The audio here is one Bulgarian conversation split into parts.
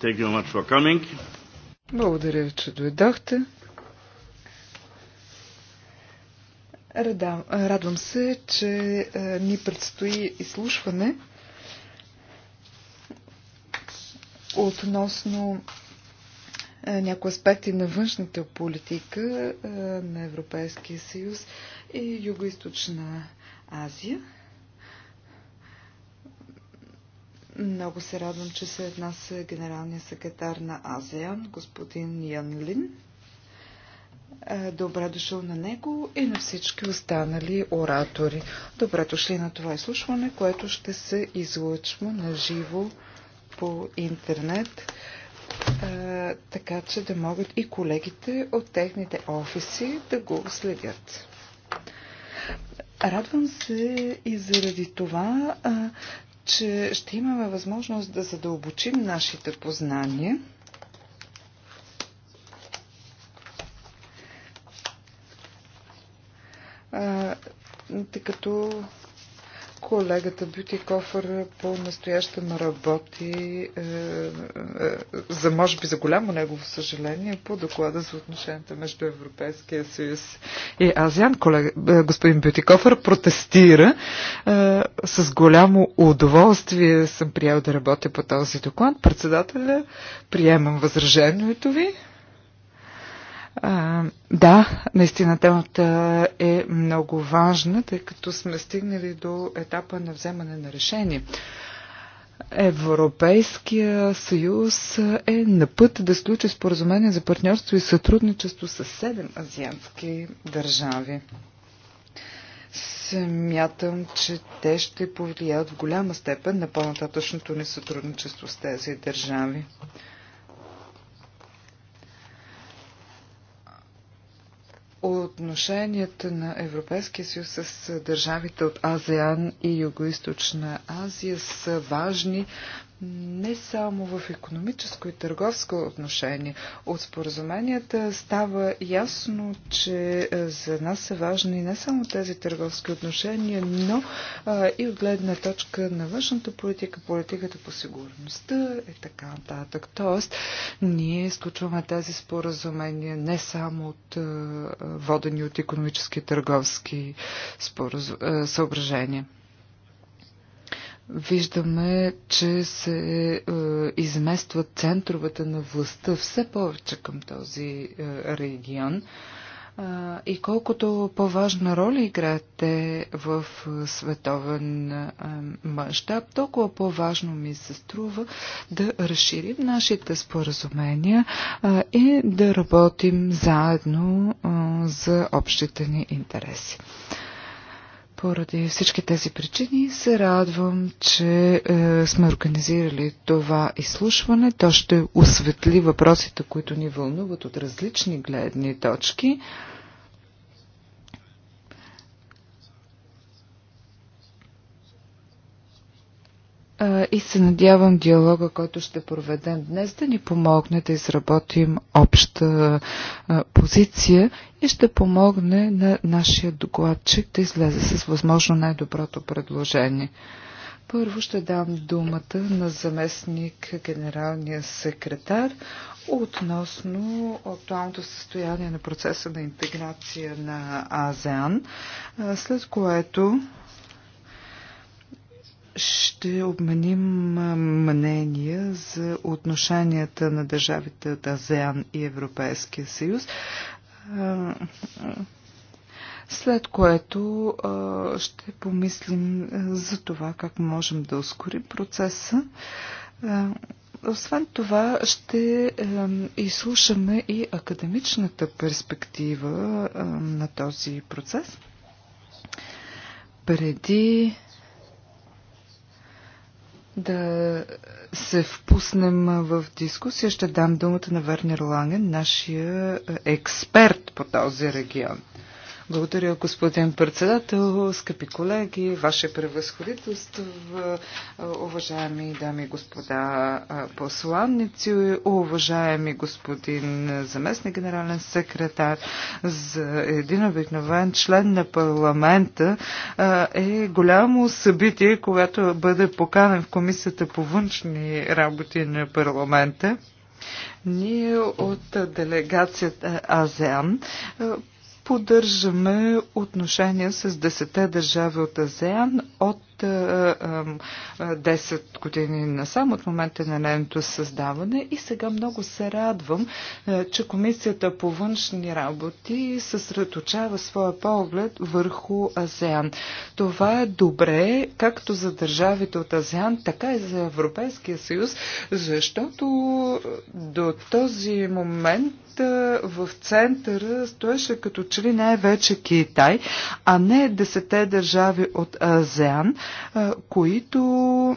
Thank you much for coming. Благодаря ви, че дойдохте. Радам, радвам се, че е, ни предстои изслушване относно е, някои аспекти на външната политика е, на Европейския съюз и Юго-Источна Азия. Много се радвам, че се една с генералният секретар на АЗЕАН, господин Ян Лин. Е, добре дошъл на него и на всички останали оратори. Добре дошли на това изслушване, което ще се излъчва на живо по интернет, е, така че да могат и колегите от техните офиси да го следят. Радвам се и заради това, че ще имаме възможност да задълбочим нашите познания. тъй като Колегата Бютикофър по-настоящем работи, е, е, е, за може би за голямо негово съжаление, по доклада за отношенията между Европейския съюз и Азиан. Колега, е, господин Бютикофър протестира. Е, с голямо удоволствие съм приял да работя по този доклад. Председателя, приемам възражението ви да, наистина темата е много важна, тъй като сме стигнали до етапа на вземане на решение. Европейския съюз е на път да сключи споразумение за партньорство и сътрудничество с седем азиатски държави. Смятам, че те ще повлияят в голяма степен на по-нататъчното ни сътрудничество с тези държави. отношенията на Европейския съюз с държавите от АЗЕАН и Юго-Источна Азия са важни не само в економическо и търговско отношение. От споразуменията става ясно, че е, за нас са важни не само тези търговски отношения, но а, е, и от гледна точка на външната политика, политиката по сигурността и така нататък. Тоест, ние изключваме тези споразумения не само от а, е, водени от економически и търговски споразу... съображения виждаме, че се е, изместват центровете на властта все повече към този е, регион. И колкото по-важна роля играят те в е, световен е, мащаб, толкова по-важно ми се струва да разширим нашите споразумения и да работим заедно е, за общите ни интереси. Поради всички тези причини се радвам, че е, сме организирали това изслушване. То ще осветли въпросите, които ни вълнуват от различни гледни точки. и се надявам диалога, който ще проведем днес, да ни помогне да изработим обща позиция и ще помогне на нашия докладчик да излезе с възможно най-доброто предложение. Първо ще дам думата на заместник генералния секретар относно актуалното състояние на процеса на интеграция на АЗЕАН, след което ще обменим мнения за отношенията на държавите от АЗЕАН и Европейския съюз, след което ще помислим за това как можем да ускорим процеса. Освен това, ще изслушаме и академичната перспектива на този процес. Преди да се впуснем в дискусия, ще дам думата на Вернер Ланген, нашия експерт по този регион. Благодаря, господин председател, скъпи колеги, ваше превъзходителство, уважаеми дами и господа посланници, уважаеми господин заместник генерален секретар. За един обикновен член на парламента е голямо събитие, когато бъде поканен в Комисията по външни работи на парламента. Ние от делегацията АЗЕАН Поддържаме отношения с десете държави от АЗЕАН от 10 години насам от момента на нейното създаване и сега много се радвам, че Комисията по външни работи съсредоточава своя поглед върху Азиан. Това е добре както за държавите от Азиан, така и за Европейския съюз, защото до този момент в центъра стоеше като че ли най-вече Китай, а не десете държави от Азиан които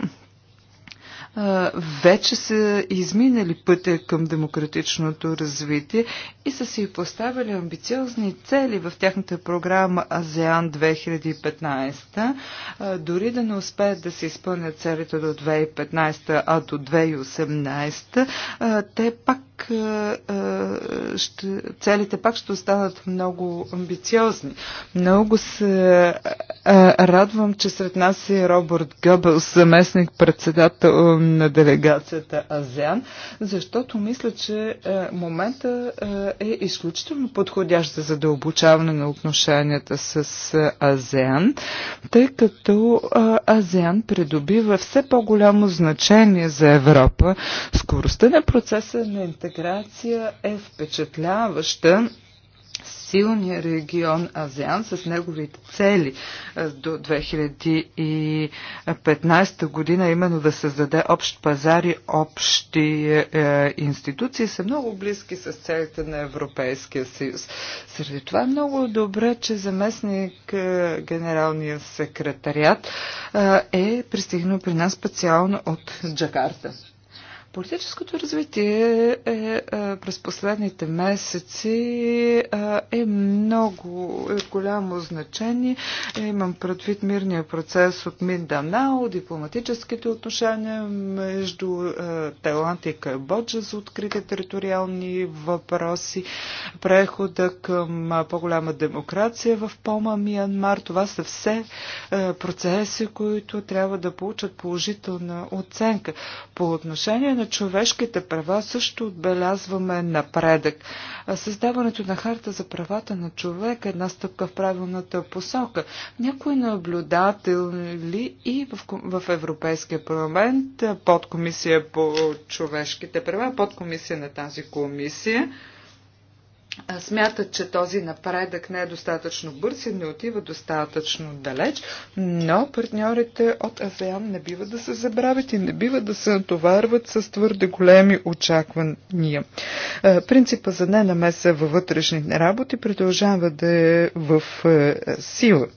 вече са изминали пътя към демократичното развитие и са си поставили амбициозни цели в тяхната програма АЗЕАН 2015. Дори да не успеят да се изпълнят целите до 2015, а до 2018, те пак пак ще, целите пак ще останат много амбициозни. Много се радвам, че сред нас е Робърт Гъбел, заместник председател на делегацията АЗЕАН, защото мисля, че момента е изключително подходящ за задълбочаване на отношенията с АЗЕАН, тъй като АЗЕАН придобива все по-голямо значение за Европа. Скоростта на процеса на интеграция интеграция е впечатляваща. силния регион Азиан с неговите цели до 2015 година, именно да създаде общ пазар и общи е, институции, са много близки с целите на Европейския съюз. Среди това е много добре, че заместник е, генералния секретариат е, е пристигнал при нас специално от Джакарта. Политическото развитие е, е, през последните месеци е, е много е голямо значение. Имам предвид мирния процес от Минданао, дипломатическите отношения между е, Тайланд и Камбоджа за открити териториални въпроси, прехода към по-голяма демокрация в Пома, Миянмар. Това са все процеси, които трябва да получат положителна оценка. По отношение на човешките права също отбелязваме напредък. Създаването на харта за правата на човек е една стъпка в правилната посока. Някои наблюдатели и в, в Европейския парламент, подкомисия по човешките права, подкомисия на тази комисия, смятат, че този напредък не е достатъчно бърз и не отива достатъчно далеч, но партньорите от АСЕАН не бива да се забравят и не бива да се натоварват с твърде големи очаквания. Принципа за ненамеса във вътрешни работи продължава да е в е, сила.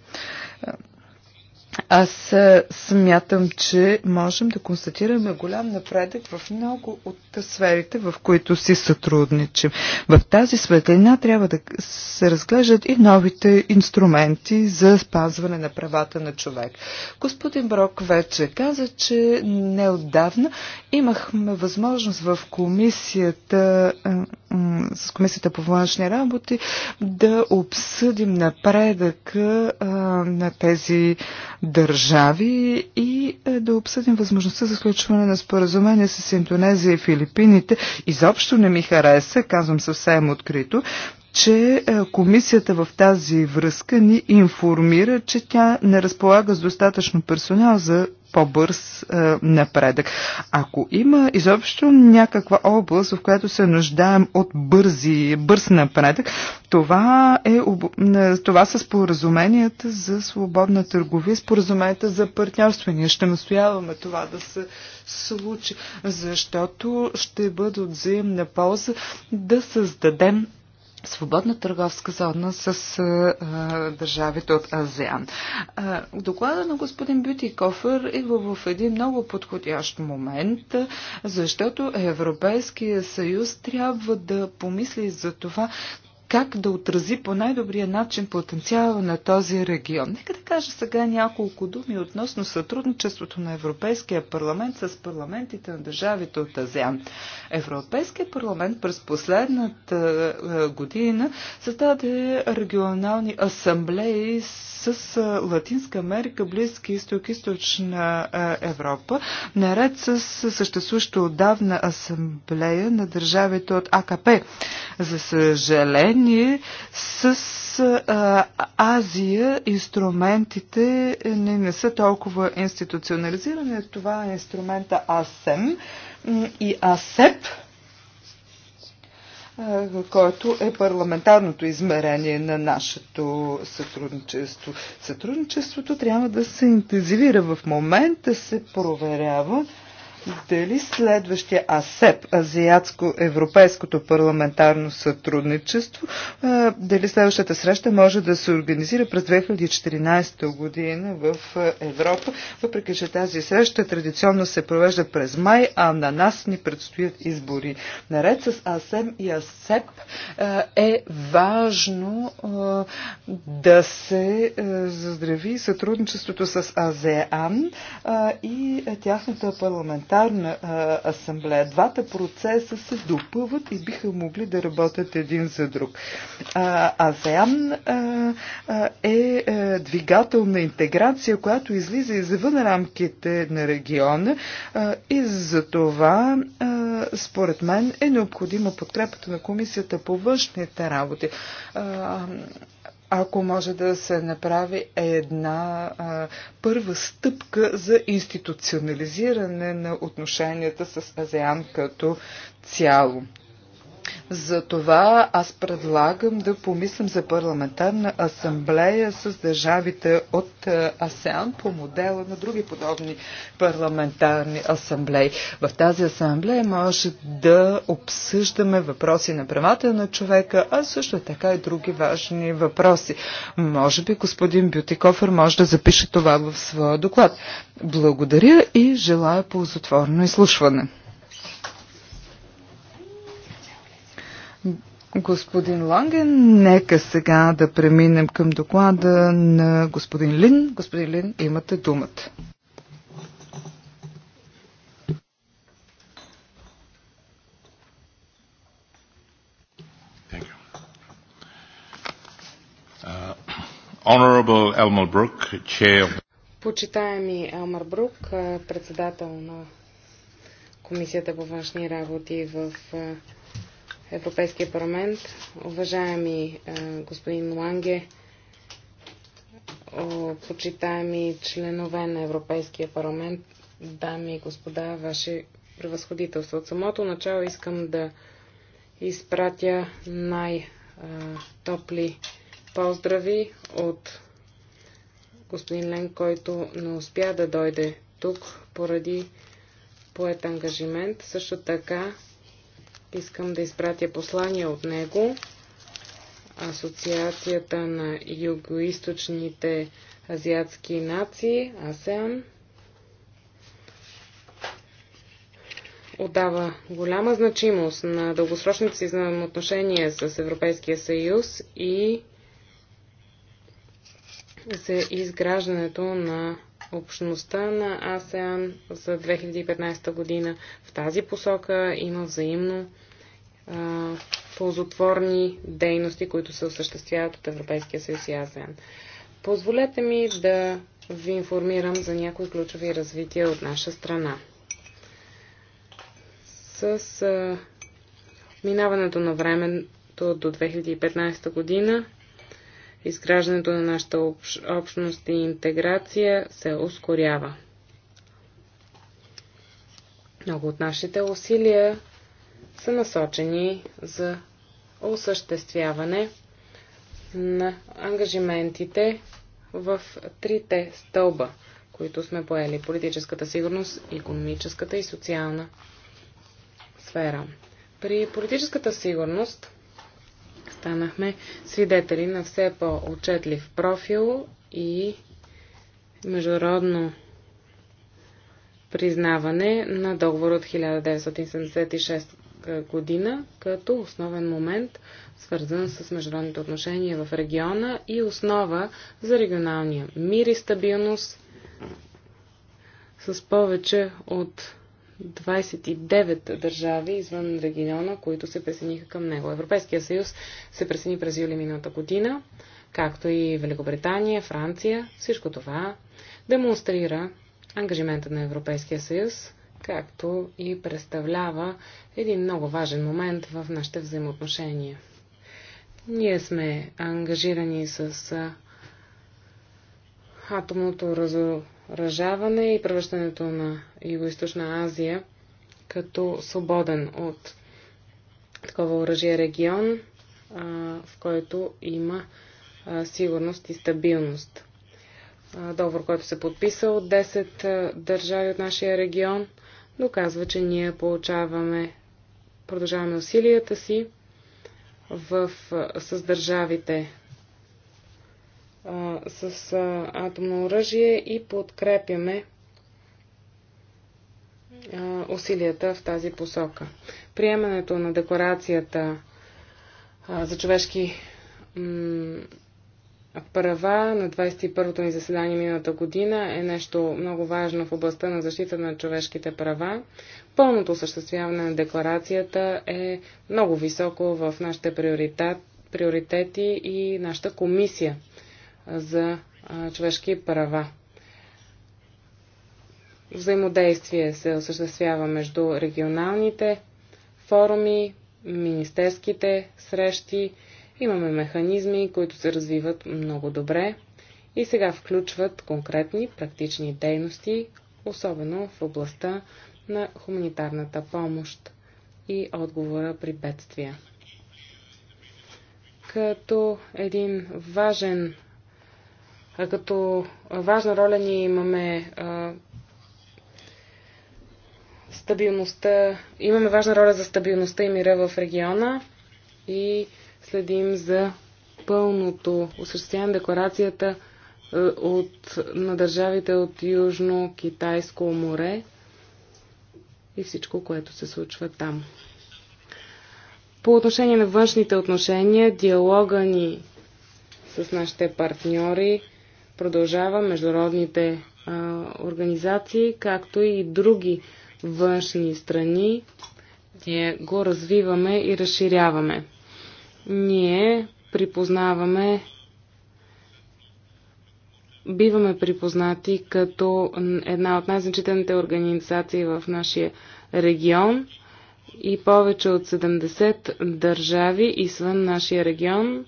Аз е, смятам, че можем да констатираме голям напредък в много от сферите, в които си сътрудничим. В тази светлина трябва да се разглеждат и новите инструменти за спазване на правата на човек. Господин Брок вече каза, че неотдавна имахме възможност в комисията, е, с комисията по външни работи да обсъдим напредък е, на тези държави и е, да обсъдим възможността за сключване на споразумение с Индонезия и Филипините. Изобщо не ми хареса, казвам съвсем открито, че е, комисията в тази връзка ни информира, че тя не разполага с достатъчно персонал за по-бърз е, напредък. Ако има изобщо някаква област, в която се нуждаем от бързи, бърз напредък, това, е, е това са споразуменията за свободна търговия, споразуменията за партньорство. Ние ще настояваме това да се случи, защото ще бъде от взаимна полза да създадем свободна търговска зона с а, държавите от АЗЕАН. А, доклада на господин Бютикофър е в, в един много подходящ момент, защото Европейския съюз трябва да помисли за това как да отрази по най-добрия начин потенциала на този регион. Нека да кажа сега няколко думи относно сътрудничеството на Европейския парламент с парламентите на държавите от Азиан. Европейския парламент през последната е, година създаде регионални асамблеи с е, Латинска Америка, Близки изток, Източна е, Европа, наред с съществуващо отдавна асамблея на държавите от АКП. За съжаление, сравнение с а, Азия инструментите не, не са толкова институционализирани. Това е инструмента АСЕМ и АСЕП който е парламентарното измерение на нашето сътрудничество. Сътрудничеството трябва да се интензивира в момента, да се проверява дали следващия АСЕП, Азиатско-европейското парламентарно сътрудничество, дали следващата среща може да се организира през 2014 година в Европа, въпреки че тази среща традиционно се провежда през май, а на нас ни предстоят избори. Наред с АСЕМ и АСЕП е важно да се заздрави сътрудничеството с АЗЕАН и тяхната парламентарна парламентарна а, асамблея. Двата процеса се допъват и биха могли да работят един за друг. А, АСЕАН а, е двигател на интеграция, която излиза извън рамките на региона а, и за това а, според мен е необходима подкрепата на Комисията по външните работи. А, ако може да се направи една а, първа стъпка за институционализиране на отношенията с Азиан като цяло. Затова аз предлагам да помислим за парламентарна асамблея с държавите от е, АСЕАН по модела на други подобни парламентарни асамблеи. В тази асамблея може да обсъждаме въпроси на правата на човека, а също така и други важни въпроси. Може би господин Бютикофер може да запише това в своя доклад. Благодаря и желая ползотворно изслушване. господин Ланген. Нека сега да преминем към доклада на господин Лин. Господин Лин, имате думата. Uh, Почитаеми Елмар Брук, председател на Комисията по външни работи в Европейския парламент, уважаеми е, господин Ланге, е, почитаеми членове на Европейския парламент, дами и господа, ваше превъзходителство. От самото начало искам да изпратя най-топли поздрави от господин Лен, който не успя да дойде тук поради поет ангажимент. Също така Искам да изпратя послания от него. Асоциацията на югоисточните азиатски нации, АСЕАН, отдава голяма значимост на дългосрочните си взаимоотношения с Европейския съюз и за изграждането на общността на АСЕАН за 2015 година. В тази посока има взаимно а, ползотворни дейности, които се осъществяват от Европейския съюз и АСЕАН. Позволете ми да ви информирам за някои ключови развития от наша страна. С а, минаването на времето до 2015 година изграждането на нашата общ, общност и интеграция се ускорява. Много от нашите усилия са насочени за осъществяване на ангажиментите в трите стълба, които сме поели политическата сигурност, економическата и социална сфера. При политическата сигурност станахме свидетели на все по-отчетлив профил и международно признаване на договор от 1976 година като основен момент, свързан с международните отношения в региона и основа за регионалния мир и стабилност с повече от 29 държави извън региона, които се присъединиха към него. Европейския съюз се присъедини през юли миналата година, както и Великобритания, Франция. Всичко това демонстрира ангажимента на Европейския съюз, както и представлява един много важен момент в нашите взаимоотношения. Ние сме ангажирани с атомното разу ръжаване и превръщането на Юго-Источна Азия като свободен от такова оръжие регион, а, в който има а, сигурност и стабилност. А, договор, който се подписа от 10 държави от нашия регион, доказва, че ние получаваме, продължаваме усилията си в, с държавите а, с а, атомно оръжие и подкрепяме а, усилията в тази посока. Приемането на декларацията а, за човешки права на 21-то ни заседание миналата година е нещо много важно в областта на защита на човешките права. Пълното осъществяване на декларацията е много високо в нашите приоритет, приоритети и нашата комисия за човешки права. Взаимодействие се осъществява между регионалните форуми, министерските срещи. Имаме механизми, които се развиват много добре и сега включват конкретни практични дейности, особено в областта на хуманитарната помощ и отговора при бедствия. Като един важен като важна роля ние имаме стабилността, имаме важна роля за стабилността и мира в региона и следим за пълното осъществяване декларацията от, на държавите от Южно-Китайско море и всичко, което се случва там. По отношение на външните отношения, диалога ни с нашите партньори продължава международните а, организации, както и други външни страни. Ние го развиваме и разширяваме. Ние припознаваме биваме припознати като една от най-значителните организации в нашия регион и повече от 70 държави извън нашия регион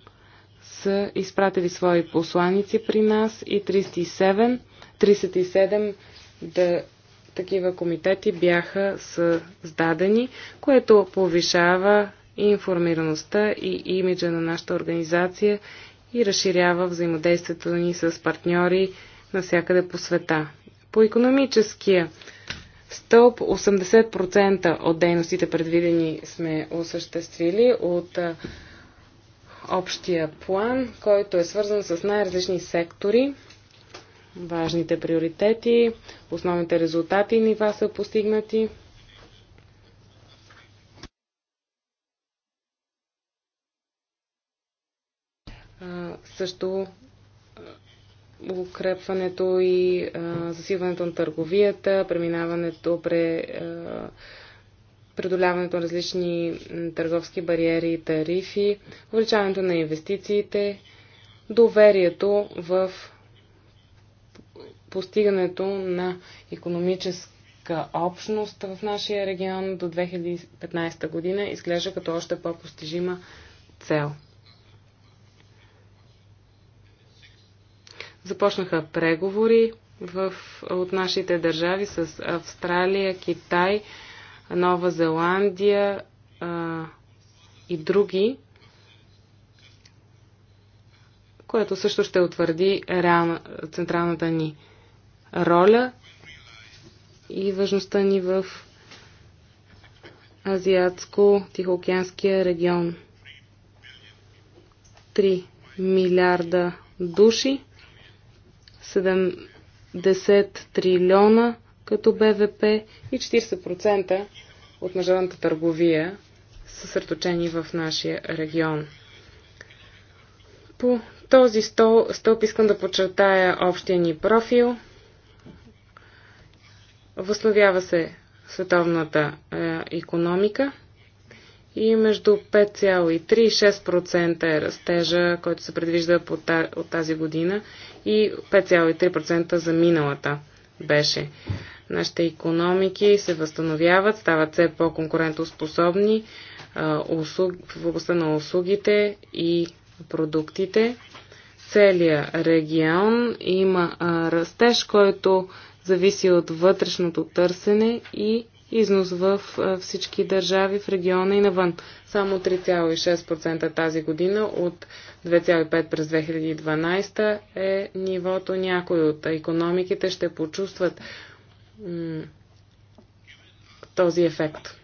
са изпратили свои посланици при нас и 37, 37 да, такива комитети бяха създадени, което повишава информираността и имиджа на нашата организация и разширява взаимодействието ни с партньори навсякъде по света. По економическия стълб 80% от дейностите предвидени сме осъществили от общия план, който е свързан с най-различни сектори, важните приоритети, основните резултати и нива са постигнати. също укрепването и засилването на търговията, преминаването през преодоляването на различни търговски бариери и тарифи, увеличаването на инвестициите, доверието в постигането на економическа общност в нашия регион до 2015 година изглежда като още по-постижима цел. Започнаха преговори в, от нашите държави с Австралия, Китай, Нова Зеландия а, и други, което също ще утвърди реална, централната ни роля и важността ни в Азиатско-Тихоокеанския регион. 3 милиарда души, 70 трилиона като БВП и 40% от международната търговия са съсредоточени в нашия регион. По този стол, стълб искам да подчертая общия ни профил. Възновява се световната е, економика и между 5,3 и 6% е растежа, който се предвижда от тази година и 5,3% за миналата беше. Нашите економики се възстановяват, стават все по-конкурентоспособни в областта на услугите и продуктите. Целият регион има растеж, който зависи от вътрешното търсене и износ в всички държави в региона и навън. Само 3,6% тази година от 2,5% през 2012 е нивото. Някои от економиките ще почувстват този ефект.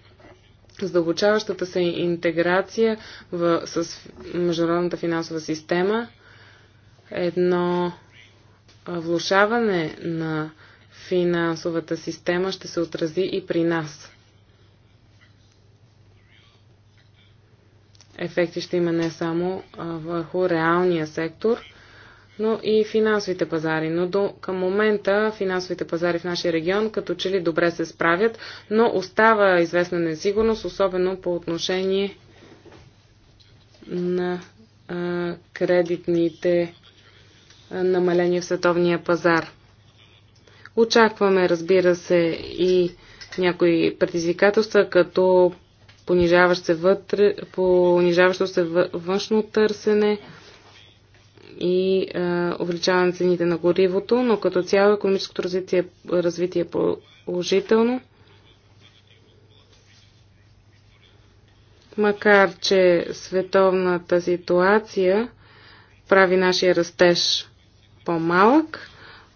Задълбочаващата се интеграция в, с международната финансова система едно влушаване на финансовата система ще се отрази и при нас. Ефекти ще има не само върху реалния сектор – но и финансовите пазари. Но до, към момента финансовите пазари в нашия регион като че ли добре се справят, но остава известна несигурност, особено по отношение на а, кредитните а, намаления в световния пазар. Очакваме, разбира се, и някои предизвикателства, като понижаващо се, вътре, понижаващо се външно търсене, и е, увеличаване цените на горивото, но като цяло економическото развитие, развитие е положително. Макар, че световната ситуация прави нашия растеж по-малък,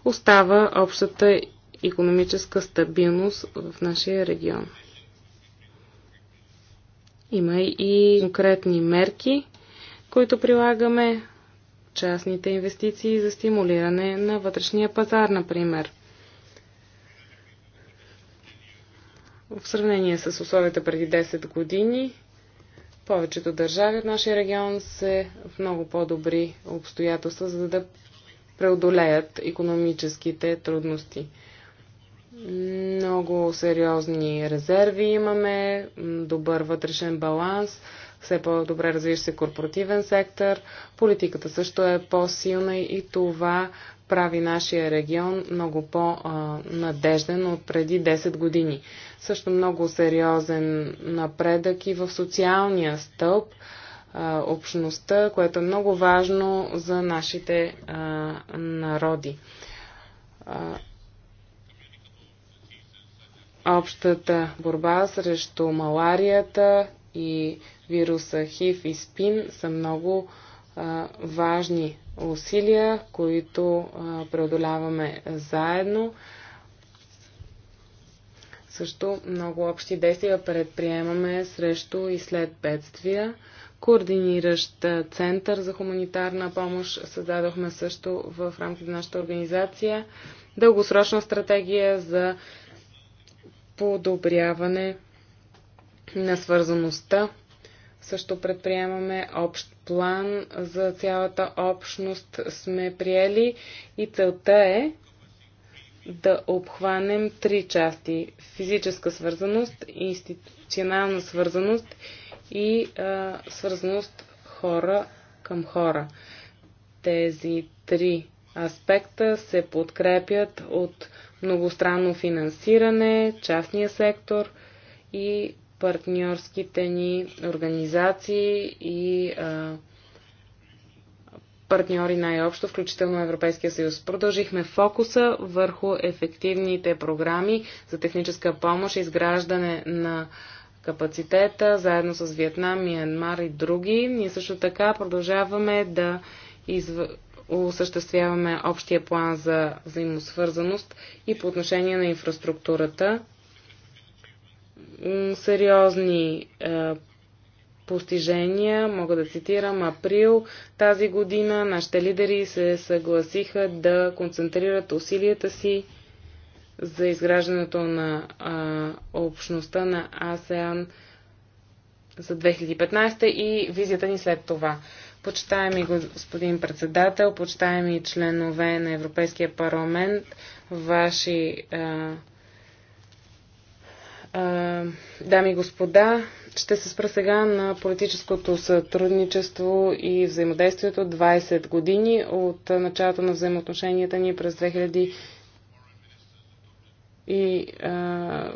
остава общата економическа стабилност в нашия регион. Има и конкретни мерки, които прилагаме частните инвестиции за стимулиране на вътрешния пазар, например. В сравнение с условията преди 10 години, повечето държави от нашия регион са в много по-добри обстоятелства, за да преодолеят економическите трудности. Много сериозни резерви имаме, добър вътрешен баланс, все по-добре развива се корпоративен сектор, политиката също е по-силна и това прави нашия регион много по-надежден от преди 10 години. Също много сериозен напредък и в социалния стълб общността, което е много важно за нашите а, народи. А, общата борба срещу маларията и вируса ХИВ и СПИН са много а, важни усилия, които а, преодоляваме заедно. Също много общи действия предприемаме срещу и след бедствия. Координиращ център за хуманитарна помощ създадохме също в рамките на нашата организация. Дългосрочна стратегия за подобряване на свързаността също предприемаме общ план за цялата общност сме приели и целта е да обхванем три части физическа свързаност, институционална свързаност и а, свързаност хора към хора. Тези три аспекта се подкрепят от многостранно финансиране, частния сектор и партньорските ни организации и а, партньори най-общо, включително Европейския съюз. Продължихме фокуса върху ефективните програми за техническа помощ, изграждане на капацитета, заедно с Виетнам, Миянмар и други. Ние също така продължаваме да изв... осъществяваме общия план за взаимосвързаност и по отношение на инфраструктурата сериозни е, постижения. Мога да цитирам април тази година. Нашите лидери се съгласиха да концентрират усилията си за изграждането на е, общността на АСЕАН за 2015 и визията ни след това. Почитаеми господин председател, почитаеми членове на Европейския парламент, ваши е, дами и господа, ще се спра сега на политическото сътрудничество и взаимодействието 20 години от началото на взаимоотношенията ни през 2000 и а,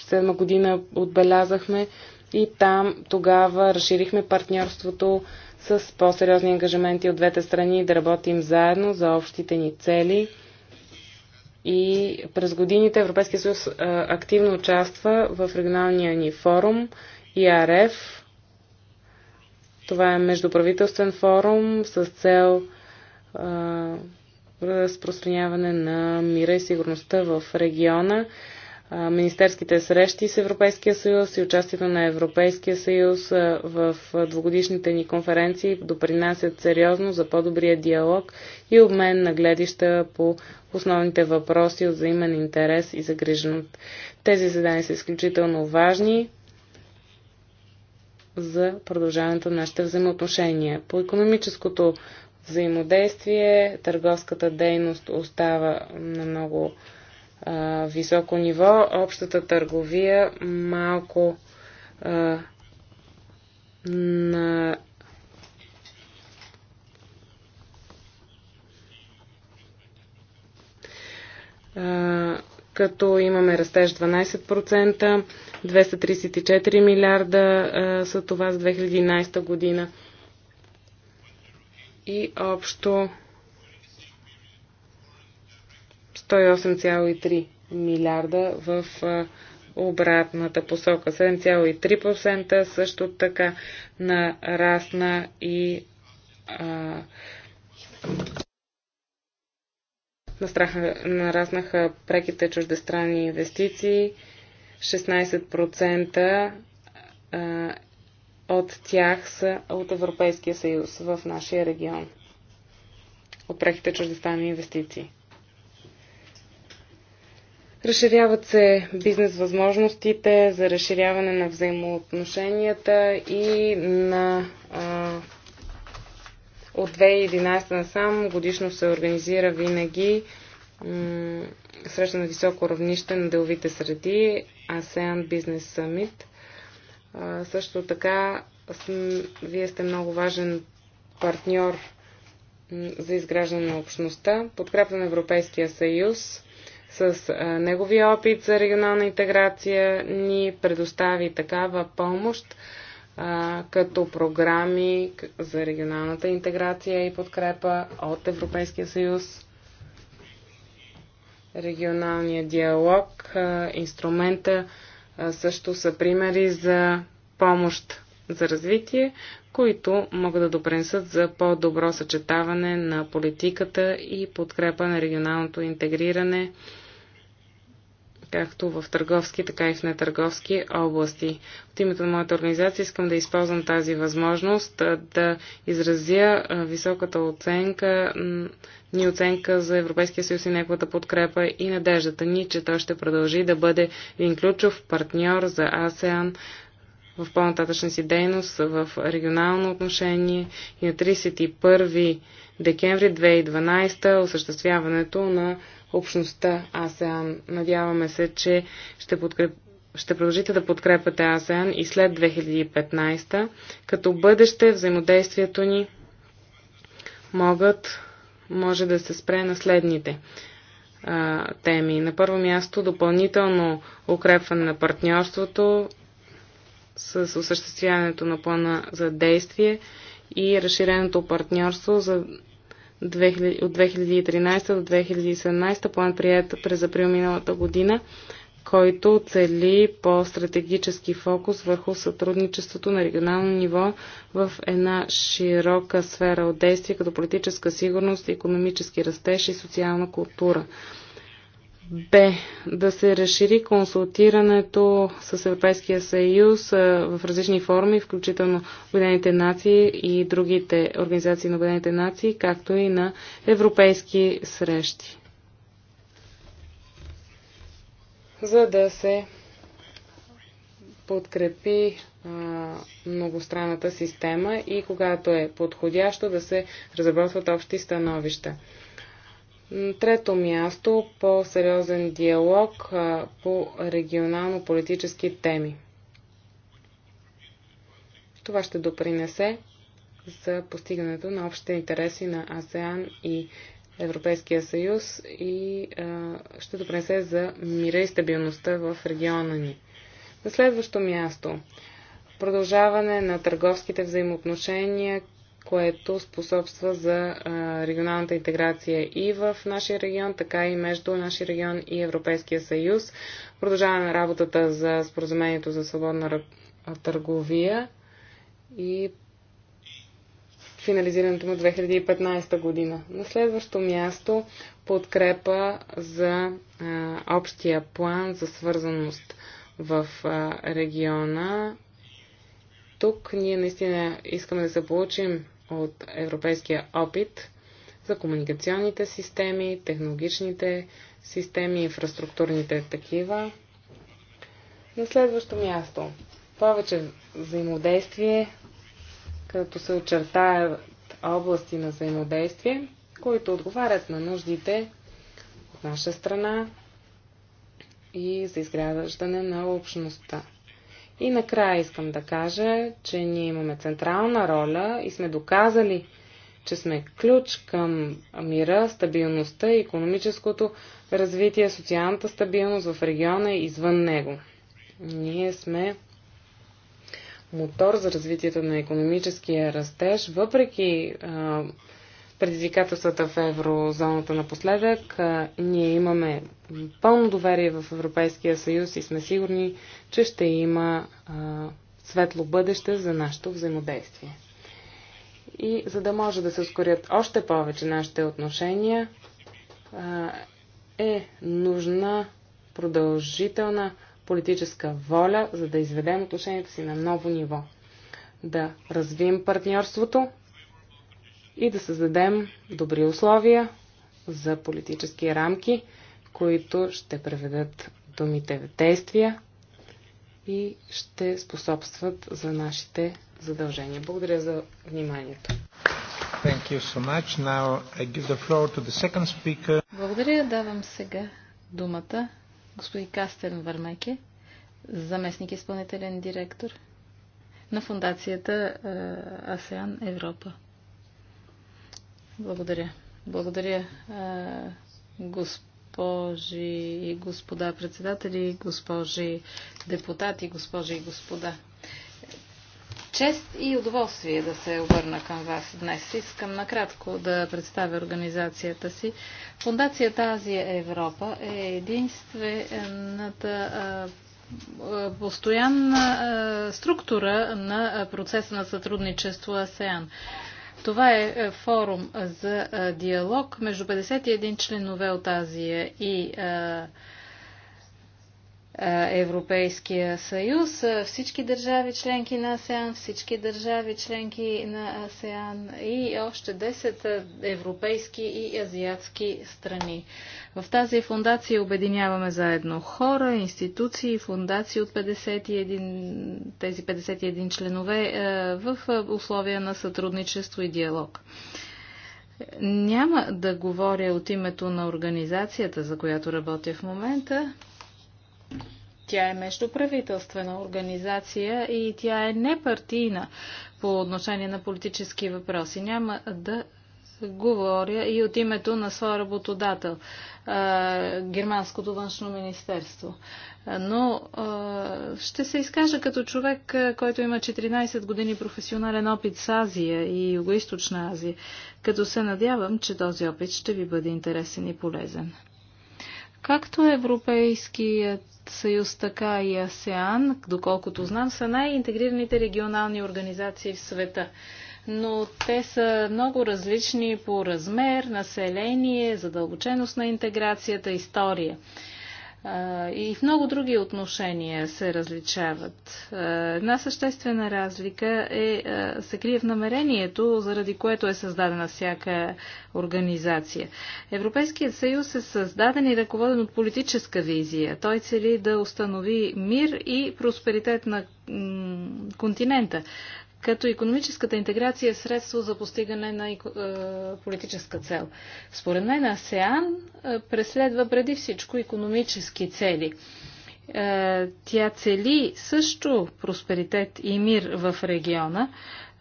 7 година отбелязахме и там тогава разширихме партньорството с по-сериозни ангажименти от двете страни да работим заедно за общите ни цели – и през годините Европейския съюз активно участва в регионалния ни форум ИАРФ. Това е междуправителствен форум с цел разпространяване на мира и сигурността в региона министерските срещи с Европейския съюз и участието на Европейския съюз в двогодишните ни конференции допринасят сериозно за по-добрия диалог и обмен на гледища по основните въпроси от взаимен интерес и загриженост. Тези задания са изключително важни за продължаването на нашите взаимоотношения. По економическото взаимодействие търговската дейност остава на много високо ниво, общата търговия малко а, на като имаме растеж 12%, 234 милиарда са това за 2011 година и общо 108,3 милиарда в обратната посока. 7,3% също така нарасна и а, нараснаха преките чуждестранни инвестиции. 16% а, от тях са от Европейския съюз в нашия регион. От преките чуждестранни инвестиции. Разширяват се бизнес възможностите за разширяване на взаимоотношенията и на а, от 2011 насам годишно се организира винаги среща на високо равнище на деловите среди, ASEAN Business Summit. А, също така, см, вие сте много важен партньор за изграждане на общността, подкрепа на Европейския съюз с неговия опит за регионална интеграция ни предостави такава помощ, като програми за регионалната интеграция и подкрепа от Европейския съюз, регионалния диалог, инструмента също са примери за помощ за развитие, които могат да допренесат за по-добро съчетаване на политиката и подкрепа на регионалното интегриране както в търговски, така и в нетърговски области. От името на моята организация искам да използвам тази възможност да изразя високата оценка, ни оценка за Европейския съюз и неговата подкрепа и надеждата ни, че той ще продължи да бъде един ключов партньор за АСЕАН в по-нататъчна си дейност в регионално отношение и на 31 декември 2012 осъществяването на общността АСЕАН. Надяваме се, че ще, подкреп... ще продължите да подкрепате АСЕАН и след 2015, като бъдеще взаимодействието ни могат, може да се спре на следните а, теми. На първо място допълнително укрепване на партньорството с осъществяването на плана за действие и разширеното партньорство за от 2013 до 2017, план прият през април миналата година, който цели по-стратегически фокус върху сътрудничеството на регионално ниво в една широка сфера от действие, като политическа сигурност, економически растеж и социална култура. Б. Да се разшири консултирането с Европейския съюз в различни форми, включително Обединените нации и другите организации на Обединените нации, както и на европейски срещи. За да се подкрепи а, многостранната система и когато е подходящо да се разработват общи становища трето място по-сериозен диалог по регионално-политически теми. Това ще допринесе за постигането на общите интереси на АСЕАН и Европейския съюз и а, ще допринесе за мира и стабилността в региона ни. На следващо място продължаване на търговските взаимоотношения което способства за регионалната интеграция и в нашия регион, така и между нашия регион и Европейския съюз. Продължаваме работата за споразумението за свободна търговия и финализирането му 2015 е година. На следващо място подкрепа за а, общия план за свързаност в а, региона. Тук ние наистина искаме да се получим от европейския опит за комуникационните системи, технологичните системи, инфраструктурните такива. На следващо място, повече взаимодействие, като се очертаят области на взаимодействие, които отговарят на нуждите от наша страна и за изграждане на общността. И накрая искам да кажа, че ние имаме централна роля и сме доказали, че сме ключ към мира, стабилността, економическото развитие, социалната стабилност в региона и извън него. Ние сме мотор за развитието на економическия растеж, въпреки а, предизвикателствата в еврозоната напоследък. Ние имаме пълно доверие в Европейския съюз и сме сигурни, че ще има светло бъдеще за нашето взаимодействие. И за да може да се ускорят още повече нашите отношения, е нужна продължителна политическа воля, за да изведем отношенията си на ново ниво. Да развием партньорството, и да създадем добри условия за политически рамки, които ще преведат думите в действия и ще способстват за нашите задължения. Благодаря за вниманието. Thank you so much. Now I give the floor to the second speaker. Благодаря. Давам сега думата господин Кастен Вармеке, заместник изпълнителен директор на фундацията е, АСЕАН Европа. Благодаря. Благодаря, е, госпожи и господа председатели, госпожи депутати, госпожи и господа. Чест и удоволствие да се обърна към вас днес. Искам накратко да представя организацията си. Фундацията Азия Европа е единствената е, е, постоянна структура на процеса на сътрудничество АСЕАН. Това е, е форум за е, диалог между 51 членове от Азия и е, Европейския съюз, всички държави членки на АСЕАН, всички държави членки на АСЕАН и още 10 европейски и азиатски страни. В тази фундация обединяваме заедно хора, институции, фундации от 51, тези 51 членове в условия на сътрудничество и диалог. Няма да говоря от името на организацията, за която работя в момента, тя е междуправителствена организация и тя е непартийна по отношение на политически въпроси. Няма да говоря и от името на своя работодател, Германското външно министерство. Но ще се изкажа като човек, който има 14 години професионален опит с Азия и Юго-Источна Азия, като се надявам, че този опит ще ви бъде интересен и полезен. Както Европейският съюз, така и АСЕАН, доколкото знам, са най-интегрираните регионални организации в света. Но те са много различни по размер, население, задълбоченост на интеграцията, история и в много други отношения се различават. Една съществена разлика е, се крие в намерението, заради което е създадена всяка организация. Европейският съюз е създаден и ръководен от политическа визия. Той цели да установи мир и просперитет на континента като економическата интеграция е средство за постигане на е, политическа цел. Според мен АСЕАН е, преследва преди всичко економически цели. Е, тя цели също просперитет и мир в региона,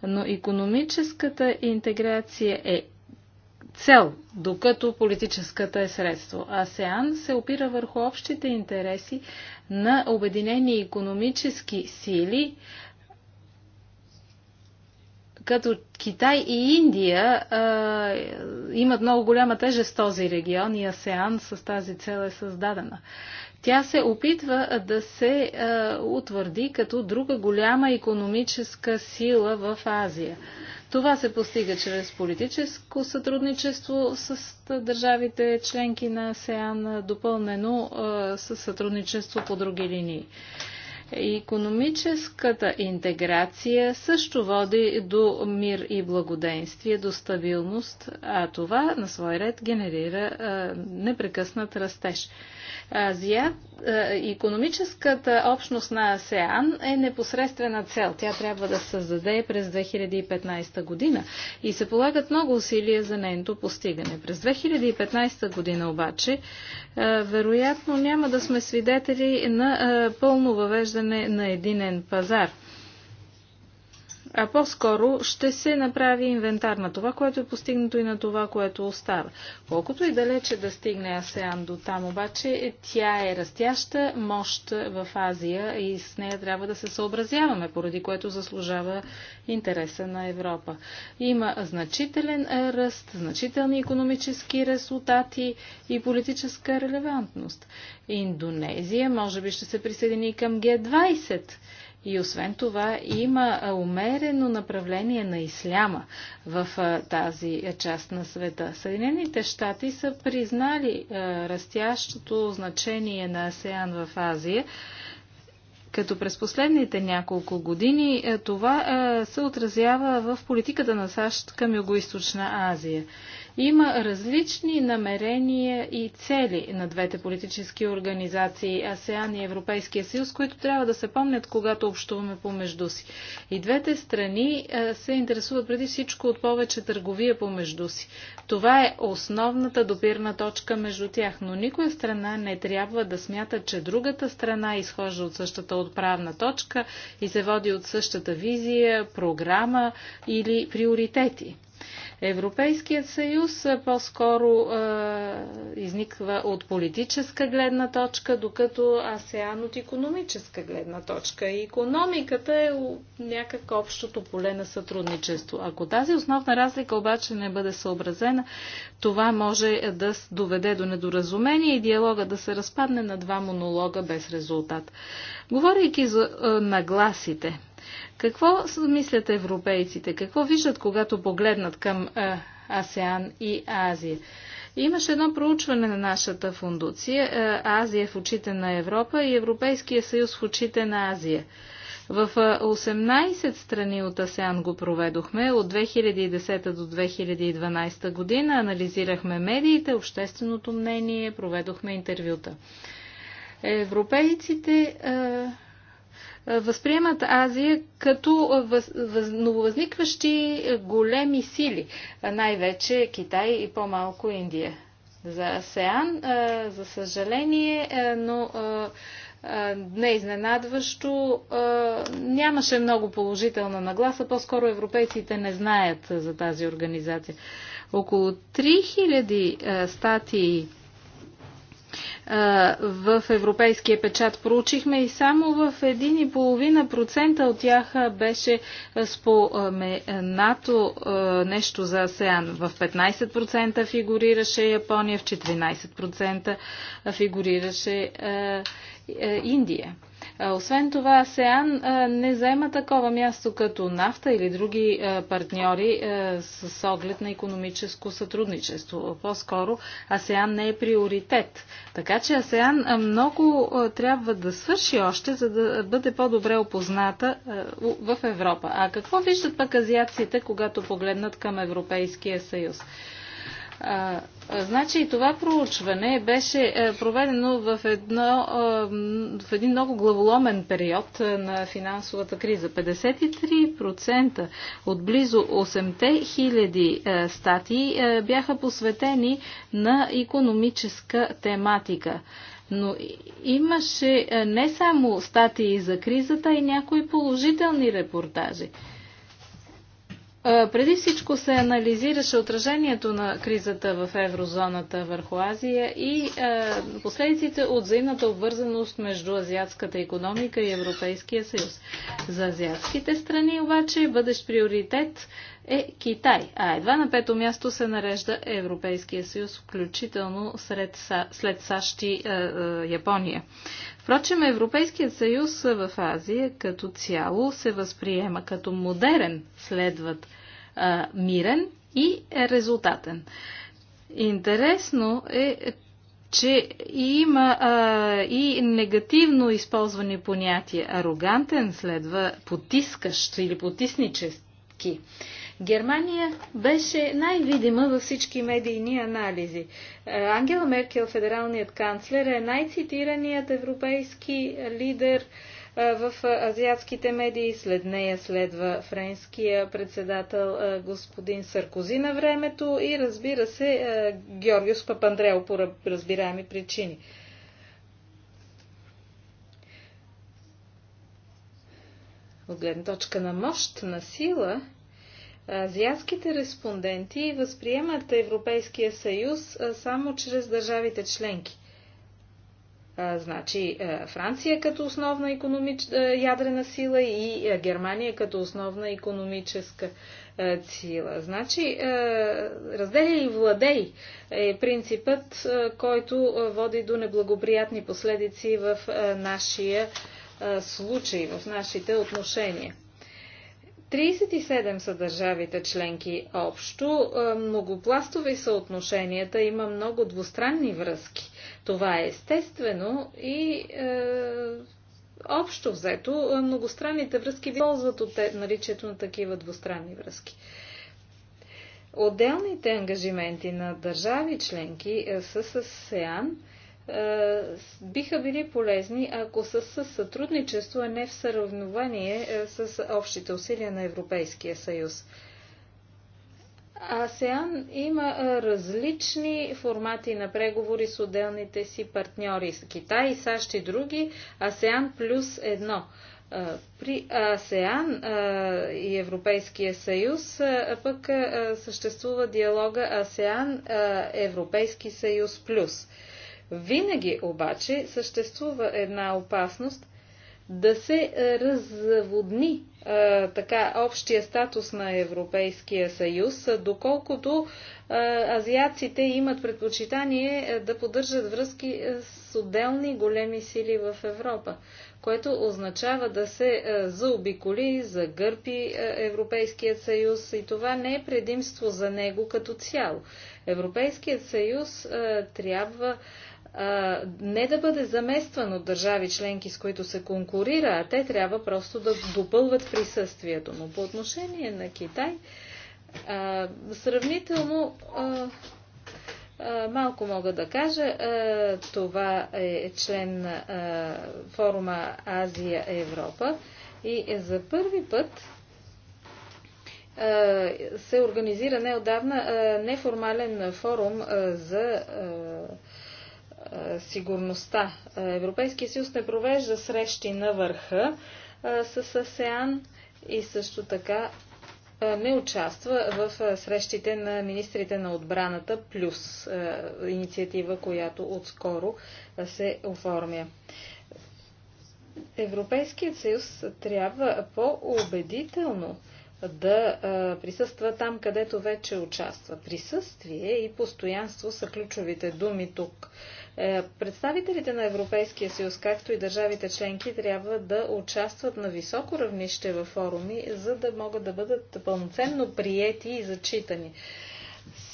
но економическата интеграция е цел, докато политическата е средство. АСЕАН се опира върху общите интереси на обединени економически сили, като Китай и Индия а, имат много голяма тежест в този регион и АСЕАН с тази цел е създадена. Тя се опитва да се а, утвърди като друга голяма економическа сила в Азия. Това се постига чрез политическо сътрудничество с държавите членки на АСЕАН, допълнено а, с сътрудничество по други линии. Економическата интеграция също води до мир и благоденствие, до стабилност, а това на свой ред генерира непрекъснат растеж. Азия, економическата общност на АСЕАН е непосредствена цел. Тя трябва да създаде през 2015 година и се полагат много усилия за нейното постигане. През 2015 година обаче е, вероятно няма да сме свидетели на е, пълно въвеждане на единен пазар – а по-скоро ще се направи инвентар на това, което е постигнато и на това, което остава. Колкото и далече да стигне АСЕАН до там, обаче е, тя е растяща мощ в Азия и с нея трябва да се съобразяваме, поради което заслужава интереса на Европа. Има значителен е, ръст, значителни економически резултати и политическа релевантност. Индонезия може би ще се присъедини към Г20 и освен това има умерено направление на исляма в тази част на света. Съединените щати са признали растящото значение на АСЕАН в Азия, като през последните няколко години това се отразява в политиката на САЩ към Юго-Источна Азия. Има различни намерения и цели на двете политически организации, АСЕАН и Европейския съюз, които трябва да се помнят, когато общуваме помежду си. И двете страни се интересуват преди всичко от повече търговия помежду си. Това е основната допирна точка между тях, но никоя страна не трябва да смята, че другата страна изхожда от същата отправна точка и се води от същата визия, програма или приоритети. Европейският съюз по-скоро е, изниква от политическа гледна точка, докато АСЕАН от економическа гледна точка. И економиката е някак общото поле на сътрудничество. Ако тази основна разлика обаче не бъде съобразена, това може да доведе до недоразумение и диалога да се разпадне на два монолога без резултат. Говорейки за е, нагласите, какво мислят европейците? Какво виждат, когато погледнат към е, АСЕАН и Азия? Имаше едно проучване на нашата фундуция е, Азия в очите на Европа и Европейския съюз в очите на Азия. В 18 е, страни от АСЕАН го проведохме от 2010 до 2012 година. Анализирахме медиите, общественото мнение, проведохме интервюта. Европейците възприемат Азия като въз, нововъзникващи големи сили, най-вече Китай и по-малко Индия. За АСЕАН, за съжаление, но не изненадващо, нямаше много положителна нагласа, по-скоро европейците не знаят за тази организация. Около 3000 статии в европейския печат проучихме и само в 1,5% от тях беше споменато нещо за АСЕАН. В 15% фигурираше Япония, в 14% фигурираше Индия. Освен това, СЕАН не заема такова място като нафта или други партньори с оглед на економическо сътрудничество. По-скоро АСЕАН не е приоритет. Така че АСЕАН много трябва да свърши още, за да бъде по-добре опозната в Европа. А какво виждат пък азиаците, когато погледнат към Европейския съюз? значи значи това проучване беше е, проведено в, едно, в един много главоломен период на финансовата криза. 53% от близо 8 000 е, статии е, бяха посветени на економическа тематика. Но имаше не само статии за кризата и някои положителни репортажи. Преди всичко се анализираше отражението на кризата в еврозоната върху Азия и последиците от взаимната обвързаност между азиатската економика и Европейския съюз. За азиатските страни обаче бъдещ приоритет е Китай, а едва на пето място се нарежда Европейския съюз, включително сред, след САЩ и е, е, Япония. Впрочем, Европейският съюз в Азия като цяло се възприема като модерен, следват е, мирен и е резултатен. Интересно е, че има а, е, и негативно използвани понятия. Арогантен следва потискащ или потиснически. Германия беше най-видима във всички медийни анализи. Е, Ангела Меркел, федералният канцлер, е най-цитираният европейски лидер е, в е, азиатските медии. След нея следва френския председател господин Саркози на времето и разбира се Георгиос Папандрео по разбираеми причини. От гледна точка на мощ, на сила, Азиатските респонденти възприемат Европейския съюз само чрез държавите членки. Значи Франция като основна економич... ядрена сила и Германия като основна економическа сила. Значи раздели и владей е принципът, който води до неблагоприятни последици в нашия случай, в нашите отношения. 37 са държавите членки общо. Е, многопластови са отношенията, има много двустранни връзки. Това е естествено и е, общо взето е, многостранните връзки ползват от е, наличието на такива двустранни връзки. Отделните ангажименти на държави членки с СЕАН – е, биха били полезни, ако са със сътрудничество, а не в съравнование е, с общите усилия на Европейския съюз. АСЕАН има е, различни формати на преговори с отделните си партньори, с Китай, САЩ и други, АСЕАН плюс едно. При АСЕАН и Европейския съюз пък съществува диалога АСЕАН-Европейски съюз плюс. Винаги обаче съществува една опасност да се разводни а, така общия статус на Европейския съюз, доколкото а, азиаците имат предпочитание да поддържат връзки с отделни големи сили в Европа, което означава да се а, заобиколи, загърпи Европейският съюз и това не е предимство за него като цяло. Европейският съюз трябва не да бъде заместван от държави членки, с които се конкурира, а те трябва просто да допълват присъствието му. По отношение на Китай, а, сравнително а, а, малко мога да кажа. Това е член на форума Азия-Европа и е за първи път се организира неодавна неформален форум за сигурността. Европейския съюз не провежда срещи на върха с АСЕАН и също така не участва в срещите на министрите на отбраната плюс инициатива, която отскоро се оформя. Европейският съюз трябва по-убедително да присъства там, където вече участва. Присъствие и постоянство са ключовите думи тук. Е, представителите на Европейския съюз, както и държавите членки, трябва да участват на високо равнище в форуми, за да могат да бъдат пълноценно приети и зачитани.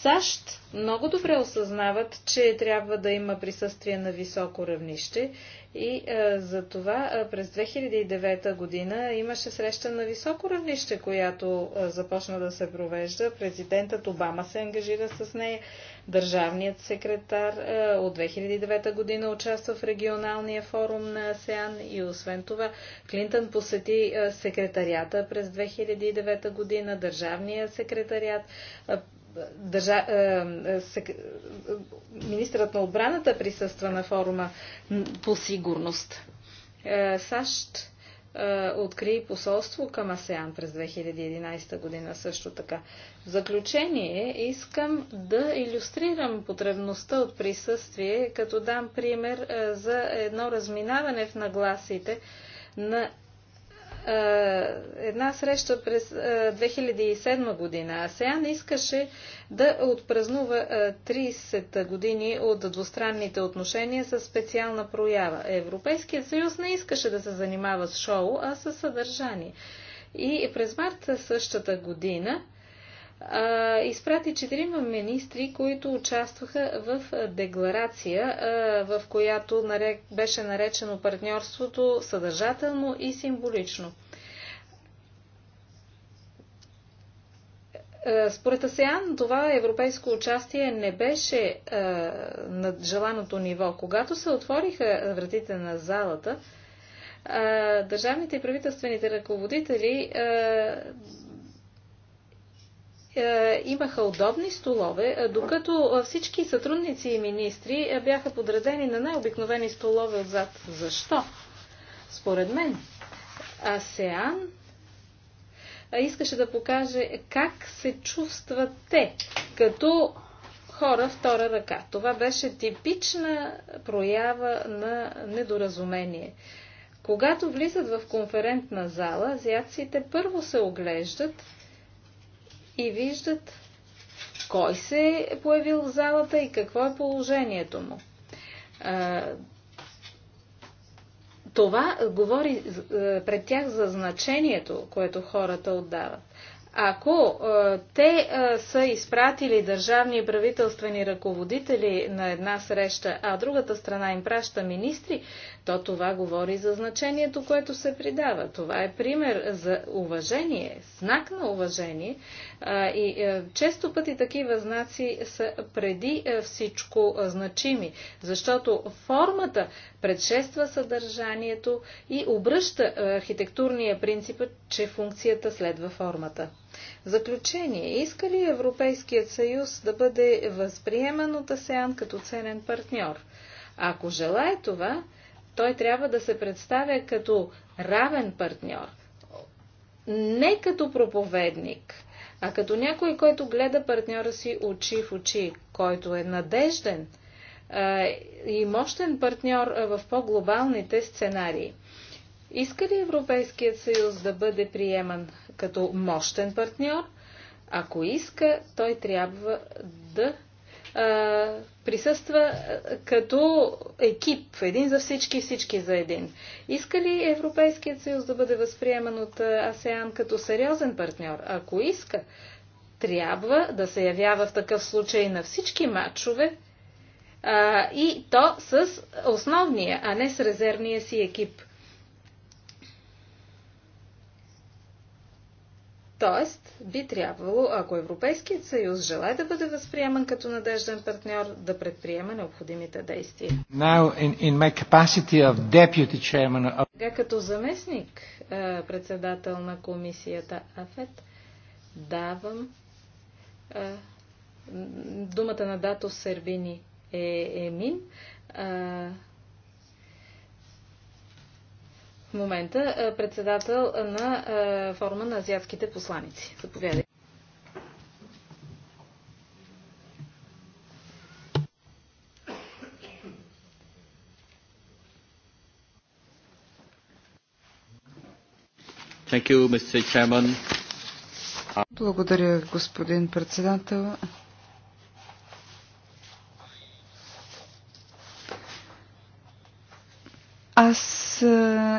САЩ много добре осъзнават, че трябва да има присъствие на високо равнище и е, за това е, през 2009 година имаше среща на високо равнище, която е, започна да се провежда. Президентът Обама се ангажира с нея. Държавният секретар е, от 2009 година участва в регионалния форум на АСЕАН и освен това Клинтън посети е, секретарията през 2009 година, държавният секретарият е, държа, е, сек... министрът на отбраната присъства на форума по сигурност. Е, САЩ е, откри посолство към АСЕАН през 2011 година също така. В заключение искам да иллюстрирам потребността от присъствие, като дам пример е, за едно разминаване в нагласите на е, една среща през 2007 е, година. АСЕАН искаше да отпразнува 30 е, години от двустранните отношения с специална проява. Европейският съюз не искаше да се занимава с шоу, а с съдържание. И през март същата година а, изпрати четирима министри, които участваха в декларация, а, в която нарек, беше наречено партньорството съдържателно и символично. Според АСЕАН това европейско участие не беше а, на желаното ниво. Когато се отвориха вратите на залата, а, държавните и правителствените ръководители а, е, имаха удобни столове, е, докато е, всички сътрудници и министри бяха подредени на най-обикновени столове отзад. Защо? Според мен, АСЕАН искаше да покаже как се чувстват те като хора втора ръка. Това беше типична проява на недоразумение. Когато влизат в конферентна зала, азиатците първо се оглеждат, и виждат кой се е появил в залата и какво е положението му. Това говори пред тях за значението, което хората отдават. Ако е, те е, са изпратили държавни и правителствени ръководители на една среща, а другата страна им праща министри, то това говори за значението, което се придава. Това е пример за уважение, знак на уважение. И е, често пъти такива знаци са преди всичко значими, защото формата предшества съдържанието и обръща архитектурния принцип, че функцията следва формата. Заключение. Иска ли Европейският съюз да бъде възприеман от АСЕАН като ценен партньор? Ако желая това, той трябва да се представя като равен партньор. Не като проповедник, а като някой, който гледа партньора си очи в очи, който е надежден а, и мощен партньор в по-глобалните сценарии. Иска ли Европейският съюз да бъде приеман като мощен партньор. Ако иска, той трябва да а, присъства като екип, един за всички, всички за един. Иска ли Европейският съюз да бъде възприеман от АСЕАН като сериозен партньор? Ако иска, трябва да се явява в такъв случай на всички матчове а, и то с основния, а не с резервния си екип. Тоест, би трябвало, ако Европейският съюз желая да бъде възприеман като надежден партньор, да предприема необходимите действия. Now, in, in of... Сега като заместник е, председател на комисията АФЕТ, давам е, думата на Дато Сербини е Емин. Е, в момента е, председател на е, форма на азиатските посланици. Заповядайте. You, Благодаря, господин председател. Аз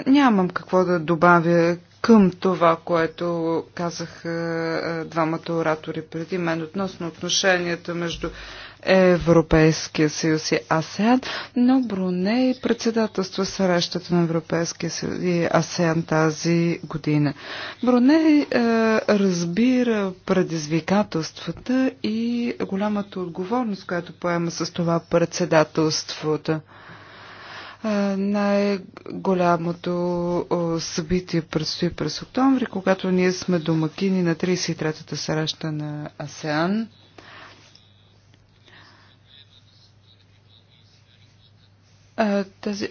Нямам какво да добавя към това, което казах е, двамата оратори преди мен относно отношенията между Европейския съюз и АСЕАН, но Бруней председателства срещата на Европейския съюз и АСЕАН тази година. Бруней е, разбира предизвикателствата и голямата отговорност, която поема с това председателството. Най-голямото събитие предстои през октомври, когато ние сме домакини на 33-та среща на АСЕАН. Тази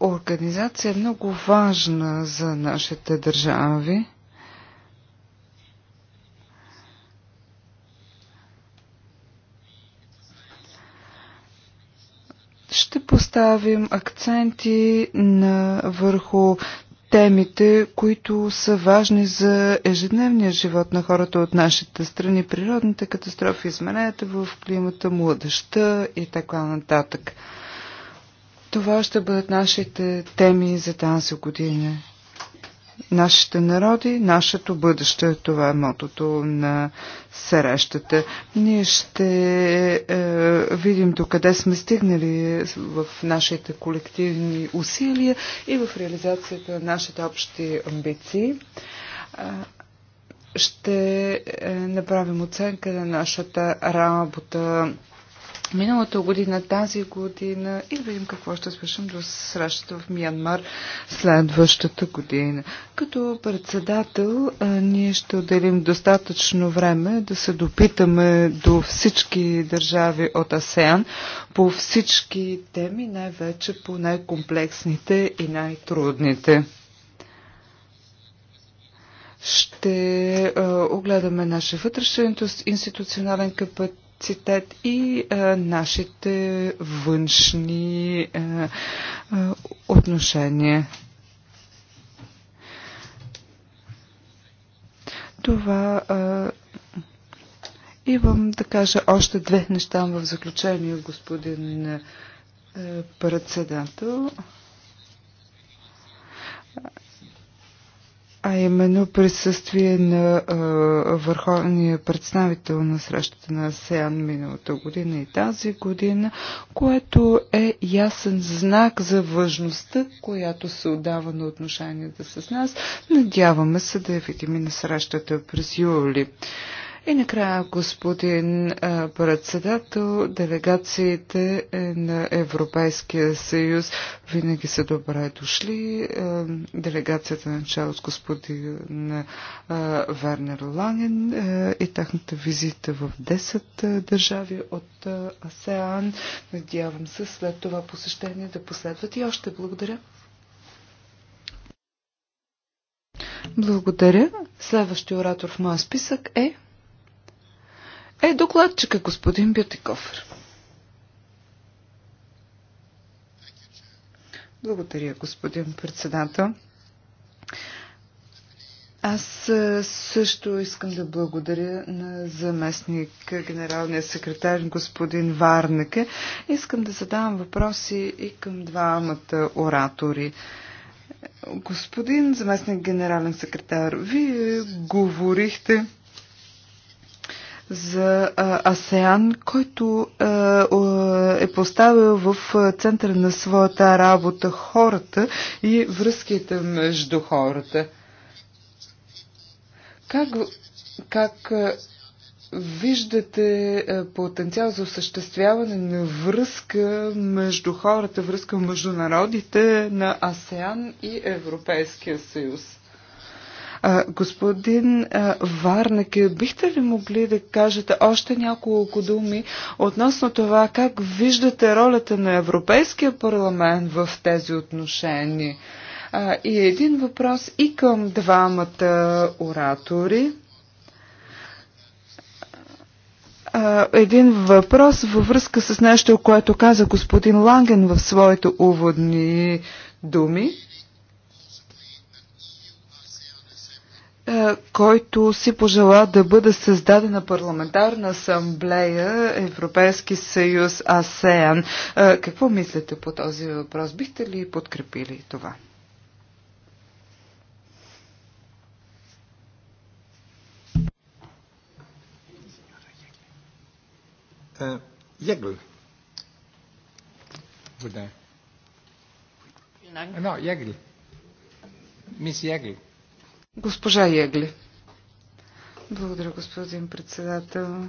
организация е много важна за нашите държави. поставим акценти на, върху темите, които са важни за ежедневния живот на хората от нашите страни, природните катастрофи, измененията в климата, младеща и така нататък. Това ще бъдат нашите теми за тази година. Нашите народи, нашето бъдеще, това е мотото на срещата. Ние ще е, видим до къде сме стигнали в нашите колективни усилия и в реализацията на нашите общи амбиции. Е, ще е, направим оценка на нашата работа миналата година, тази година и да видим какво ще свършим до срещата в Миянмар следващата година. Като председател ние ще отделим достатъчно време да се допитаме до всички държави от АСЕАН по всички теми, най-вече по най-комплексните и най-трудните. Ще огледаме нашия вътрешен институционален капитал капацитет и а, е, нашите външни а, е, а, е, отношения. Това а, имам да кажа още две неща в заключение, господин а, председател а именно присъствие на а, върховния представител на срещата на СЕАН миналата година и тази година, което е ясен знак за важността, която се отдава на отношенията с нас. Надяваме се да я видим и на срещата през юли. А, и накрая, господин председател, делегациите е, на Европейския съюз винаги са добре дошли. Е, делегацията начало с господин е, Вернер Ланен и тяхната визита в 10 държави от АСЕАН. Надявам се след това посещение да последват и още благодаря. Благодаря. Следващия оратор в моя списък е е докладчика господин Бютикофер. Благодаря, господин председател. Аз е, също искам да благодаря на заместник генералния секретар господин Варнеке. Искам да задавам въпроси и към двамата оратори. Господин заместник генерален секретар, вие говорихте за АСЕАН, който е поставил в центъра на своята работа хората и връзките между хората. Как, как виждате потенциал за осъществяване на връзка между хората, връзка между народите на АСЕАН и Европейския съюз? А, господин а, Варнак, бихте ли могли да кажете още няколко думи относно това как виждате ролята на Европейския парламент в тези отношения? А, и един въпрос и към двамата оратори. един въпрос във връзка с нещо, което каза господин Ланген в своите уводни думи. Е, който си пожела да бъде създадена парламентарна асамблея Европейски съюз АСЕАН. Е, какво мислите по този въпрос? Бихте ли подкрепили това? Е, Ягъл. Vielen Ягъл. Госпожа Егли. Благодаря, господин председател.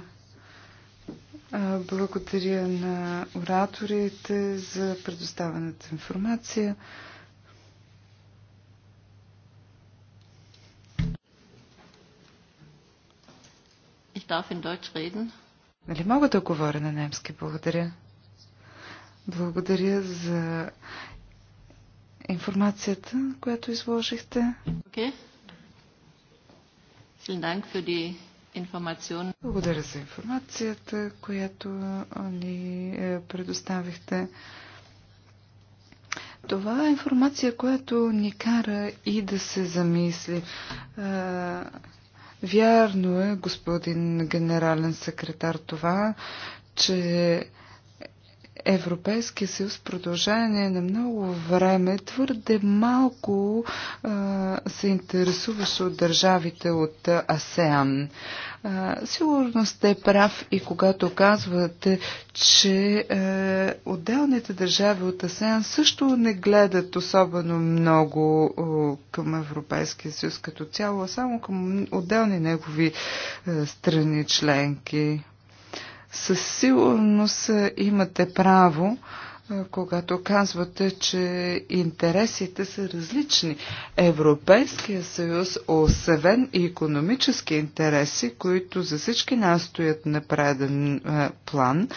Благодаря на ораторите за предоставената информация. Ich darf in Deutsch reden. Нали мога да говоря на немски? Благодаря. Благодаря за информацията, която изложихте. Okay. Благодаря за информацията, която ни е, предоставихте. Това е информация, която ни кара и да се замисли. Вярно е, господин генерален секретар, това, че Европейския съюз в продължение на много време твърде малко а, се интересуваше от държавите от АСЕАН. А, сигурно сте прав и когато казвате, че е, отделните държави от АСЕАН също не гледат особено много е, към Европейския съюз като цяло, а само към отделни негови е, страни членки. Със сигурност имате право, когато казвате, че интересите са различни. Европейския съюз, освен и економически интереси, които за всички нас стоят на преден план,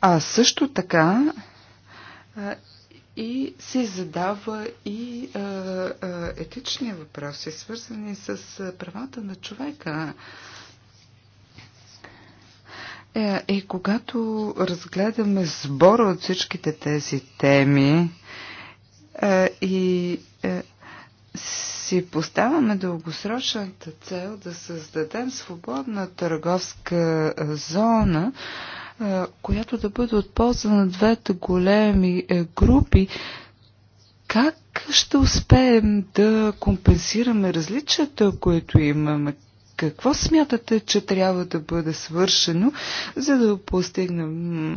а също така и се задава и а, а, етични въпроси, свързани с правата на човека. Е, и когато разгледаме сбора от всичките тези теми е, и е, си поставяме дългосрочната цел да създадем свободна търговска зона, е, която да бъде от полза на двете големи е, групи, как ще успеем да компенсираме различията, които имаме? Какво смятате, че трябва да бъде свършено, за да постигнем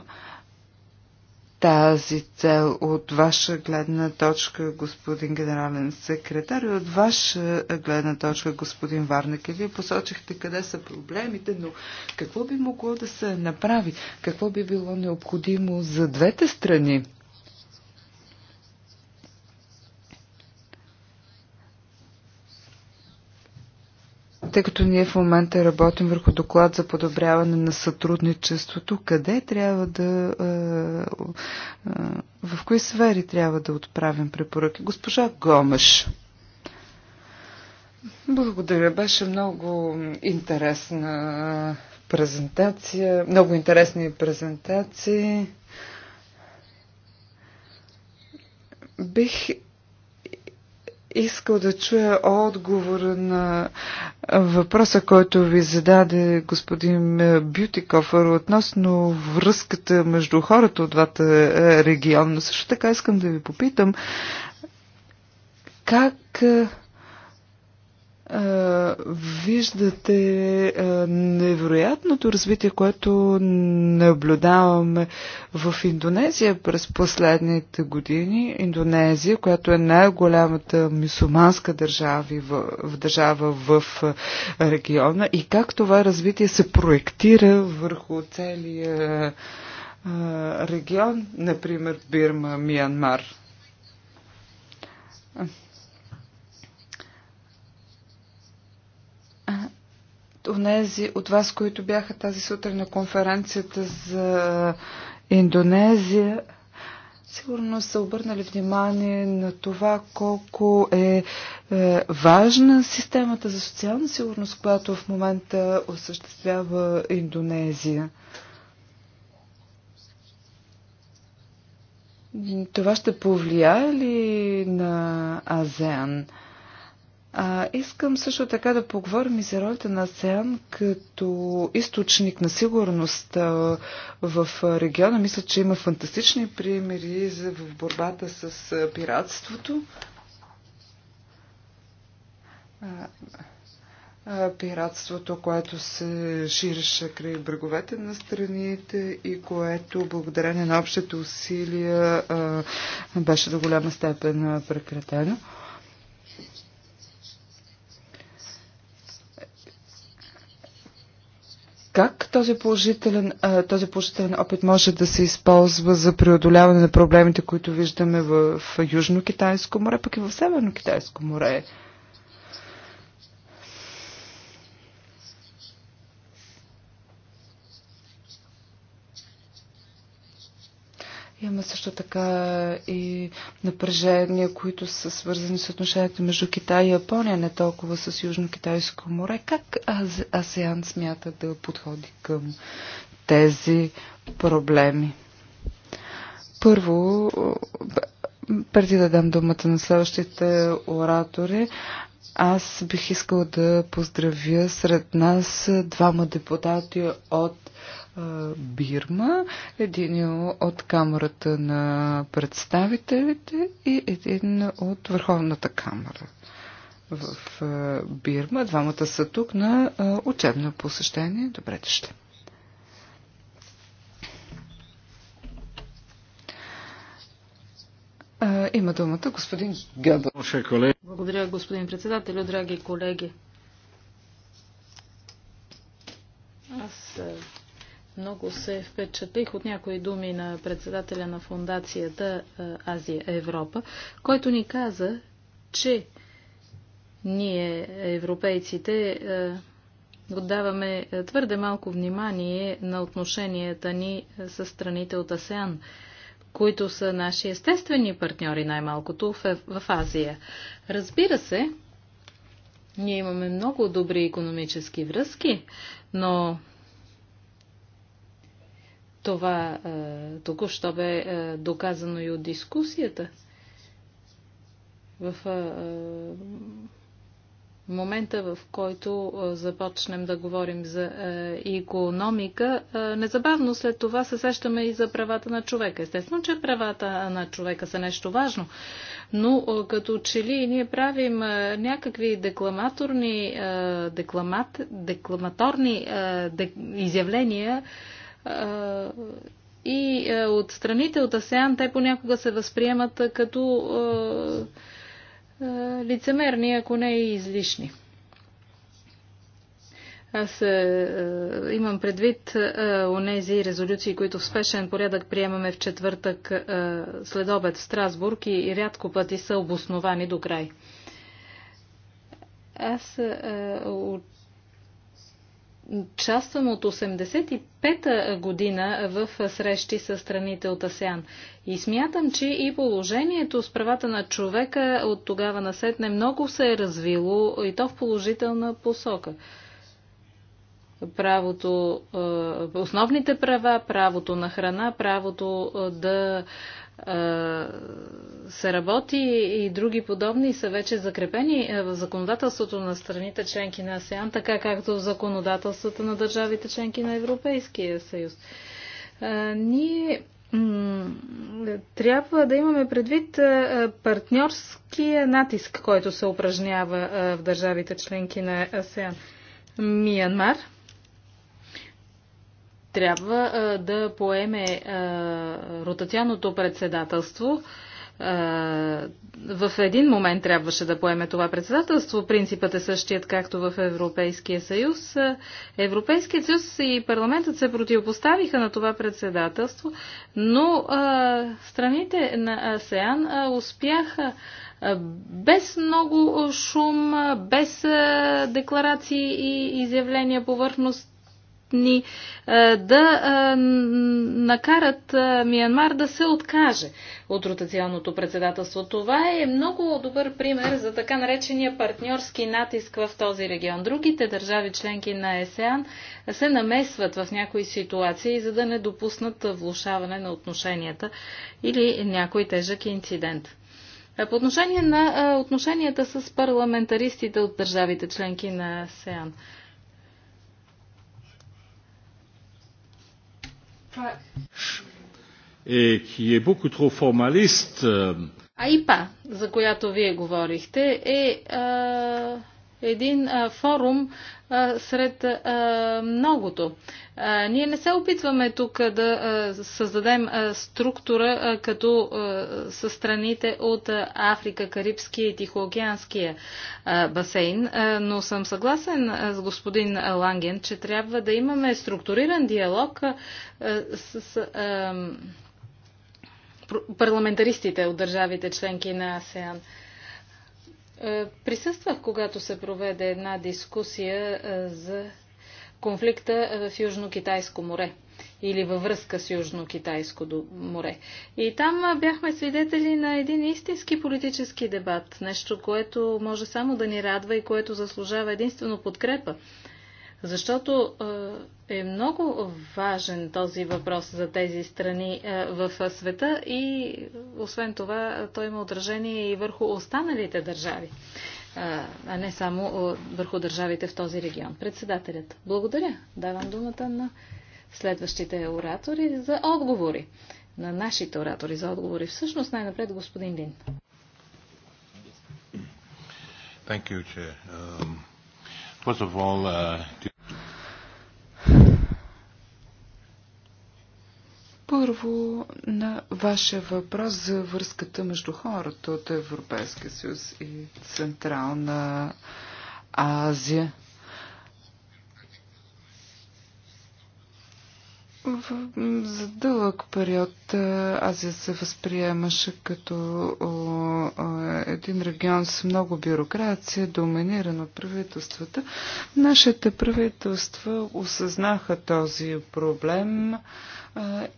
тази цел от ваша гледна точка, господин генерален секретар, и от ваша гледна точка, господин Варнак. И вие посочихте къде са проблемите, но какво би могло да се направи? Какво би било необходимо за двете страни? Тъй като ние в момента работим върху доклад за подобряване на сътрудничеството, къде трябва да. Е, е, в кои сфери трябва да отправим препоръки? Госпожа Гомеш. Благодаря. Беше много интересна презентация. Много интересни презентации. Бих искал да чуя отговора на въпроса, който ви зададе господин Бютикофър относно връзката между хората от двата е, региона. Също така искам да ви попитам как е, виждате невероятното развитие, което наблюдаваме в Индонезия през последните години. Индонезия, която е най-голямата мусулманска държава в държава в региона и как това развитие се проектира върху целия регион, например Бирма, Миянмар. онези от вас, които бяха тази сутрин на конференцията за Индонезия, сигурно са обърнали внимание на това колко е, е важна системата за социална сигурност, която в момента осъществява Индонезия. Това ще повлияе ли на Азиан? А, искам също така да поговорим и за ролята на АСЕАН като източник на сигурност а, в региона. Мисля, че има фантастични примери за, в борбата с а, пиратството. А, а, пиратството, което се ширеше край бреговете на страните и което благодарение на общите усилия а, беше до голяма степен прекратено. А, Как този положителен, този положителен опит може да се използва за преодоляване на проблемите, които виждаме в Южно-Китайско море, пък и в Северно-Китайско море? Имаме също така и напрежения, които са свързани с отношенията между Китай и Япония, не толкова с Южно-Китайско море. Как АСЕАН смята да подходи към тези проблеми? Първо, преди да дам думата на следващите оратори, аз бих искал да поздравя сред нас двама депутати от Бирма, един от камерата на представителите и един от Върховната камера в Бирма. Двамата са тук на учебно посещение. Добре дошли. Има думата господин Гъбъл. Благодаря, господин председател, драги колеги. Аз много се впечатлих от някои думи на председателя на фундацията Азия Европа, който ни каза, че ние, европейците, отдаваме твърде малко внимание на отношенията ни с страните от АСЕАН, които са наши естествени партньори най-малкото в Азия. Разбира се, ние имаме много добри економически връзки, но това е, току-що бе е, доказано и от дискусията. В е, момента, в който започнем да говорим за економика, незабавно след това се сещаме и за правата на човека. Естествено, че правата на човека са нещо важно, но като че ли ние правим някакви декламаторни, декламат, декламаторни изявления, и е, от страните от АСЕАН те понякога се възприемат като е, е, лицемерни, ако не и излишни. Аз е, имам предвид е, онези резолюции, които в спешен порядък приемаме в четвъртък е, след обед в Страсбург и, и рядко пъти са обосновани до край. Аз е, участвам от 85-та година в срещи с страните от АСЕАН. И смятам, че и положението с правата на човека от тогава насетне много се е развило и то в положителна посока. Правото, е, основните права, правото на храна, правото е, да е, се работи и други подобни са вече закрепени е, в законодателството на страните членки на АСЕАН, така както в законодателствата на държавите членки на Европейския съюз. Е, ние трябва да имаме предвид е, партньорския натиск, който се упражнява в държавите членки на АСЕАН. Миянмар трябва да поеме ротационното председателство в един момент трябваше да поеме това председателство. Принципът е същият както в Европейския съюз. Европейският съюз и парламентът се противопоставиха на това председателство, но страните на АСЕАН успяха без много шум, без декларации и изявления повърхност ни е, да е, накарат е, Миянмар да се откаже от ротационното председателство. Това е много добър пример за така наречения партньорски натиск в този регион. Другите държави членки на ЕСЕАН се намесват в някои ситуации, за да не допуснат влушаване на отношенията или някой тежък инцидент. По отношение на отношенията с парламентаристите от държавите членки на СЕАН. е, ки е, е А ИПА, за която вие говорихте, е а, един а, форум а, сред а, многото. А, ние не се опитваме тук да а, създадем а, структура а, като а, със страните от а, Африка, Карибския и Тихоокеанския а, басейн, а, но съм съгласен с господин Ланген, че трябва да имаме структуриран диалог а, с. А, парламентаристите от държавите членки на АСЕАН. Е, присъствах, когато се проведе една дискусия е, за конфликта е, в Южно-Китайско море или във връзка с южно Китайско море. И там бяхме свидетели на един истински политически дебат, нещо, което може само да ни радва и което заслужава единствено подкрепа защото е, е много важен този въпрос за тези страни е, в света и освен това той има отражение и върху останалите държави, е, а не само върху държавите в този регион. Председателят, благодаря. Давам думата на следващите оратори за отговори. На нашите оратори за отговори. Всъщност най-напред господин Лин. Thank you, Chair. Um... First of all, uh, to... Първо на вашия въпрос за връзката между хората от Европейския съюз и Централна Азия. За дълъг период Азия се възприемаше като един регион с много бюрокрация, доминиран от правителствата. Нашите правителства осъзнаха този проблем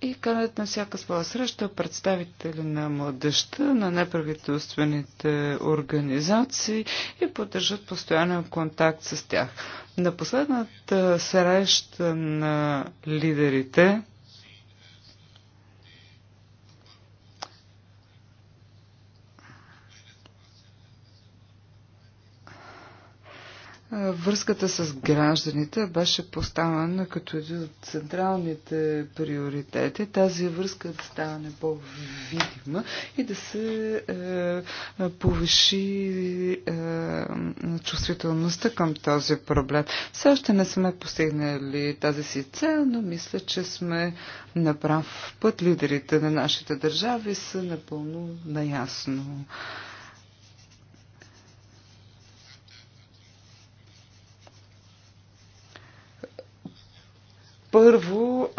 и канат на всяка своя среща представители на младеща, на неправителствените организации и поддържат постоянен контакт с тях. На последната среща на лидерите Връзката с гражданите беше поставена като един от централните приоритети. Тази връзка да стане по-видима и да се е, е, повиши е, чувствителността към този проблем. Все още не сме постигнали тази си цел, но мисля, че сме на прав път. Лидерите на нашите държави са напълно наясно. Е, Първо,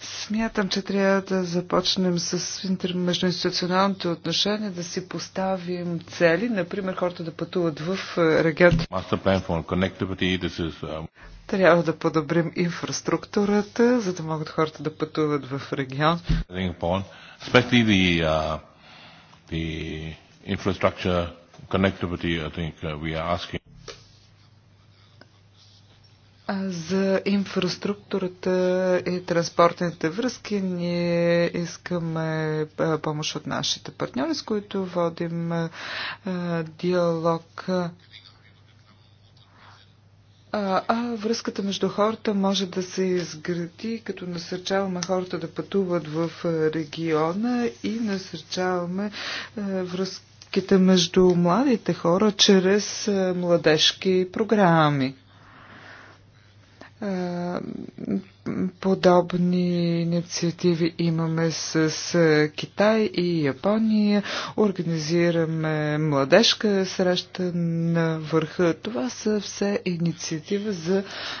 смятам, че трябва да започнем с междуинституционалните отношения, да си поставим цели, например, хората да пътуват в регион. Uh, трябва да подобрим инфраструктурата, за да могат хората да пътуват в регион. The uh, connectivity, I think uh, we are asking. За инфраструктурата и транспортните връзки ние искаме помощ от нашите партньори, с които водим диалог. А връзката между хората може да се изгради, като насърчаваме хората да пътуват в региона и насърчаваме връзките между младите хора чрез младежки програми. Е, подобни инициативи имаме с Китай и Япония. Организираме младежка среща на върха. Това са все инициатива за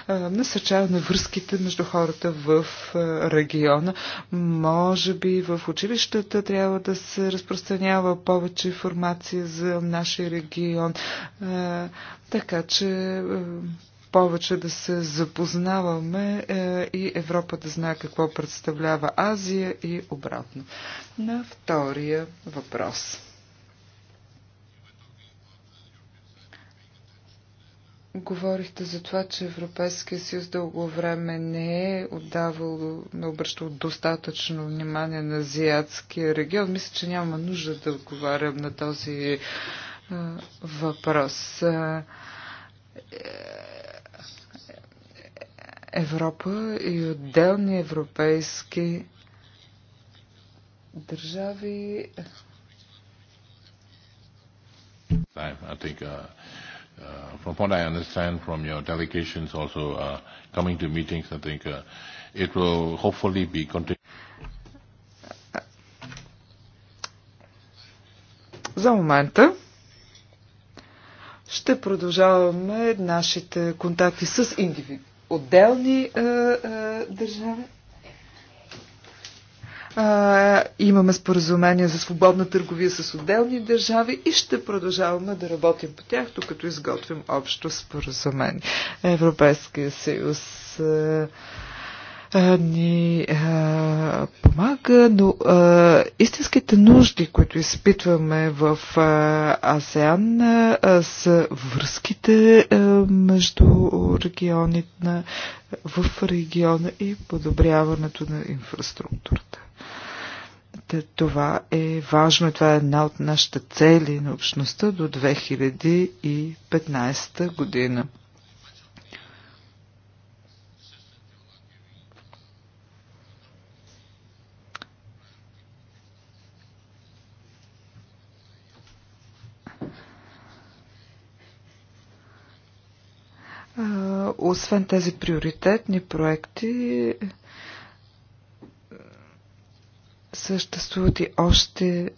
е, насъчаване връзките между хората в е, региона. Може би в училищата трябва да се разпространява повече информация за нашия регион. Така че повече да се запознаваме е, и Европа да знае какво представлява Азия и обратно. На втория въпрос. Говорихте за това, че Европейския съюз дълго време не е отдавал, не е обръщал достатъчно внимание на азиатския регион. Мисля, че няма нужда да отговарям на този е, въпрос. Е, Европа и отделни европейски държави. I think uh, uh, from what I understand from your delegations also uh, coming to meetings, I think uh, it will hopefully be continued. За момента ще продължаваме нашите контакти с индивид отделни а, е, а, е, държави. А, имаме споразумение за свободна търговия с отделни държави и ще продължаваме да работим по тях, докато изготвим общо споразумение. Европейския съюз. А, е, ни а, помага, но а, истинските нужди, които изпитваме в а, АСЕАН, а, са връзките а, между регионите на, в региона и подобряването на инфраструктурата. Това е важно и това е една от нашите цели на общността до 2015 година. освен тези приоритетни проекти, съществуват и още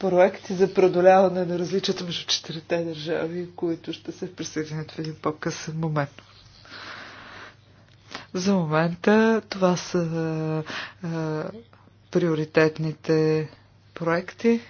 проекти за преодоляване на различията между четирите държави, които ще се присъединят в един по-късен момент. За момента това са а, приоритетните проекти.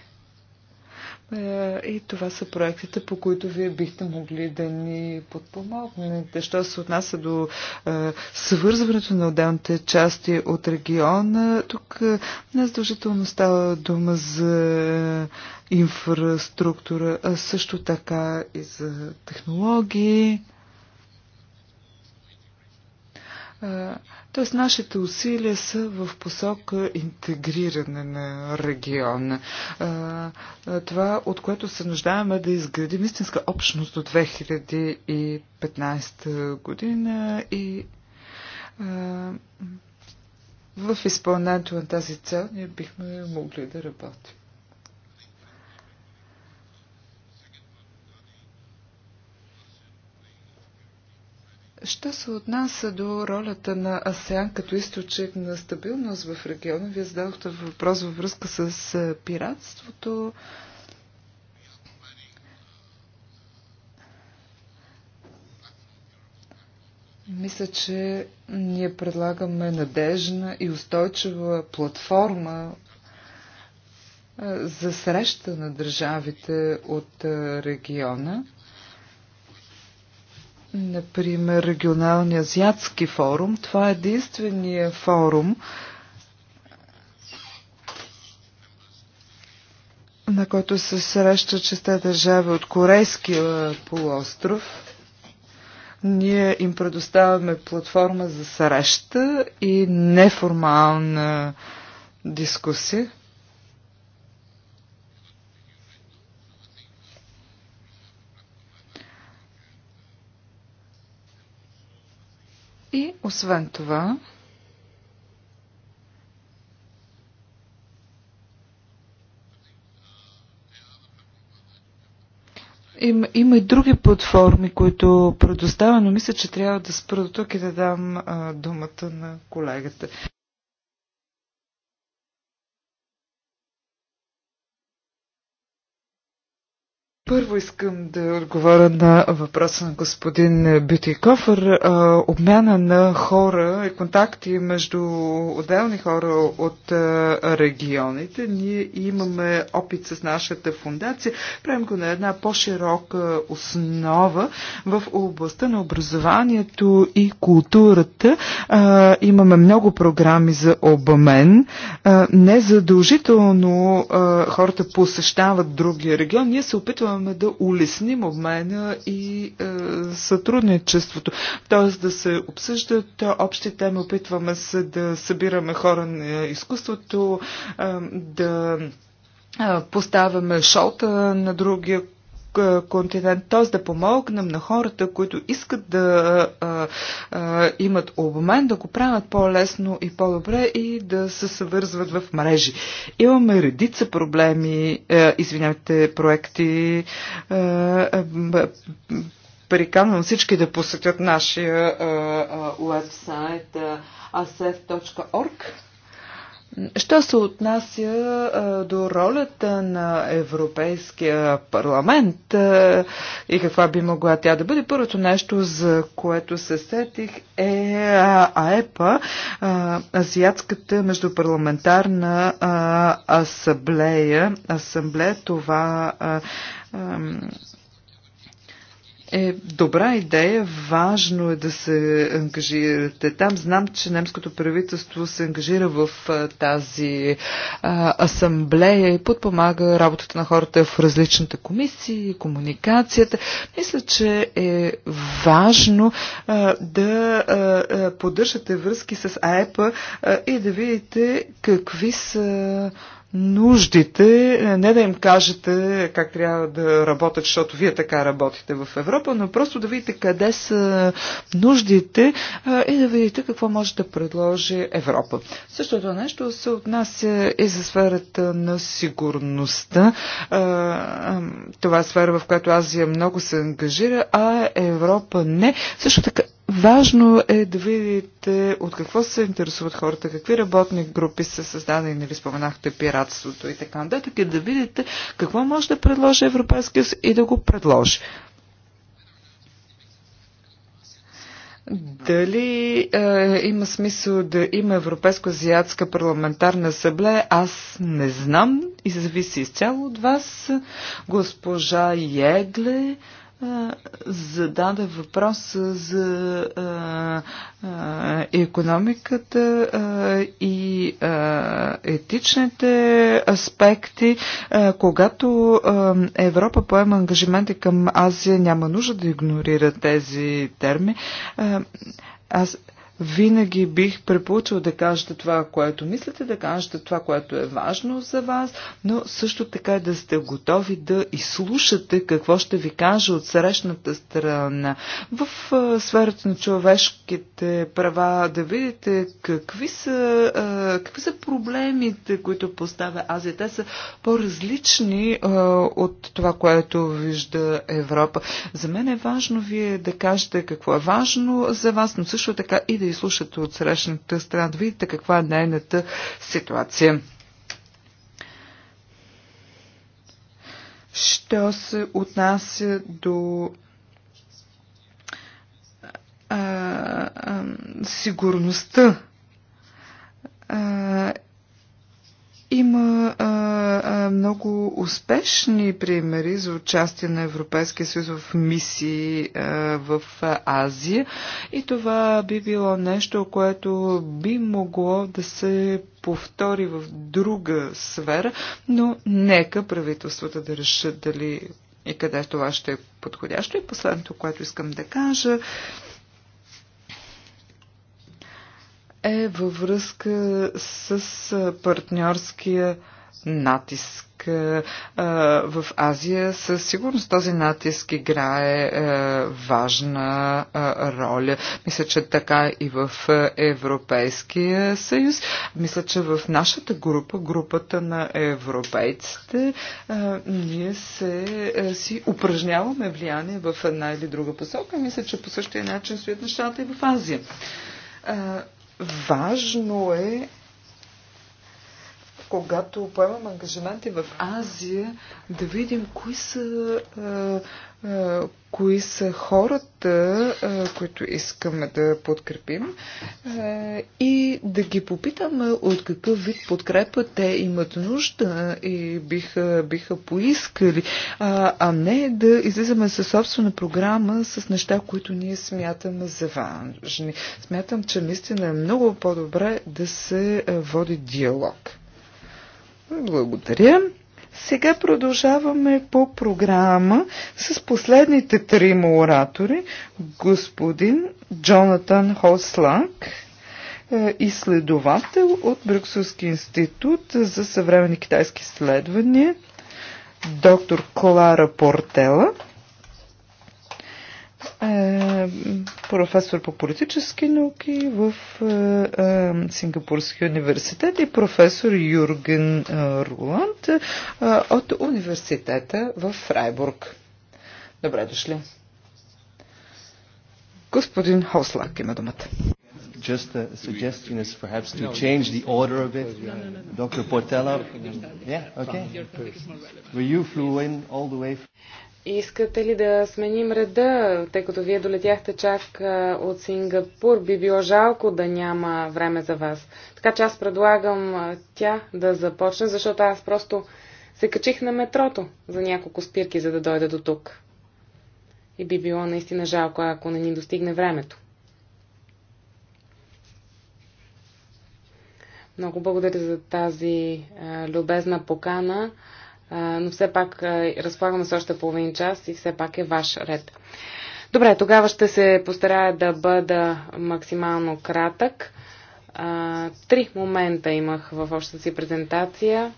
Е, и това са проектите, по които вие бихте могли да ни подпомогнете. Що се отнася до е, свързването на отделните части от региона, тук е, не задължително става дума за инфраструктура, а също така и за технологии. Тоест, нашите усилия са в посока интегриране на региона. Това, от което се нуждаем е да изградим истинска общност до 2015 година и в изпълнението на тази цел ние бихме могли да работим. Що се отнася до ролята на АСЕАН като източник на стабилност в региона? Вие зададохте въпрос във връзка с пиратството. Мисля, че ние предлагаме надежна и устойчива платформа за среща на държавите от региона – Например, регионалния азиатски форум. Това е единствения форум, на който се среща честа държави от Корейския полуостров. Ние им предоставяме платформа за среща и неформална дискусия. Освен това, Има, има и други платформи, които предоставя, но мисля, че трябва да спра до тук и да дам а, думата на колегата. Първо искам да отговоря на въпроса на господин Бютикофър. Обмяна на хора и контакти между отделни хора от регионите. Ние имаме опит с нашата фундация. Правим го на една по-широка основа в областта на образованието и културата. Имаме много програми за обмен. Незадължително хората посещават другия регион. Ние се опитваме опитваме да улесним обмена и е, сътрудничеството. Тоест да се обсъждат общи теми, опитваме се да събираме хора на изкуството, е, да е, поставяме шоута на другия е, континент, т.е. да помогнем на хората, които искат да а, е, а, е, имат обмен, да го правят по-лесно и по-добре и да се съвързват в мрежи. Имаме редица проблеми, а, извинявайте, проекти. А, а, Приканвам всички да посетят нашия уебсайт asef.org Що се отнася до ролята на Европейския парламент и каква би могла тя да бъде, първото нещо, за което се сетих е АЕПА, Азиатската междупарламентарна асамблея. Асамблея това е добра идея, важно е да се ангажирате там. Знам, че немското правителство се ангажира в тази а, асамблея и подпомага работата на хората в различните комисии, комуникацията. Мисля, че е важно а, да а, поддържате връзки с АЕПа а, и да видите какви са а, нуждите, е, не да им кажете как трябва да работят, защото вие така работите в Европа, но просто да видите къде са нуждите и да видите какво може да предложи Европа. Същото нещо се отнася и за сферата на сигурността. Това е сфера, в която Азия много се ангажира, а Европа не. Също така Важно е да видите от какво се интересуват хората, какви работни групи са създадени, нали споменахте пиратството и така нататък, и да видите какво може да предложи Европейския съюз и да го предложи. Дали е, има смисъл да има Европейско-азиатска парламентарна събле, аз не знам и зависи изцяло от вас. Госпожа Егле зададе въпрос за економиката и етичните аспекти. Когато Европа поема ангажименти към Азия, няма нужда да игнорира тези терми. Аз винаги бих препоръчал да кажете това, което мислите, да кажете това, което е важно за вас, но също така да сте готови да изслушате какво ще ви каже от срещната страна. В сферата на човешките права да видите какви са, какви са проблемите, които поставя Азия. Те са по-различни от това, което вижда Европа. За мен е важно вие да кажете какво е важно за вас, но също така и да и слушате от срещната страна, да видите каква е нейната ситуация. Що се отнася до а, а, сигурността а, има а, а, много успешни примери за участие на Европейския съюз в мисии а, в Азия и това би било нещо, което би могло да се повтори в друга сфера, но нека правителствата да решат дали и къде това ще е подходящо. И последното, което искам да кажа, а, е във връзка с партньорския натиск в Азия. Със сигурност този натиск играе важна роля. Мисля, че така и в Европейския съюз. Мисля, че в нашата група, групата на европейците, ние се, си упражняваме влияние в една или друга посока. Мисля, че по същия начин стоят нещата и в Азия. Важно е когато поемам ангажименти в Азия, да видим кои са, кои са хората, които искаме да подкрепим и да ги попитаме от какъв вид подкрепа те имат нужда и биха, биха поискали, а не да излизаме със собствена програма с неща, които ние смятаме за важни. Смятам, че наистина е много по-добре да се води диалог. Благодаря. Сега продължаваме по програма с последните три оратори. Господин Джонатан Хосланг, е, изследовател от Брюксовски институт за съвременни китайски изследвания, доктор Клара Портела – е професор по политически науки в е, е, Сингапурския университет и професор Юрген е, Руланд е, от университета в Фрайбург. Добре дошли. Господин Хослак има думата. Just a suggestion is perhaps to change the order of it. Dr. Portella. Yeah, okay. Were you flew in all the way? From... Искате ли да сменим реда, тъй като вие долетяхте чак от Сингапур? Би било жалко да няма време за вас. Така че аз предлагам тя да започне, защото аз просто се качих на метрото за няколко спирки, за да дойда до тук. И би било наистина жалко, ако не ни достигне времето. Много благодаря за тази любезна покана но все пак разполагаме с още половин час и все пак е ваш ред. Добре, тогава ще се постарая да бъда максимално кратък. Три момента имах в общата си презентация.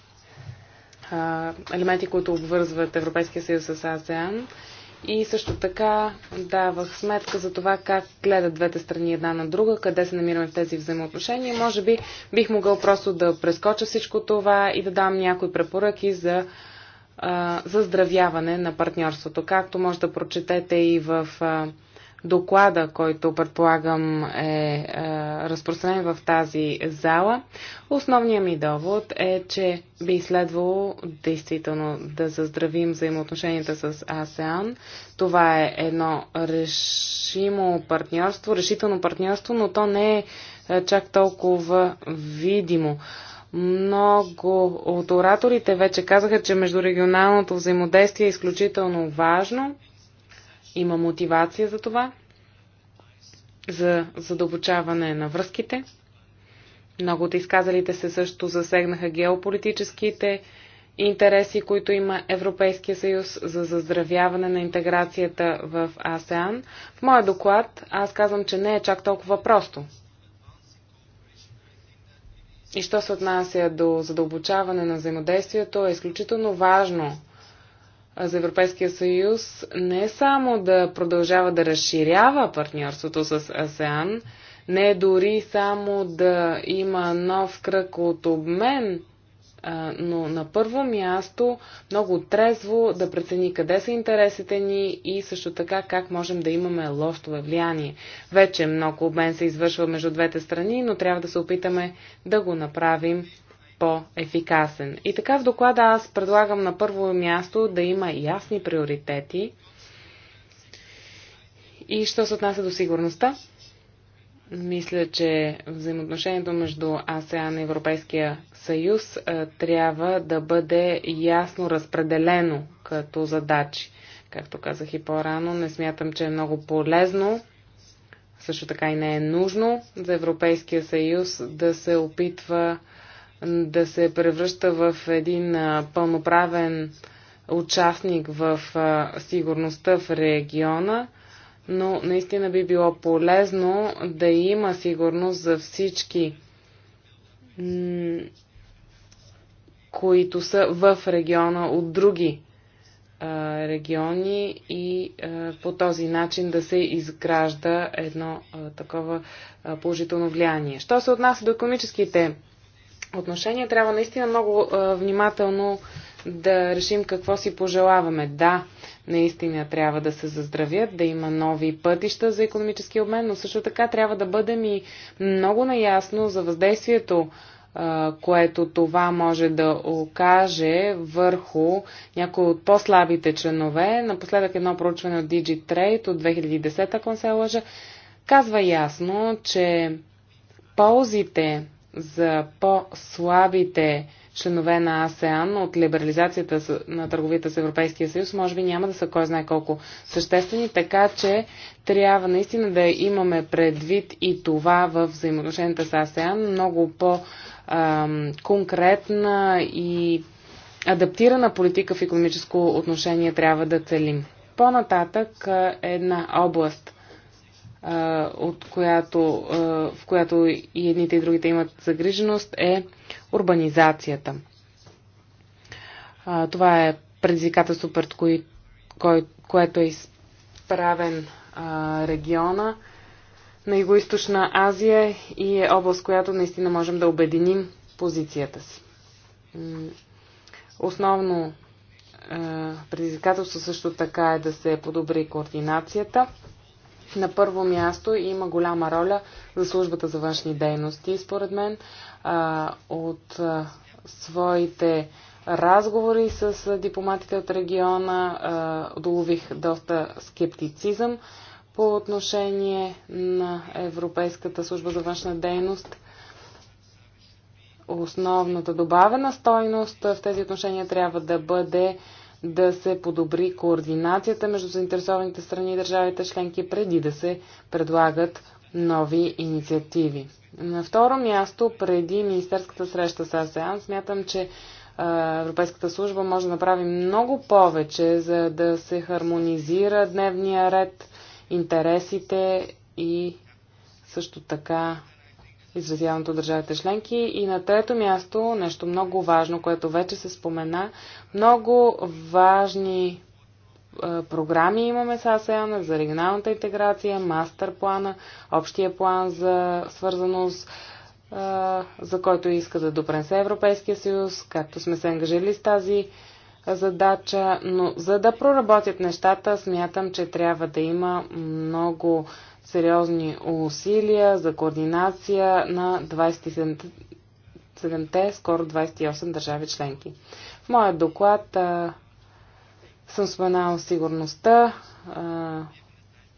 Елементи, които обвързват Европейския съюз с АСЕАН. И също така давах сметка за това как гледат двете страни една на друга, къде се намираме в тези взаимоотношения. Може би бих могъл просто да прескоча всичко това и да дам някои препоръки за заздравяване на партньорството. Както може да прочетете и в доклада, който предполагам е, е разпространен в тази зала. Основният ми довод е, че би следвало действително да заздравим взаимоотношенията с АСЕАН. Това е едно решимо партньорство, решително партньорство, но то не е, е чак толкова видимо. Много от ораторите вече казаха, че междурегионалното взаимодействие е изключително важно има мотивация за това, за задълбочаване на връзките. Много от изказалите се също засегнаха геополитическите интереси, които има Европейския съюз за заздравяване на интеграцията в АСЕАН. В моя доклад аз казвам, че не е чак толкова просто. И що се отнася до задълбочаване на взаимодействието, е изключително важно за Европейския съюз не е само да продължава да разширява партньорството с АСЕАН, не е дори само да има нов кръг от обмен, но на първо място много трезво да прецени къде са интересите ни и също така как можем да имаме лошо влияние. Вече много обмен се извършва между двете страни, но трябва да се опитаме да го направим по-ефикасен. И така в доклада аз предлагам на първо място да има ясни приоритети. И що се отнася до сигурността, мисля, че взаимоотношението между АСЕАН и Европейския съюз е, трябва да бъде ясно разпределено като задачи. Както казах и по-рано, не смятам, че е много полезно, също така и не е нужно за Европейския съюз да се опитва да се превръща в един пълноправен участник в сигурността в региона, но наистина би било полезно да има сигурност за всички, които са в региона от други региони и по този начин да се изгражда едно такова положително влияние. Що се отнася до економическите отношение трябва наистина много а, внимателно да решим какво си пожелаваме. Да, наистина трябва да се заздравят, да има нови пътища за економически обмен, но също така трябва да бъдем и много наясно за въздействието, което това може да окаже върху някои от по-слабите членове. Напоследък едно проучване от DigiTrade от 2010, ако не се лъжа, казва ясно, че ползите за по-слабите членове на АСЕАН от либерализацията на търговията с Европейския съюз, може би няма да са кой знае колко съществени, така че трябва наистина да имаме предвид и това в взаимоотношенията с АСЕАН, много по-конкретна и адаптирана политика в економическо отношение трябва да целим. По-нататък една област – от която, в която и едните и другите имат загриженост, е урбанизацията. Това е предизвикателство, пред кое, кое, което е изправен региона на Юго-Источна Азия и е област, която наистина можем да обединим позицията си. Основно предизвикателство също така е да се подобри координацията на първо място има голяма роля за службата за външни дейности, според мен. А, от а, своите разговори с дипломатите от региона а, долових доста скептицизъм по отношение на Европейската служба за външна дейност. Основната добавена стойност в тези отношения трябва да бъде а, да се подобри координацията между заинтересованите страни и държавите членки преди да се предлагат нови инициативи. На второ място, преди Министерската среща с АСЕАН, смятам, че Европейската служба може да направи много повече, за да се хармонизира дневния ред, интересите и също така изразяваното държавите членки. И на трето място, нещо много важно, което вече се спомена, много важни е, програми имаме с АСЕАН за регионалната интеграция, мастер плана, общия план за свързаност, е, за който иска да допренесе Европейския съюз, както сме се ангажили с тази задача, но за да проработят нещата, смятам, че трябва да има много сериозни усилия за координация на 27-те, скоро 28 държави членки. В моят доклад а, съм споменал сигурността, а,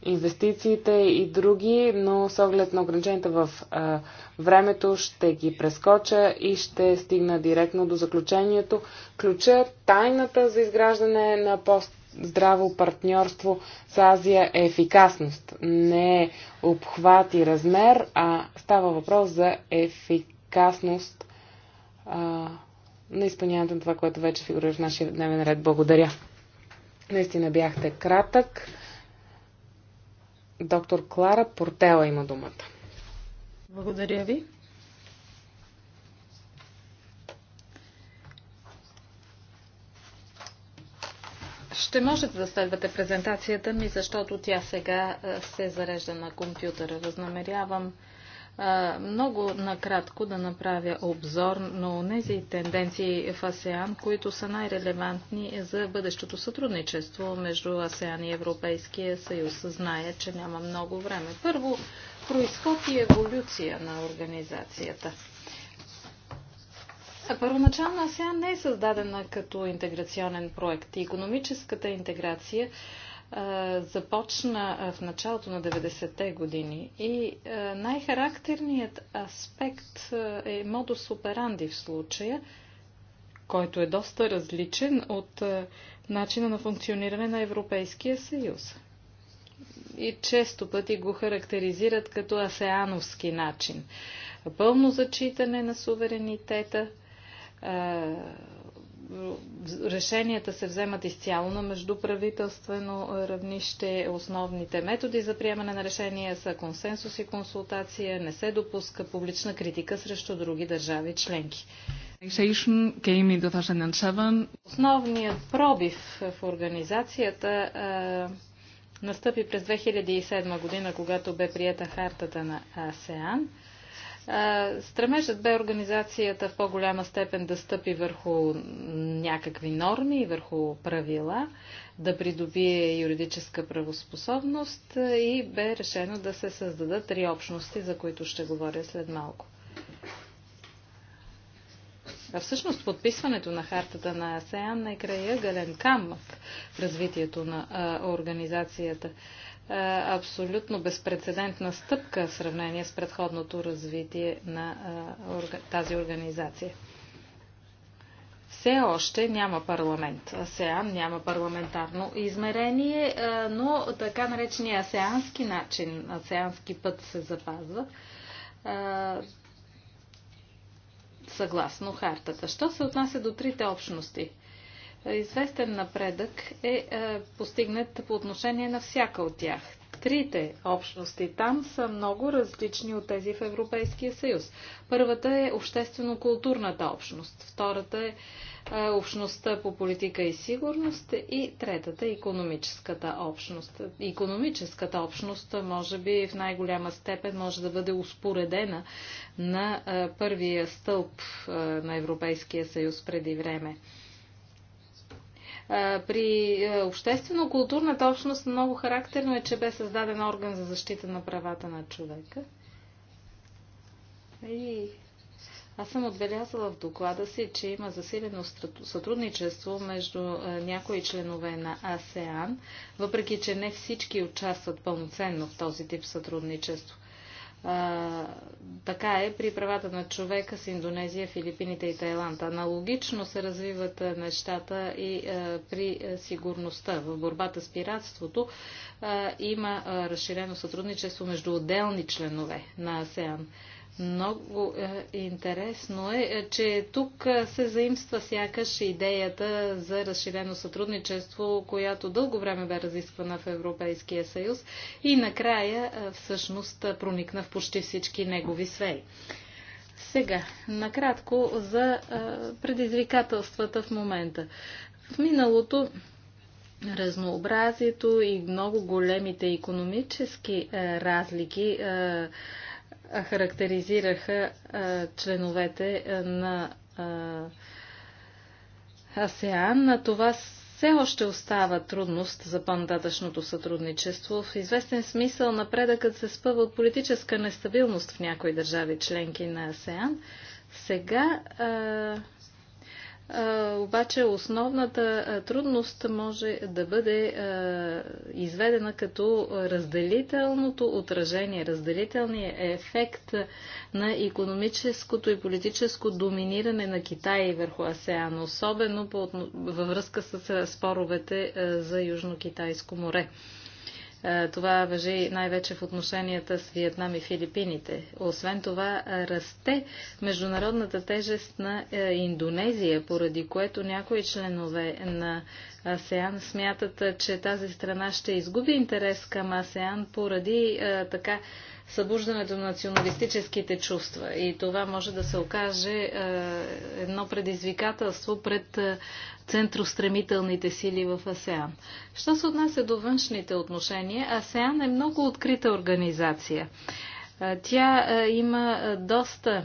инвестициите и други, но с оглед на ограниченията в а, времето ще ги прескоча и ще стигна директно до заключението. Ключа, тайната за изграждане на пост здраво партньорство с Азия е ефикасност. Не е обхват и размер, а става въпрос за ефикасност а, на изпълняването на това, което вече фигурира в нашия дневен ред. Благодаря. Наистина бяхте кратък. Доктор Клара Портела има думата. Благодаря ви. Ще можете да следвате презентацията ми, защото тя сега се зарежда на компютъра. Възнамерявам много накратко да направя обзор на тези тенденции в АСЕАН, които са най-релевантни за бъдещото сътрудничество между АСЕАН и Европейския съюз. Зная, че няма много време. Първо, происход и еволюция на организацията. Първоначално АСЕАН не е създадена като интеграционен проект. И економическата интеграция започна в началото на 90-те години и най-характерният аспект е модус операнди в случая, който е доста различен от начина на функциониране на Европейския съюз. И често пъти го характеризират като асеановски начин. Пълно зачитане на суверенитета – е, решенията се вземат изцяло на междуправителствено е, равнище. Основните методи за приемане на решения са консенсус и консултация. Не се допуска публична критика срещу други държави членки. Основният пробив в организацията е, настъпи през 2007 година, когато бе приета хартата на АСЕАН – Стремежът бе организацията в по-голяма степен да стъпи върху някакви норми, върху правила, да придобие юридическа правоспособност и бе решено да се създадат три общности, за които ще говоря след малко. А всъщност подписването на хартата на АСЕАН е края гален камък в развитието на а, организацията. Е, абсолютно безпредседентна стъпка в сравнение с предходното развитие на е, тази организация. Все още няма парламент. АСЕАН няма парламентарно измерение, е, но така наречения асеански начин, асеански път се запазва съгласно хартата. Що се отнася до трите общности? известен напредък е, е постигнат по отношение на всяка от тях. Трите общности там са много различни от тези в Европейския съюз. Първата е обществено-културната общност, втората е, е общността по политика и сигурност и третата е економическата общност. Економическата общност може би в най-голяма степен може да бъде успоредена на е, първия стълб на Европейския съюз преди време. При обществено-културната общност много характерно е, че бе създаден орган за защита на правата на човека. И аз съм отбелязала в доклада си, че има засилено сътрудничество между някои членове на АСЕАН, въпреки че не всички участват пълноценно в този тип сътрудничество. А, така е при правата на човека с Индонезия, Филипините и Тайланд. Аналогично се развиват нещата и а, при сигурността. В борбата с пиратството а, има разширено сътрудничество между отделни членове на АСЕАН. Много е, интересно е, е че тук е, се заимства сякаш идеята за разширено сътрудничество, която дълго време бе разисквана в Европейския съюз и накрая е, всъщност проникна в почти всички негови сфери. Сега, накратко за е, предизвикателствата в момента. В миналото разнообразието и много големите економически е, разлики е, характеризираха членовете на АСЕАН. на Това все още остава трудност за по-нататъчното сътрудничество. В известен смисъл напредъкът се спъва от политическа нестабилност в някои държави членки на АСЕАН. Сега обаче основната трудност може да бъде изведена като разделителното отражение, разделителният ефект на економическото и политическо доминиране на Китай върху АСЕАН, особено във връзка с споровете за Южно-Китайско море. Е, това въжи най-вече в отношенията с Виетнам и Филипините. Освен това, расте международната тежест на е, Индонезия, поради което някои членове на АСЕАН смятат, е, че тази страна ще изгуби интерес към АСЕАН поради така събуждането на националистическите чувства. И това може да се окаже е, едно предизвикателство пред е, центростремителните сили в АСЕАН. Що се отнася до външните отношения, АСЕАН е много открита организация. Е, тя има доста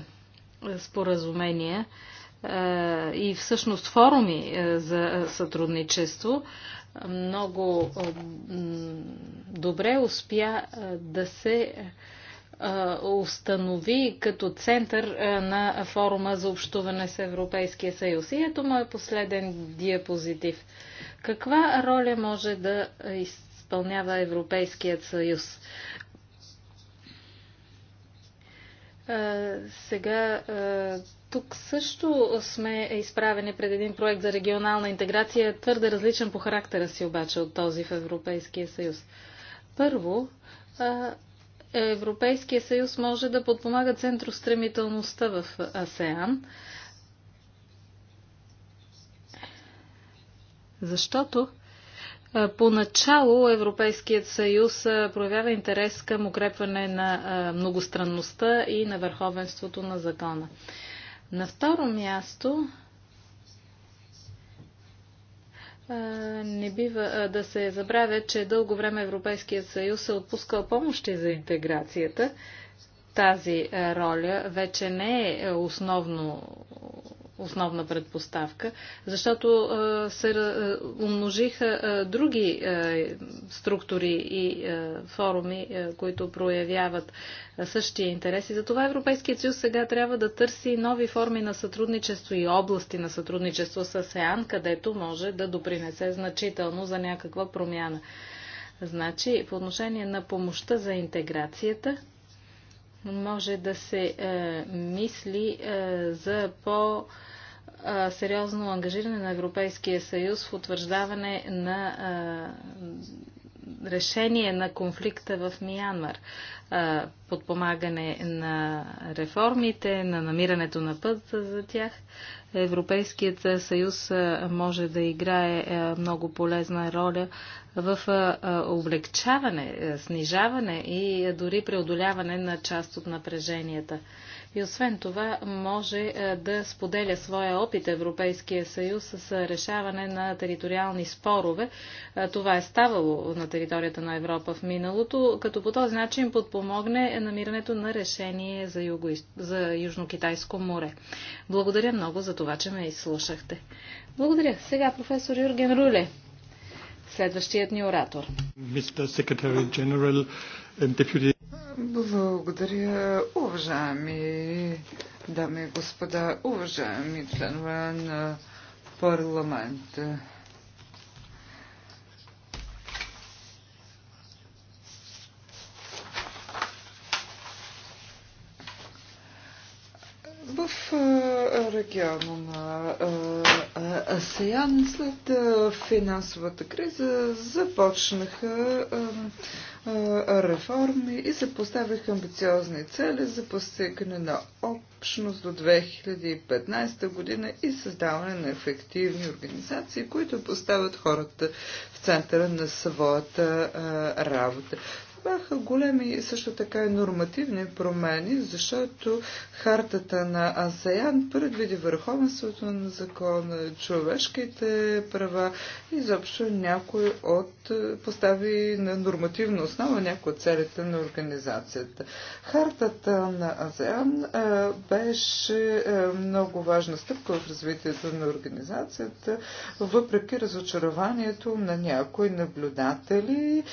споразумения и всъщност форуми за сътрудничество много добре успя да се установи като център на форума за общуване с Европейския съюз. И ето му последен диапозитив. Каква роля може да изпълнява Европейският съюз? Сега тук също сме изправени пред един проект за регионална интеграция, твърде различен по характера си обаче от този в Европейския съюз. Първо, Европейския съюз може да подпомага центростремителността в АСЕАН, защото Поначало Европейският съюз проявява интерес към укрепване на многостранността и на върховенството на закона. На второ място не бива да се забравя, че дълго време Европейският съюз е отпускал помощи за интеграцията. Тази роля вече не е основно основна предпоставка, защото се умножиха други структури и форуми, които проявяват същия интерес. И затова Европейският съюз сега трябва да търси нови форми на сътрудничество и области на сътрудничество с ЕАН, където може да допринесе значително за някаква промяна. Значи, по отношение на помощта за интеграцията, може да се е, мисли е, за по- е, сериозно ангажиране на Европейския съюз в утвърждаване на е, решение на конфликта в Миянмар, подпомагане на реформите, на намирането на път за тях. Европейският съюз може да играе много полезна роля в облегчаване, снижаване и дори преодоляване на част от напреженията. И освен това може е, да споделя своя опит Европейския съюз с е, решаване на териториални спорове. Е, това е ставало на територията на Европа в миналото, като по този начин подпомогне намирането на решение за, юго, за Южно-Китайско море. Благодаря много за това, че ме изслушахте. Благодаря. Сега професор Юрген Руле, следващият ни оратор. Mr. Secretary General, Deputy благодаря, уважаеми дами и господа, уважаеми членове на парламента. В региона на сега, след финансовата криза започнаха реформи и се поставиха амбициозни цели за постигане на общност до 2015 година и създаване на ефективни организации, които поставят хората в центъра на своята работа. Бяха големи също така и нормативни промени, защото хартата на АСЕАН предвиди върховенството на закона, човешките права и заобщо някой от е, постави на нормативна основа някои от целите на организацията. Хартата на АСЕАН е, беше е, много важна стъпка в развитието на организацията, въпреки разочарованието на някои наблюдатели.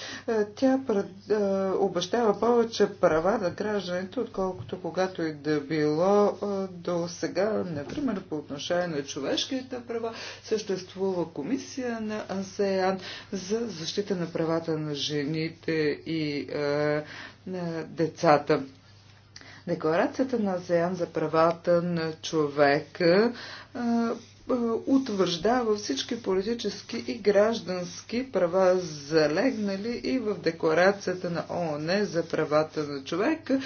Тя пред, е, обещава повече права на гражданите, отколкото когато и да било е, до сега, например, по отношение на човешките права, съществува комисия на АСЕАН за защита на правата на жените и е, на децата. Декларацията на АСЕАН за правата на човека е, е, утвърждава всички политически и граждански права, залегнали и в Декларацията на ООН за правата на човека,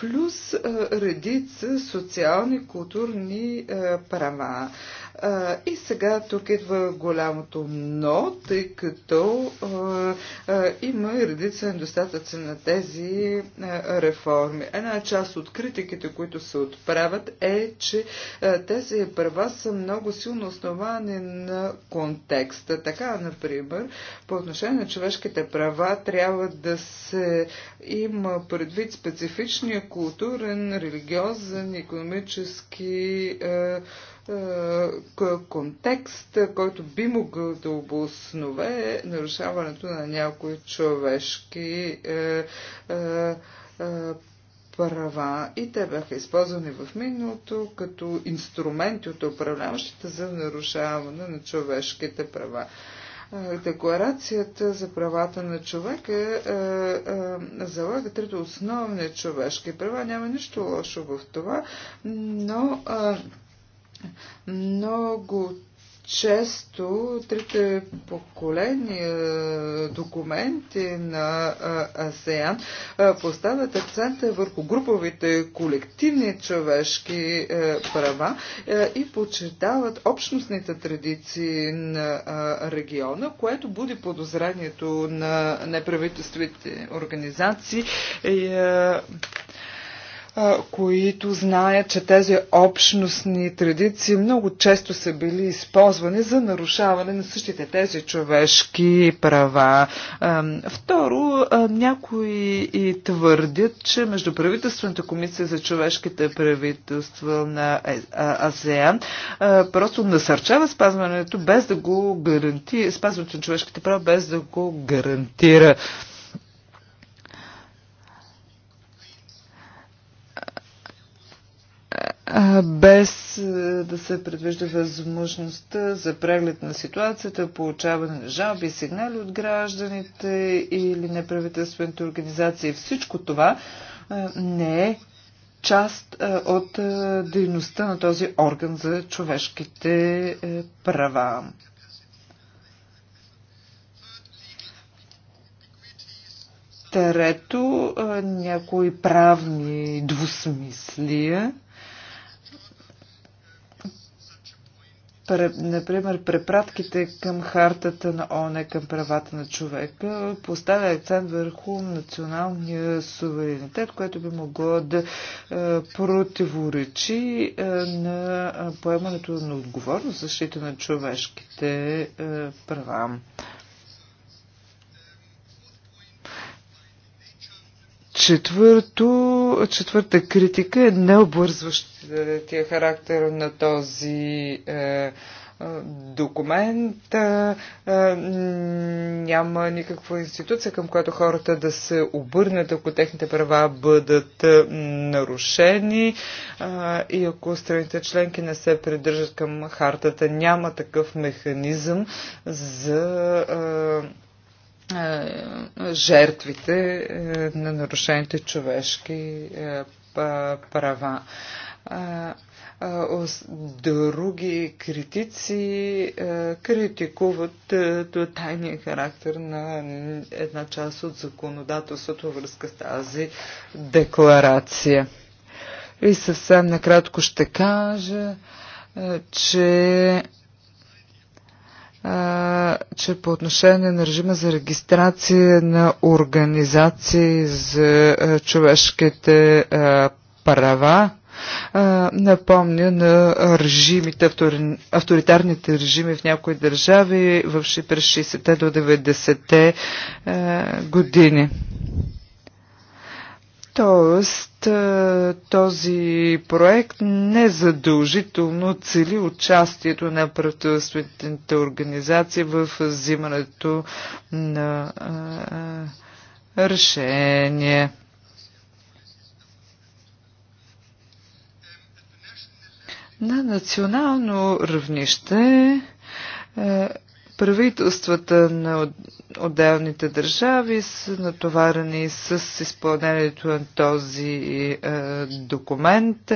плюс е, редица социални, културни е, права. А, и сега тук идва голямото но, тъй като а, а, има редица недостатъци на тези а, реформи. Една част от критиките, които се отправят е, че а, тези права са много силно основани на контекста. Така, например, по отношение на човешките права трябва да се има предвид специфичния културен, религиозен, економически е, е, контекст, който би могъл да обоснове нарушаването на някои човешки е, е, права и те бяха използвани в миналото като инструменти от управляващите за нарушаване на човешките права. Декларацията за правата на човека е, е, залага трите основни човешки права. Няма нищо лошо в това, но е, много често трите поколения документи на АСЕАН поставят акцента върху груповите колективни човешки е, права е, и почитават общностните традиции на региона, което буди подозрението на неправителствените организации е, които знаят, че тези общностни традиции много често са били използвани за нарушаване на същите тези човешки права. Второ, някои и твърдят, че Междуправителствената комисия за човешките правителства на е, АСЕАН просто насърчава спазването без да го гарантира, спазването на човешките права без да го гарантира. без е, да се предвижда възможността за преглед на ситуацията, получаване на жалби и сигнали от гражданите или неправителствените организации. Всичко това е, не е част е, от дейността на този орган за човешките права. Трето, някои правни двусмислия – например, препратките към хартата на ОНЕ към правата на човека поставя акцент върху националния суверенитет, което би могло да е, противоречи е, на поемането на отговорност защита на човешките е, права. Четвърто, четвърта критика е необвързващия характер на този е, е документ, е, е, няма никаква институция, към която хората да се обърнат, ако техните права бъдат е, нарушени Е, и ако страните членки не се придържат към хартата, няма такъв механизъм за. Е, е, жертвите е, на нарушените човешки е, права. Други критици критикуват тайния характер на една част от законодателството връзка с тази декларация. И съвсем накратко ще кажа, че че по отношение на режима за регистрация на организации за човешките права, напомня на режимите, авторитарните режими в някои държави в през 60-те до 90-те години. Тоест, е, този проект незадължително цели участието на правителствените организации в взимането на е, е, решение. На национално равнище правителствата на отделните държави са натоварени с изпълнението на този е, документ,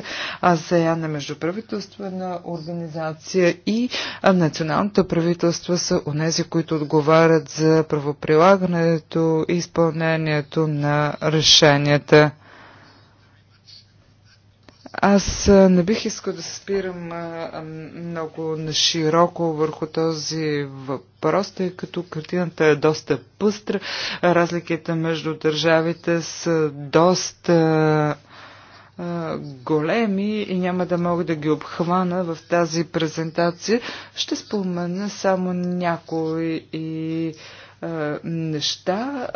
сега на е междуправителствена организация и е, националните правителства са онези, които отговарят за правоприлагането и изпълнението на решенията. Аз не бих искал да спирам много на широко върху този въпрос, тъй като картината е доста пъстра, разликите между държавите са доста големи и няма да мога да ги обхвана в тази презентация. Ще спомена само някои и неща,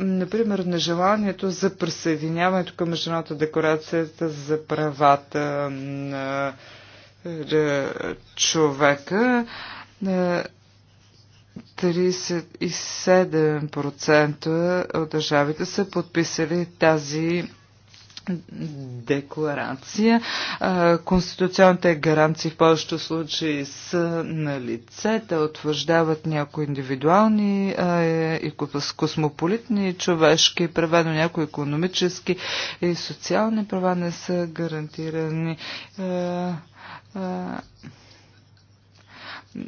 например нежеланието за присъединяването към Международната декларацията за правата на е, човека. 37% е, от държавите са подписали тази декларация. Конституционните гаранции в повечето случаи са на лице. Те утвърждават някои индивидуални и космополитни човешки права, но някои економически и социални права не са гарантирани.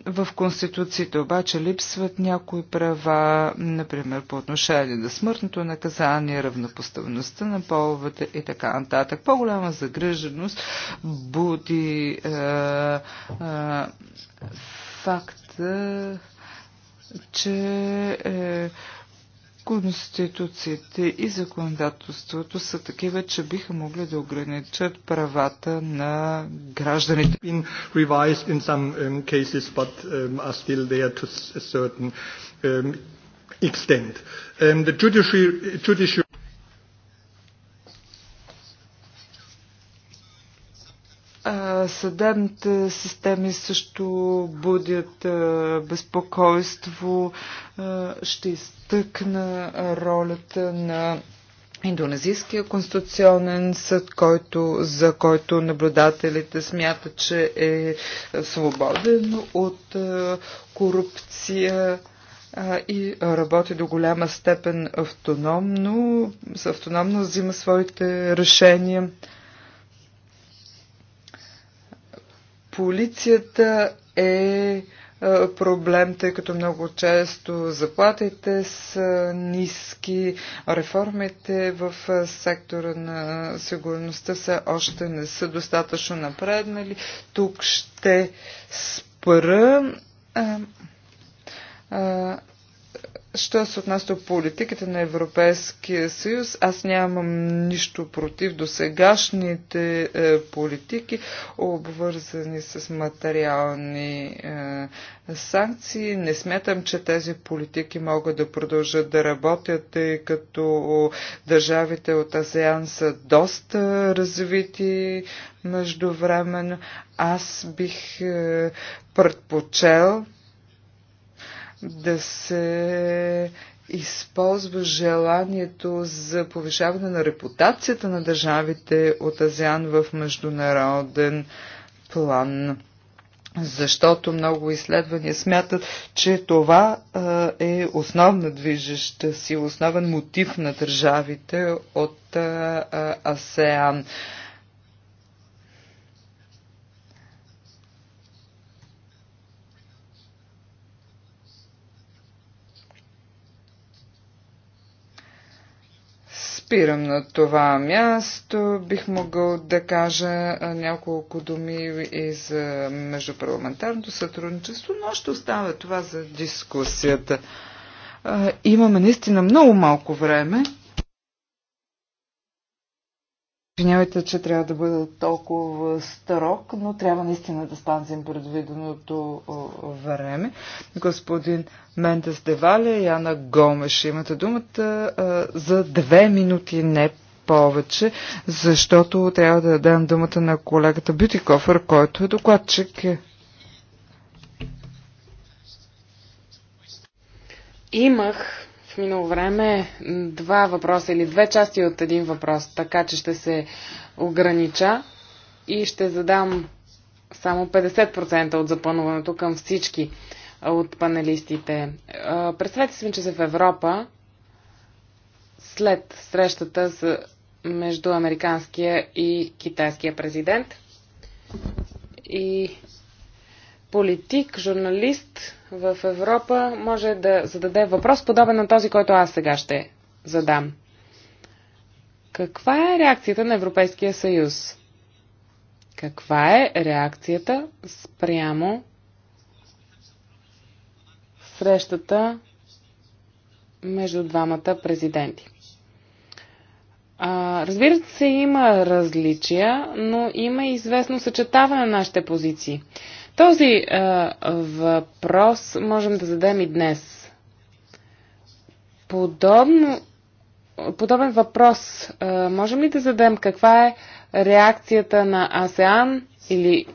В Конституцията обаче липсват някои права, например по отношение на смъртното наказание, равнопоставността на половете и така нататък. По-голяма загриженост буди е, е, факта, че е, Конституциите и законодателството са такива, че биха могли да ограничат правата на гражданите. In revised in some um, cases, but um, are still there to a certain um, extent. Um, the judiciary, judiciary съдебните системи също будят безпокойство. Ще изтъкна ролята на Индонезийския конституционен съд, който, за който наблюдателите смятат, че е свободен от корупция и работи до голяма степен автономно, автономно взима своите решения. полицията е, е проблем, тъй като много често заплатите са ниски, реформите в е, сектора на сигурността са още не са достатъчно напреднали. Тук ще спра. Е, Що се отнася до политиката на Европейския съюз, аз нямам нищо против досегашните е, политики, обвързани с материални е, санкции. Не смятам, че тези политики могат да продължат да работят, тъй като държавите от АСЕАН са доста развити междувременно. Аз бих е, предпочел да се използва желанието за повишаване на репутацията на държавите от Азиан в международен план. Защото много изследвания смятат, че това е основна движеща си, основен мотив на държавите от АСЕАН. спирам на това място. Бих могъл да кажа няколко думи и за междупарламентарното сътрудничество, но ще оставя това за дискусията. Имаме наистина много малко време. Извинявайте, че трябва да бъда толкова строг, но трябва наистина да спазим предвиденото време. Господин Мендес Деваля и Яна Гомеш имате думата за две минути, не повече, защото трябва да дадем думата на колегата Бютикофър, който е докладчик. Имах минало време два въпроса или две части от един въпрос, така че ще се огранича и ще задам само 50% от запълнуването към всички от панелистите. Представете си, че са в Европа след срещата с, между американския и китайския президент. И политик, журналист в Европа може да зададе въпрос, подобен на този, който аз сега ще задам. Каква е реакцията на Европейския съюз? Каква е реакцията спрямо срещата между двамата президенти? А, разбира се, има различия, но има известно съчетаване на нашите позиции. Този а, въпрос можем да зададем и днес. Подобно, подобен въпрос а, можем ли да зададем каква е реакцията на АСЕАН или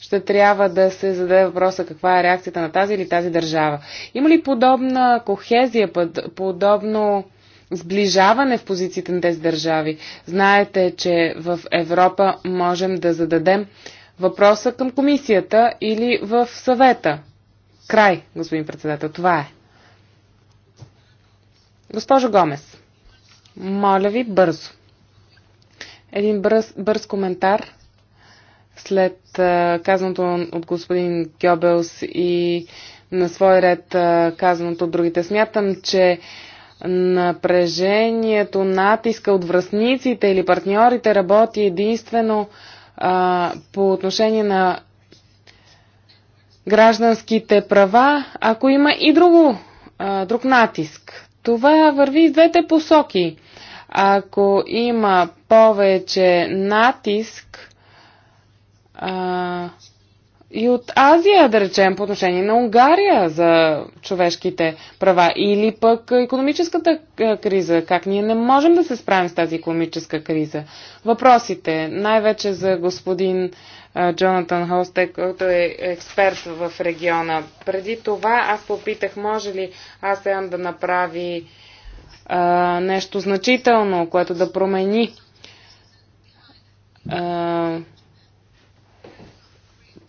ще трябва да се зададе въпроса каква е реакцията на тази или тази държава. Има ли подобна кохезия, подобно сближаване в позициите на тези държави? Знаете, че в Европа можем да зададем въпроса към комисията или в съвета. Край, господин председател. Това е. Госпожо Гомес, моля ви бързо. Един бърз, бърз коментар след казаното от господин Гьобелс и на свой ред казаното от другите. Смятам, че напрежението, натиска от връзниците или партньорите работи единствено а, по отношение на гражданските права, ако има и друго, а, друг натиск. Това върви в двете посоки. Ако има повече натиск, а, и от Азия, да речем, по отношение на Унгария за човешките права или пък економическата е, криза, как ние не можем да се справим с тази економическа криза. Въпросите, най-вече за господин е, Джонатан Холстек, който е експерт в региона. Преди това аз попитах, може ли АСЕАН да направи а, е, нещо значително, което да промени а,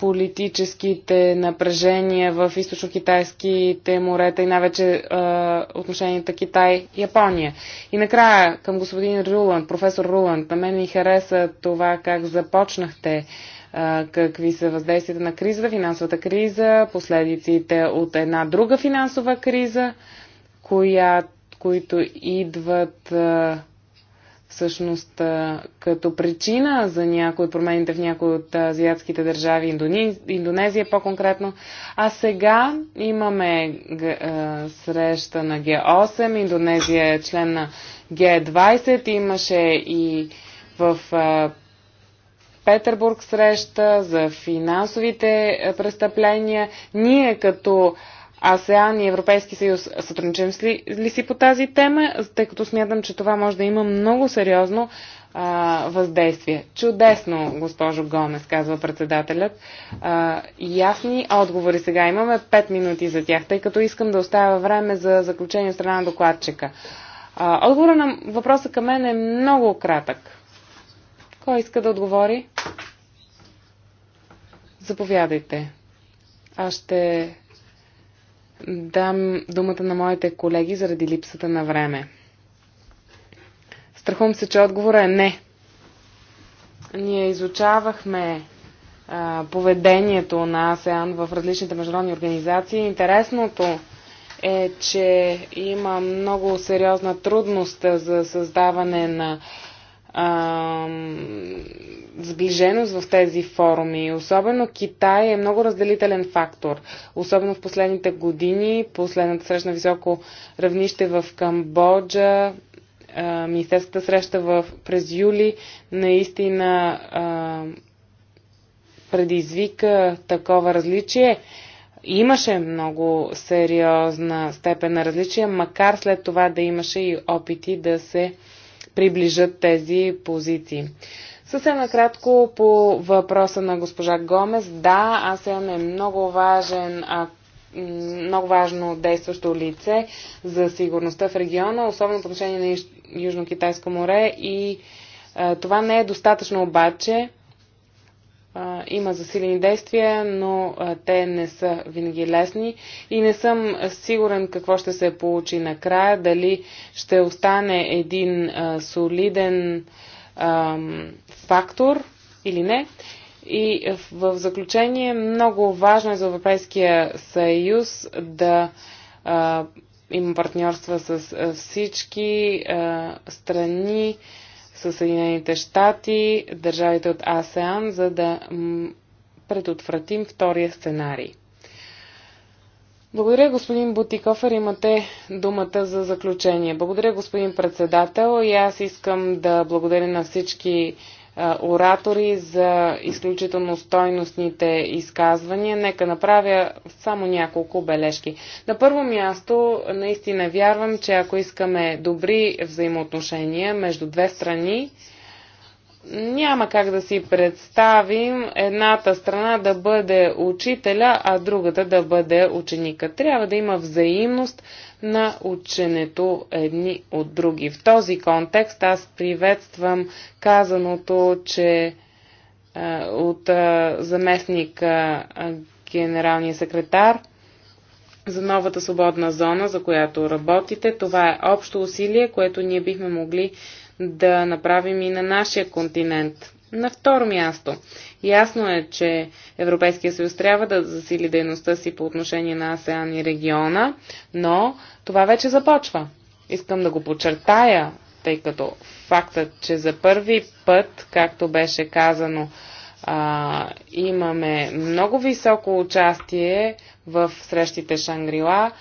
политическите напрежения в източно-китайските морета и най-вече отношенията Китай-Япония. И накрая към господин Руланд, професор Руланд, на мен ми хареса това как започнахте какви са въздействията на кризата, финансовата криза, последиците от една друга финансова криза, коя, които идват а, всъщност като причина за някои от промените в някои от азиатските държави, Индонезия по-конкретно. А сега имаме среща на Г8, Индонезия е член на Г20, имаше и в Петербург среща за финансовите престъпления. Ние като АСЕАН и Европейски съюз сътрудничим ли, ли си по тази тема, тъй като смятам, че това може да има много сериозно а, въздействие. Чудесно, госпожо Гомес, казва председателят. А, ясни отговори сега. Имаме 5 минути за тях, тъй като искам да оставя време за заключение от страна на докладчика. А, отговора на въпроса към мен е много кратък. Кой иска да отговори? Заповядайте. Аз ще дам думата на моите колеги заради липсата на време. Страхувам се, че отговора е не. Ние изучавахме а, поведението на АСЕАН в различните международни организации. Интересното е, че има много сериозна трудност за създаване на сближеност в тези форуми. Особено Китай е много разделителен фактор. Особено в последните години, последната срещна високо равнище в Камбоджа, а, министерската среща в, през юли, наистина а, предизвика такова различие. Имаше много сериозна степен на различие, макар след това да имаше и опити да се а, приближат тези позиции. Съвсем накратко по въпроса на госпожа Гомес. Да, аз е много важен много важно действащо лице за сигурността в региона, особено по отношение на Южно-Китайско море и това не е достатъчно обаче а, има засилени действия, но а, те не са винаги лесни и не съм сигурен какво ще се получи накрая, дали ще остане един а, солиден а, фактор или не. И в, в заключение много важно е за Европейския съюз да а, има партньорства с всички а, страни, със Съединените щати, държавите от АСЕАН, за да предотвратим втория сценарий. Благодаря, господин Бутикофер. Имате думата за заключение. Благодаря, господин председател. И аз искам да благодаря на всички оратори за изключително стойностните изказвания. Нека направя само няколко бележки. На първо място, наистина вярвам, че ако искаме добри взаимоотношения между две страни, няма как да си представим едната страна да бъде учителя, а другата да бъде ученика. Трябва да има взаимност на ученето едни от други. В този контекст аз приветствам казаното, че от заместник генералния секретар за новата свободна зона, за която работите. Това е общо усилие, което ние бихме могли да направим и на нашия континент. На второ място, ясно е, че Европейския съюз трябва да засили дейността си по отношение на АСЕАН и региона, но това вече започва. Искам да го подчертая, тъй като фактът, че за първи път, както беше казано, а, имаме много високо участие в срещите Шангрила,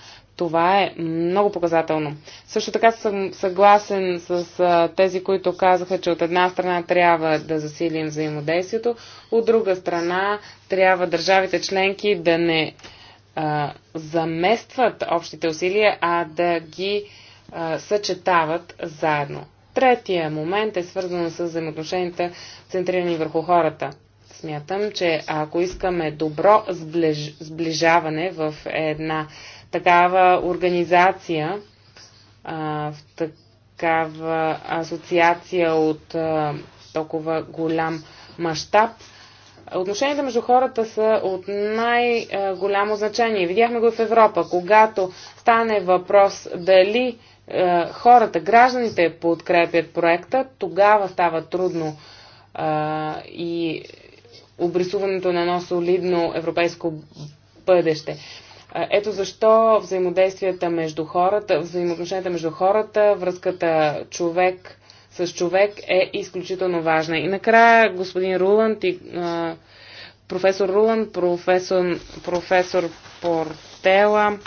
това е много показателно. Също така съм съгласен с а, тези, които казаха, че от една страна трябва да засилим взаимодействието, от друга страна трябва държавите членки да не а, заместват общите усилия, а да ги а, съчетават заедно. Третия момент е свързан с взаимоотношенията, центрирани върху хората. Смятам, че ако искаме добро сближ... сближаване в една такава организация, в такава асоциация от толкова голям мащаб, Отношенията между хората са от най-голямо значение. Видяхме го в Европа, когато стане въпрос дали хората, гражданите подкрепят проекта, тогава става трудно а, и обрисуването на едно солидно европейско бъдеще. Ето защо взаимодействията между хората, взаимоотношенията между хората, връзката човек с човек е изключително важна. И накрая господин Руланд и а, професор Руланд, професор, професор Портела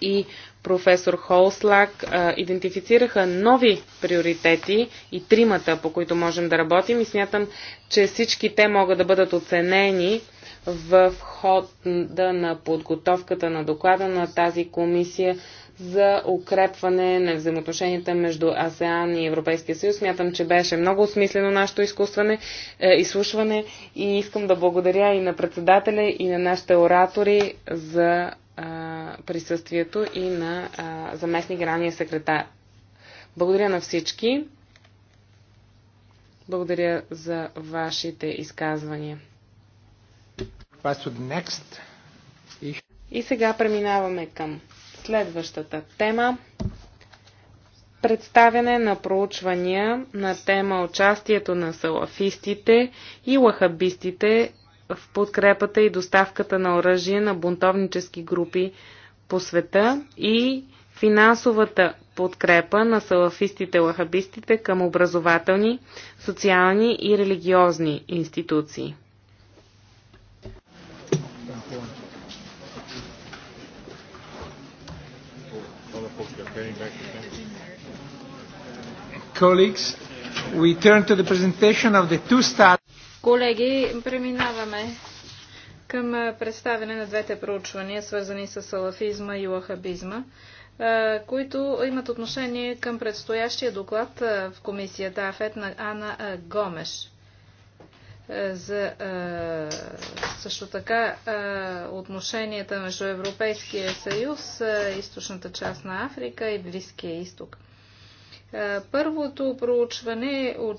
и професор Холслак а, идентифицираха нови приоритети и тримата, по които можем да работим и смятам, че всички те могат да бъдат оценени в хода на подготовката на доклада на тази комисия за укрепване на взаимоотношенията между АСЕАН и Европейския съюз. Смятам, че беше много осмислено нашето изкустване, е, изслушване и искам да благодаря и на председателя, и на нашите оратори за е, присъствието и на е, заместник генералния секретар. Благодаря на всички. Благодаря за вашите изказвания. И сега преминаваме към следващата тема. Представяне на проучвания на тема участието на салафистите и лахабистите в подкрепата и доставката на оръжие на бунтовнически групи по света и финансовата подкрепа на салафистите-лахабистите към образователни, социални и религиозни институции. Colleagues, we turn to the presentation of the two studies. Колеги, преминаваме към представяне на двете проучвания, свързани с салафизма и лахабизма, които имат отношение към предстоящия доклад в комисията АФЕТ на Ана Гомеш за е, също така е, отношенията между Европейския съюз, е, източната част на Африка и Близкия изток. Първото проучване от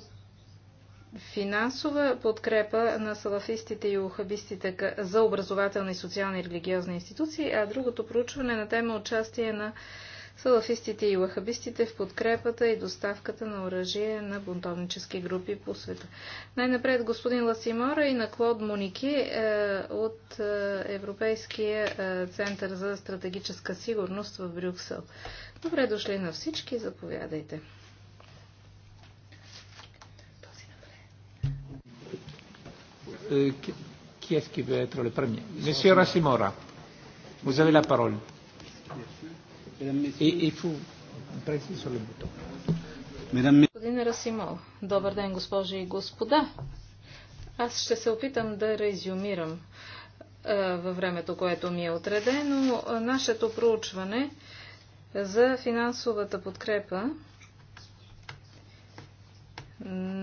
финансова подкрепа на салафистите и ухабистите за образователни, социални и религиозни институции, а другото проучване на тема участие на салафистите и лахабистите в подкрепата и доставката на оръжие на бунтовнически групи по света. Най-напред господин Ласимора и на Клод Моники е, от е, Европейския е, център за стратегическа сигурност в Брюксел. Добре дошли на всички, заповядайте. Qui est-ce qui veut être le premier Monsieur Rassimora, vous avez la parole. И, и Господин Расимал, добър ден, госпожи и господа. Аз ще се опитам да резюмирам е, във времето, което ми е отредено, е, нашето проучване за финансовата подкрепа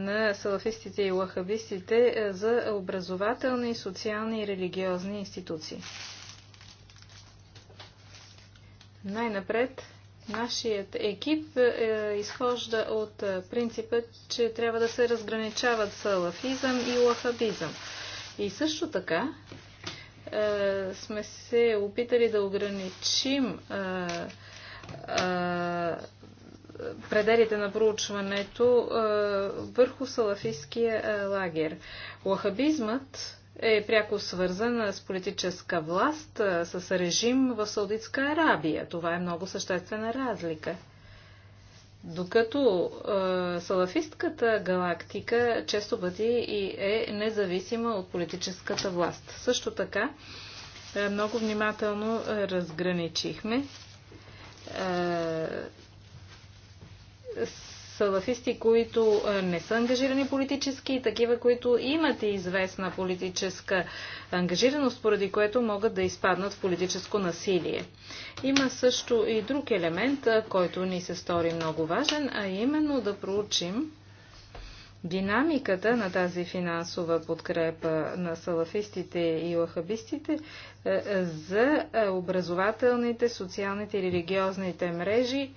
на салафистите и лахабистите е, за образователни, социални и религиозни институции. Най-напред, нашият екип е, изхожда от е, принципа, че трябва да се разграничават салафизъм и лахабизъм. И също така е, сме се опитали да ограничим е, е пределите на проучването е, върху салафистския лагер. Лахабизмът е пряко свързан с политическа власт, с режим в Саудитска Арабия. Това е много съществена разлика. Докато е, салафистката галактика често пъти и е независима от политическата власт. Също така, е, много внимателно е, разграничихме е, салафисти, които не са ангажирани политически и такива, които имат и известна политическа ангажираност, поради което могат да изпаднат в политическо насилие. Има също и друг елемент, който ни се стори много важен, а именно да проучим динамиката на тази финансова подкрепа на салафистите и лахабистите за образователните, социалните и религиозните мрежи,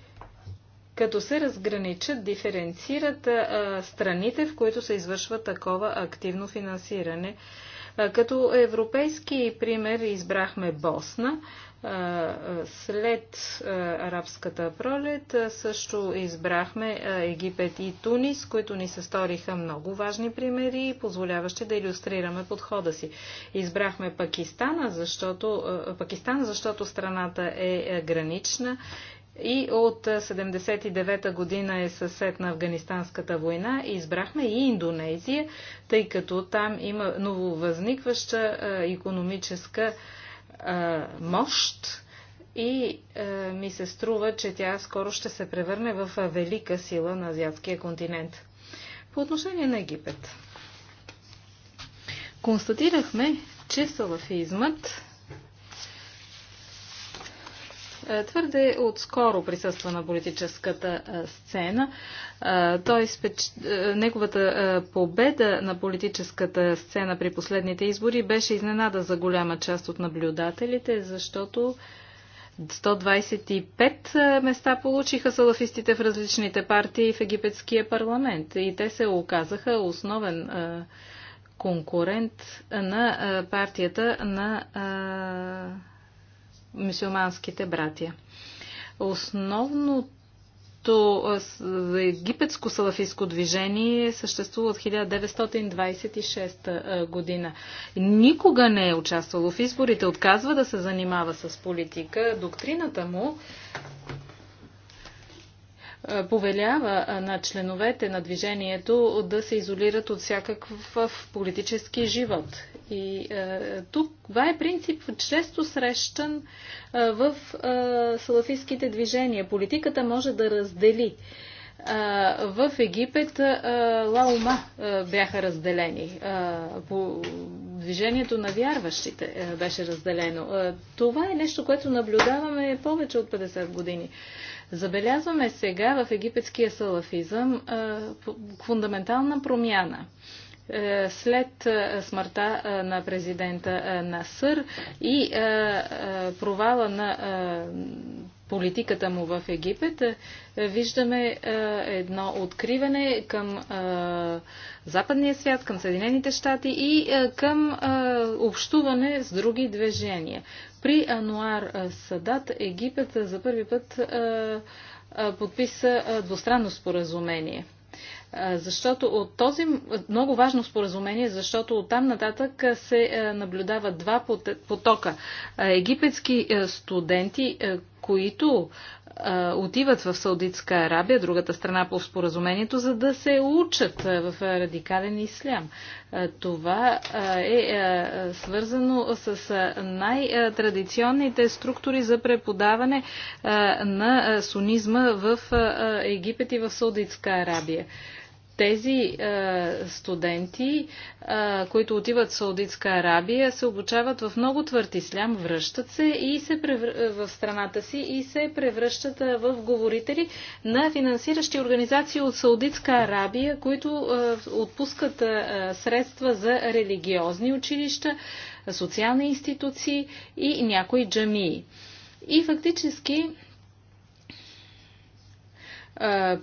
като се разграничат, диференцират а, страните, в които се извършва такова активно финансиране. А, като европейски пример избрахме Босна. А, след арабската пролет също избрахме Египет и Тунис, които ни се сториха много важни примери, позволяващи да иллюстрираме подхода си. Избрахме Пакистана, защото, Пакистан, защото страната е, е гранична и от 79-та година е съсед на Афганистанската война. И избрахме и Индонезия, тъй като там има нововъзникваща економическа мощ и е, ми се струва, че тя скоро ще се превърне в велика сила на азиатския континент. По отношение на Египет. Констатирахме, че салафизмът е, твърде отскоро присъства на политическата е, сцена. Е, той спеч... Неговата победа на политическата сцена при последните избори беше изненада за голяма част от наблюдателите, защото 125 места получиха салафистите в различните партии в египетския парламент и те се оказаха основен конкурент на партията на мусулманските братия. Основното за египетско салафийско движение съществува от 1926 година. Никога не е участвало в изборите, отказва да се занимава с политика. Доктрината му е, повелява е, на членовете на движението да се изолират от всякакъв политически живот. И е, тук това е принцип често срещан в салафистските движения. Политиката може да раздели в Египет Лаума бяха разделени. По движението на вярващите беше разделено. Това е нещо, което наблюдаваме повече от 50 години. Забелязваме сега в египетския салафизъм фундаментална промяна след смъртта на президента Насър и провала на политиката му в Египет, е, виждаме е, едно откриване към е, западния свят, към Съединените щати и към общуване с други движения. При Ануар Садат Египет за първи път подписа двустранно споразумение защото от този много важно споразумение, защото от там нататък се наблюдават два потока. Египетски студенти, които а, отиват в Саудитска Арабия, другата страна по споразумението, за да се учат в радикален ислям. Това е свързано с най-традиционните структури за преподаване на сунизма в Египет и в Саудитска Арабия. Тези е, студенти, е, които отиват в Саудитска Арабия, се обучават в много твърд ислям, връщат се и се превр... Е, в страната си и се превръщат е, в говорители на финансиращи организации от Саудитска Арабия, които е, отпускат е, средства за религиозни училища, социални институции и някои джамии. И фактически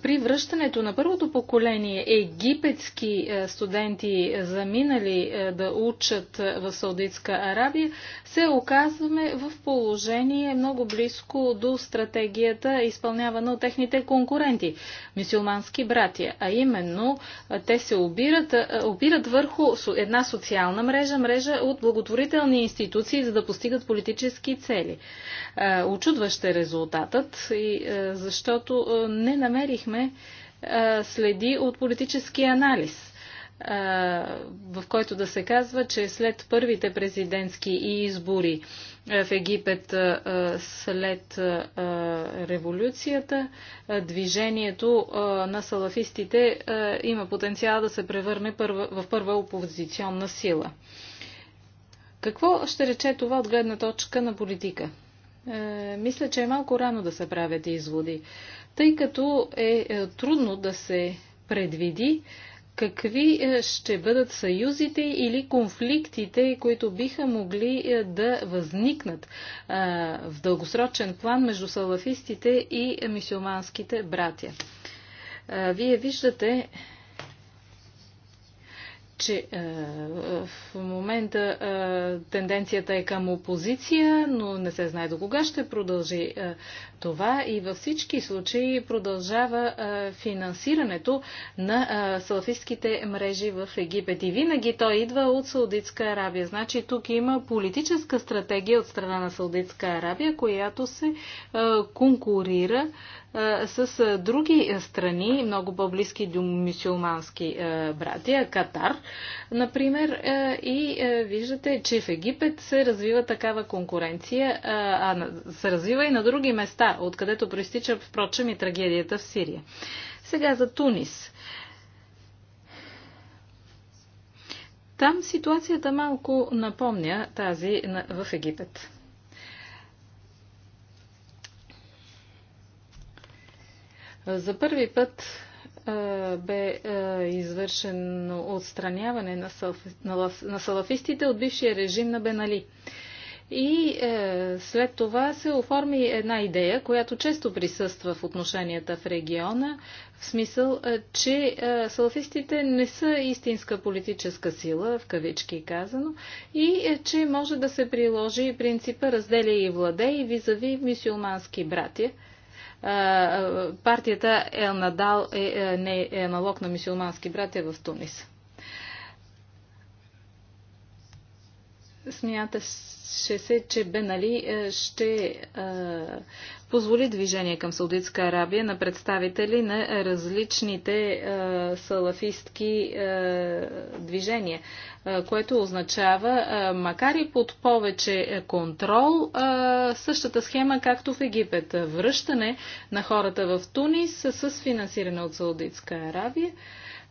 при връщането на първото поколение египетски студенти заминали да учат в Саудитска Арабия, се оказваме в положение много близко до стратегията, изпълнявана от техните конкуренти, мисюлмански братия. А именно, те се обират, обират върху една социална мрежа, мрежа от благотворителни институции, за да постигат политически цели. Очудващ е резултатът, защото не намерихме следи от политически анализ в който да се казва, че след първите президентски избори в Египет след революцията, движението на салафистите има потенциал да се превърне в първа опозиционна сила. Какво ще рече това от гледна точка на политика? Мисля, че е малко рано да се правят изводи, тъй като е, е трудно да се предвиди какви е, ще бъдат съюзите или конфликтите, които биха могли е, да възникнат е, в дългосрочен план между салафистите и мисиоманските братя. Вие виждате, че в момента тенденцията е към опозиция, но не се знае до кога ще продължи това и във всички случаи продължава а, финансирането на а, салафистските мрежи в Египет. И винаги той идва от Саудитска Арабия. Значи тук има политическа стратегия от страна на Саудитска Арабия, която се а, конкурира с други страни, много по-близки до мусулмански братия, Катар, например. И виждате, че в Египет се развива такава конкуренция, а се развива и на други места откъдето проистича, впрочем, и трагедията в Сирия. Сега за Тунис. Там ситуацията малко напомня тази в Египет. За първи път бе извършено отстраняване на салафистите от бившия режим на Бенали. И е, след това се оформи една идея, която често присъства в отношенията в региона, в смисъл, е, че е, салафистите не са истинска политическа сила, в кавички казано, и е, че може да се приложи принципа разделя и владей визави мисюлмански братя е, е, партията Надал е, е, не, е аналог на мисюлмански братя в Тунис. Смяташе се, че Бенали е, ще е, позволи движение към Саудитска Арабия на представители на различните е, салафистки е, движения, е, което означава, е, макар и под повече контрол, е, същата схема както в Египет. Връщане на хората в Тунис с финансиране от Саудитска Арабия. Е,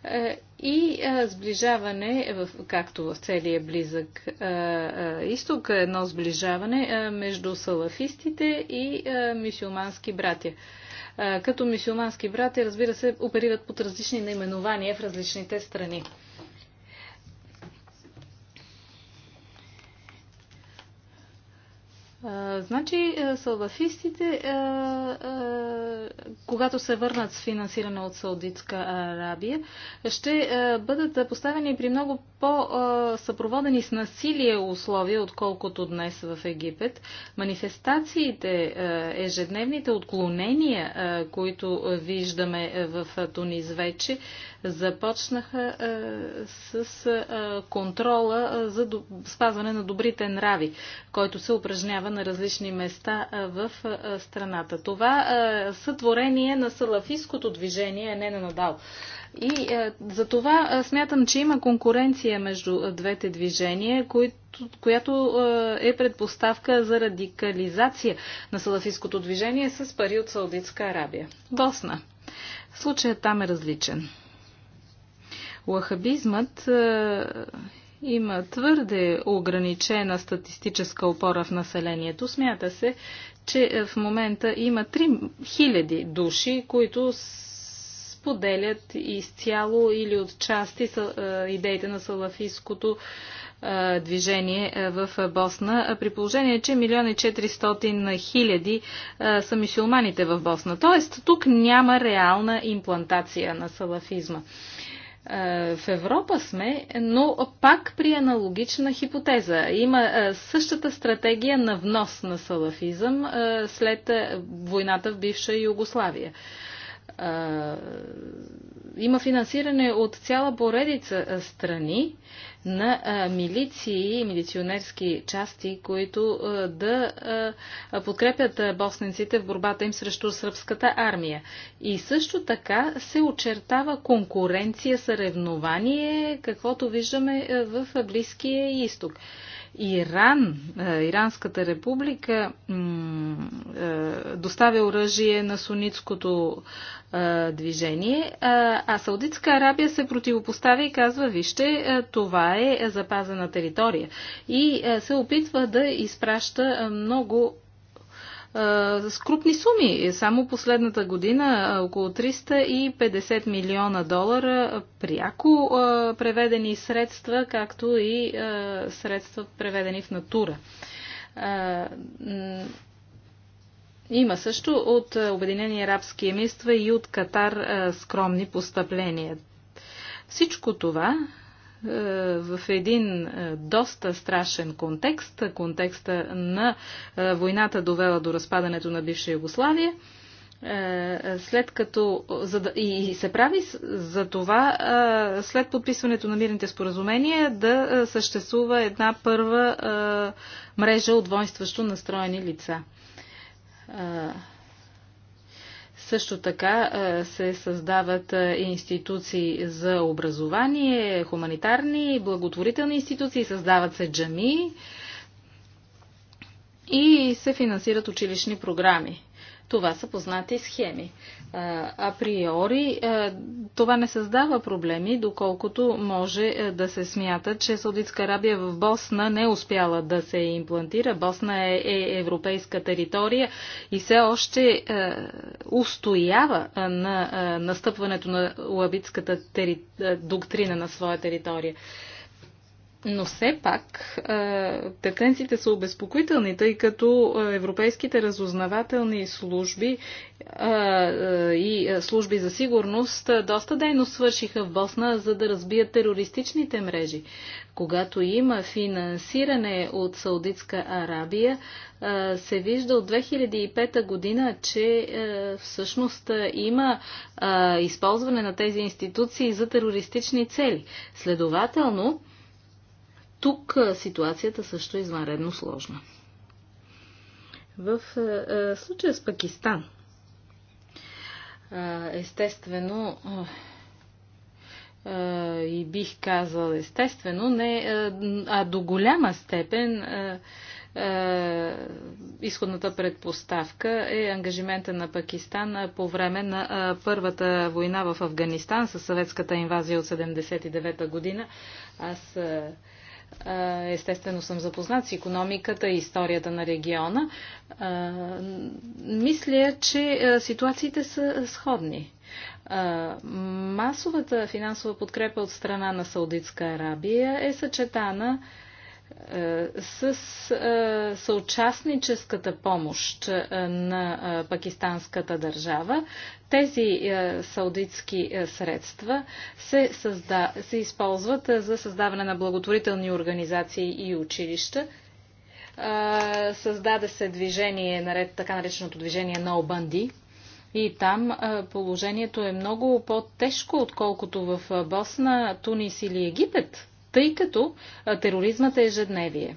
е, и е, сближаване, както в целия близък е, изток, едно сближаване между салафистите и мисюлмански братя. Като мисюлмански братя, разбира се, оперират под различни наименования в различните страни. значи, салафистите, когато се върнат с финансиране от Саудитска Арабия, ще бъдат поставени при много по-съпроводени с насилие условия, отколкото днес в Египет. Манифестациите, ежедневните отклонения, които виждаме в Тунис вече, започнаха с контрола за спазване на добрите нрави, който се упражнява на различни места в страната. Това сътворение на салафистското движение е не на надал. И за това смятам, че има конкуренция между двете движения, които която е предпоставка за радикализация на салафистското движение с пари от Саудитска Арабия. Босна. Случаят там е различен. Лахабизмът е, има твърде ограничена статистическа опора в населението. Смята се, че е, в момента има 3000 души, които споделят изцяло или от части е, идеите на салафистското движение в Босна, при положение, че 1 400 хиляди са мисюлманите в Босна. Тоест, тук няма реална имплантация на салафизма. Е, в Европа сме, но пак при аналогична хипотеза. Има е, същата стратегия на внос на салафизъм е, след войната в бивша Югославия има финансиране от цяла поредица страни на милиции и милиционерски части, които да подкрепят босненците в борбата им срещу сръбската армия. И също така се очертава конкуренция, съревнование, каквото виждаме в Близкия изток. Иран, е, Иранската република, е, доставя оръжие на сунитското е, движение, а Саудитска Арабия се противопоставя и казва, вижте, това е запазена територия. И се опитва да изпраща много с крупни суми. Само последната година около 350 милиона долара пряко преведени средства, както и средства преведени в натура. Има също от Обединени арабски емиства и от Катар скромни постъпления. Всичко това е, в един е, доста страшен контекст, контекста на е, войната довела до разпадането на бивша Югославия, след като за да, и се прави за това след подписването на мирните споразумения да съществува една първа мрежа от воинстващо настроени лица. Също така се създават институции за образование, хуманитарни благотворителни институции, създават се джами и се финансират училищни програми. Това са познати схеми априори, това не създава проблеми, доколкото може да се смята, че Саудитска Арабия в Босна не успяла да се имплантира. Босна е, е европейска територия и все още устоява на настъпването на лабитската доктрина на своя територия. Но все пак тенденциите са обезпокоителни, тъй като европейските разузнавателни служби и служби за сигурност доста дейно свършиха в Босна, за да разбият терористичните мрежи. Когато има финансиране от Саудитска Арабия, се вижда от 2005 година, че всъщност има използване на тези институции за терористични цели. Следователно, тук ситуацията също е извънредно сложна. В случая с Пакистан, естествено, и бих казал естествено, не, а до голяма степен изходната предпоставка е ангажимента на Пакистан по време на първата война в Афганистан със съветската инвазия от 79-та година. Аз естествено съм запознат с економиката и историята на региона, мисля, че ситуациите са сходни. Масовата финансова подкрепа от страна на Саудитска Арабия е съчетана е, с е, съучастническата помощ е, на пакистанската държава, тези саудитски средства се, създа, се използват за създаване на благотворителни организации и училища. Създаде се движение, наред така нареченото движение на Обанди, и там положението е много по-тежко, отколкото в Босна, Тунис или Египет тъй като тероризмът е ежедневие.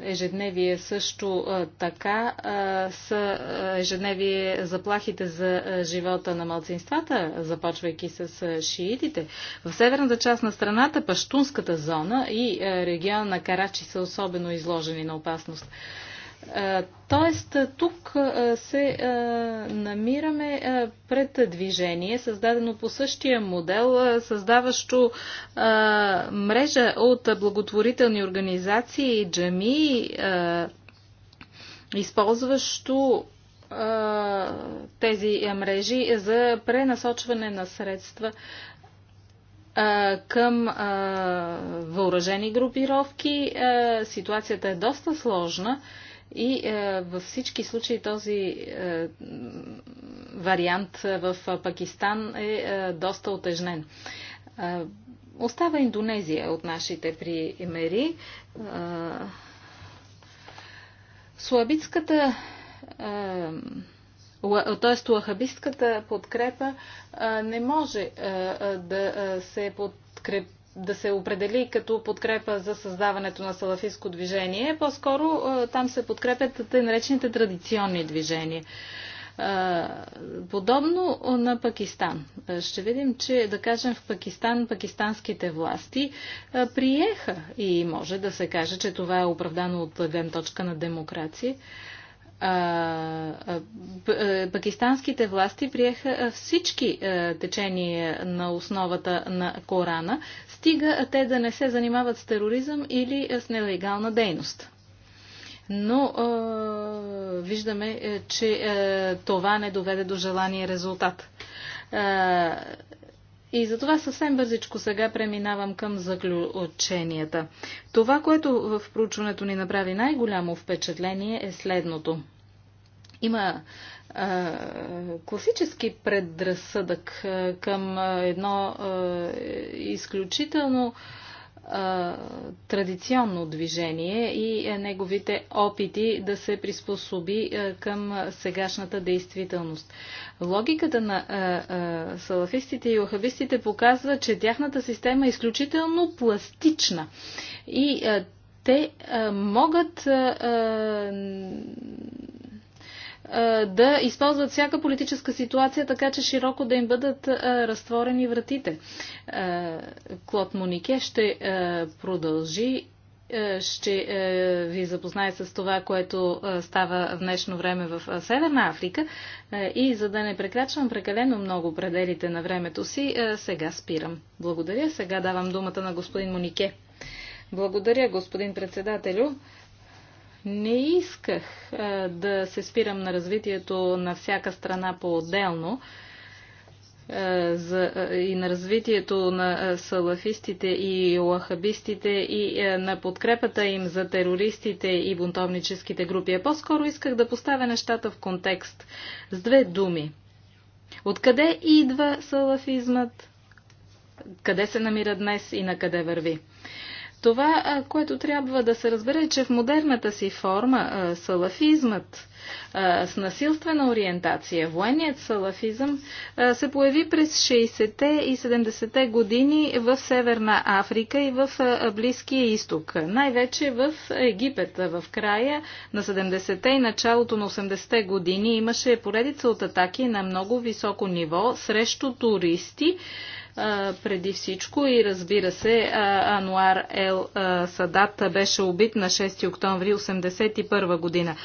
Ежедневие също така са ежедневие заплахите за живота на малцинствата, започвайки с шиитите. В северната част на страната, паштунската зона и региона на Карачи са особено изложени на опасност. Тоест, тук се намираме пред движение, създадено по същия модел, създаващо мрежа от благотворителни организации, джами, използващо тези мрежи за пренасочване на средства към въоръжени групировки. Ситуацията е доста сложна и е, във всички случаи този е, вариант е, в е, Пакистан е, е доста отежнен. Е, остава Индонезия от нашите примери. Е, Слабитската е, т.е. лахабистката подкрепа е, не може да се подкрепи да се определи като подкрепа за създаването на салафистско движение. По-скоро е, там се подкрепят тъй наречените традиционни движения. Е, подобно на Пакистан. Е, ще видим, че да кажем в Пакистан, пакистанските власти приеха и може да се каже, че това е оправдано от гледна точка на демокрация пакистанските власти приеха всички течения на основата на Корана стига те да не се занимават с тероризъм или с нелегална дейност. Но е, виждаме, е, че е, това не доведе до желания резултат. Е, и затова съвсем бързичко сега преминавам към заключенията. Това, което в проучването ни направи най-голямо впечатление е следното. Има класически предразсъдък към едно изключително традиционно движение и неговите опити да се приспособи към сегашната действителност. Логиката на салафистите и охабистите показва, че тяхната система е изключително пластична и те могат е, да използват всяка политическа ситуация, така че широко да им бъдат е, разтворени вратите. Е, Клод Монике ще продължи ще ви запознае с това, което става в днешно време в Северна Африка. И за да не прекрачвам прекалено много пределите на времето си, сега спирам. Благодаря. Сега давам думата на господин Монике. Благодаря, господин председателю. Не исках а, да се спирам на развитието на всяка страна по-отделно и на развитието на салафистите и лахабистите и на подкрепата им за терористите и бунтовническите групи. А по-скоро исках да поставя нещата в контекст с две думи. Откъде идва салафизмът? Къде се намира днес и на къде върви? Това, което трябва да се разбере, е, че в модерната си форма салафизмът с насилствена ориентация, военният салафизъм, се появи през 60-те и 70-те години в Северна Африка и в Близкия изток. Най-вече в Египет. В края на 70-те и началото на 80-те години имаше поредица от атаки на много високо ниво срещу туристи, преди всичко и разбира се, Ануар Ел Садат беше убит на 6 октомври 1981 година.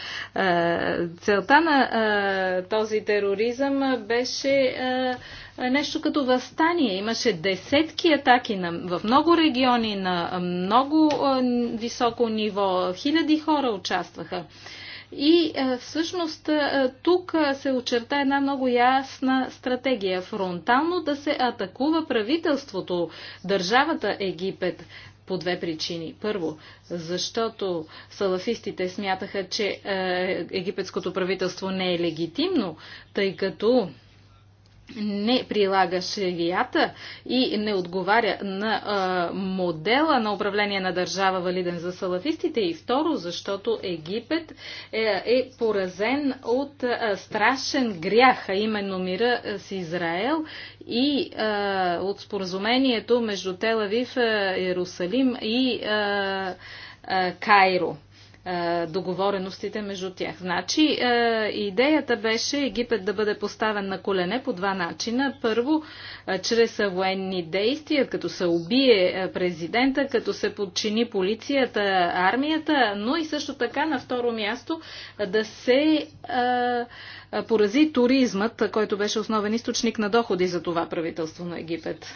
Целта на този тероризъм беше нещо като възстание. Имаше десетки атаки на, в много региони, на много високо ниво. Хиляди хора участваха. И е, всъщност е, тук е, се очерта една много ясна стратегия. Фронтално да се атакува правителството, държавата Египет, по две причини. Първо, защото салафистите смятаха, че египетското правителство не е легитимно, тъй като не прилага шевията и не отговаря на а, модела на управление на държава, валиден за салафистите. И второ, защото Египет е, е поразен от а, страшен грях, а именно мира с Израел и а, от споразумението между Телавив, Иерусалим и а, а, Кайро. Е, договореностите между тях. Значи, е, идеята беше Египет да бъде поставен на колене по два начина. Първо, е, чрез военни действия, като се убие президента, като се подчини полицията, армията, но и също така на второ място да се порази туризмът, който беше основен източник на доходи за това правителство на Египет.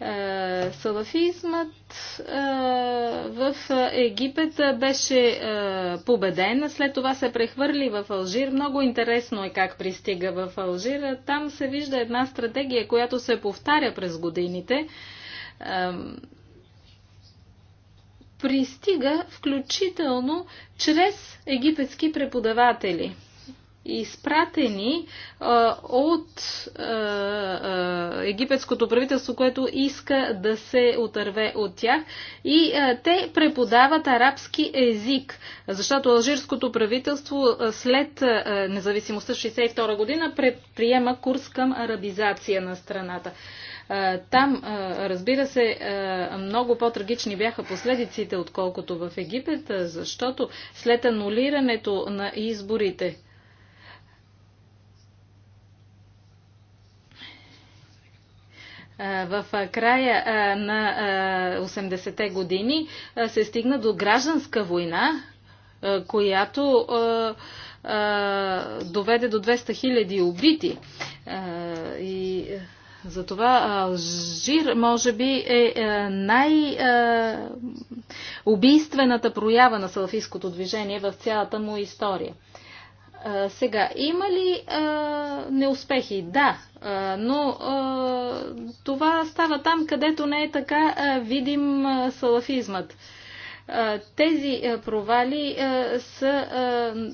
Е, салафизмът е, в Египет беше е, победен, след това се прехвърли в Алжир. Много интересно е как пристига в Алжир. Там се вижда една стратегия, която се повтаря през годините. Пристига включително чрез египетски преподаватели – изпратени а, от а, а, египетското правителство, което иска да се отърве от тях. И а, те преподават арабски език, защото алжирското правителство а, след а, независимостта 1962 година предприема курс към арабизация на страната. Там, разбира се, много по-трагични бяха последиците, отколкото в Египет, защото след анулирането на изборите в края на 80-те години се стигна до гражданска война, която доведе до 200 хиляди убити. И затова Алжир, може би, е, е най-убийствената проява на салфийското движение в цялата му история. Сега, има ли а, неуспехи? Да, но това става там, където не е така видим салафизмът тези провали са,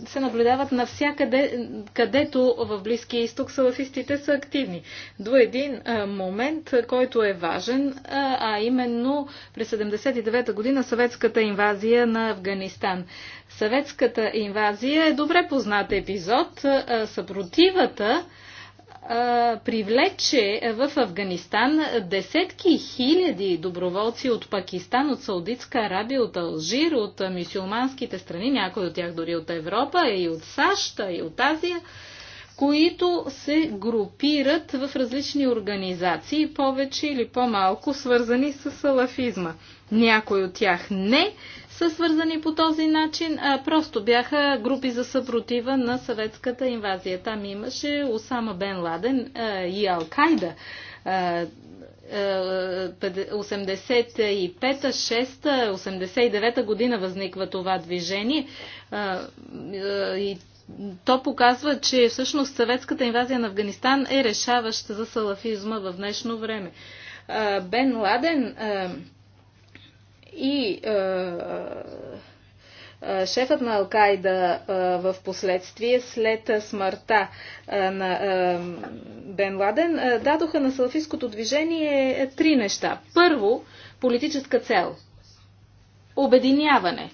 се наблюдават навсякъде, където в Близки изток салафистите са активни. До един момент, който е важен, а именно през 79-та година съветската инвазия на Афганистан. Съветската инвазия е добре познат епизод. Съпротивата привлече в Афганистан десетки хиляди доброволци от Пакистан, от Саудитска Арабия, от Алжир, от мисюлманските страни, някои от тях дори от Европа и от САЩ и от Азия, които се групират в различни организации, повече или по-малко свързани с салафизма. Някои от тях не, са свързани по този начин, а просто бяха групи за съпротива на съветската инвазия. Там имаше Осама Бен Ладен а, и Ал-Кайда. 85-6-89 година възниква това движение и то показва, че всъщност съветската инвазия на Афганистан е решаваща за салафизма в днешно време. Бен Ладен и е, е, шефът на Алкайда е, в последствие след смъртта е, на е, Бен Ладен е, дадоха на салафистското движение три неща. Първо, политическа цел. Обединяване.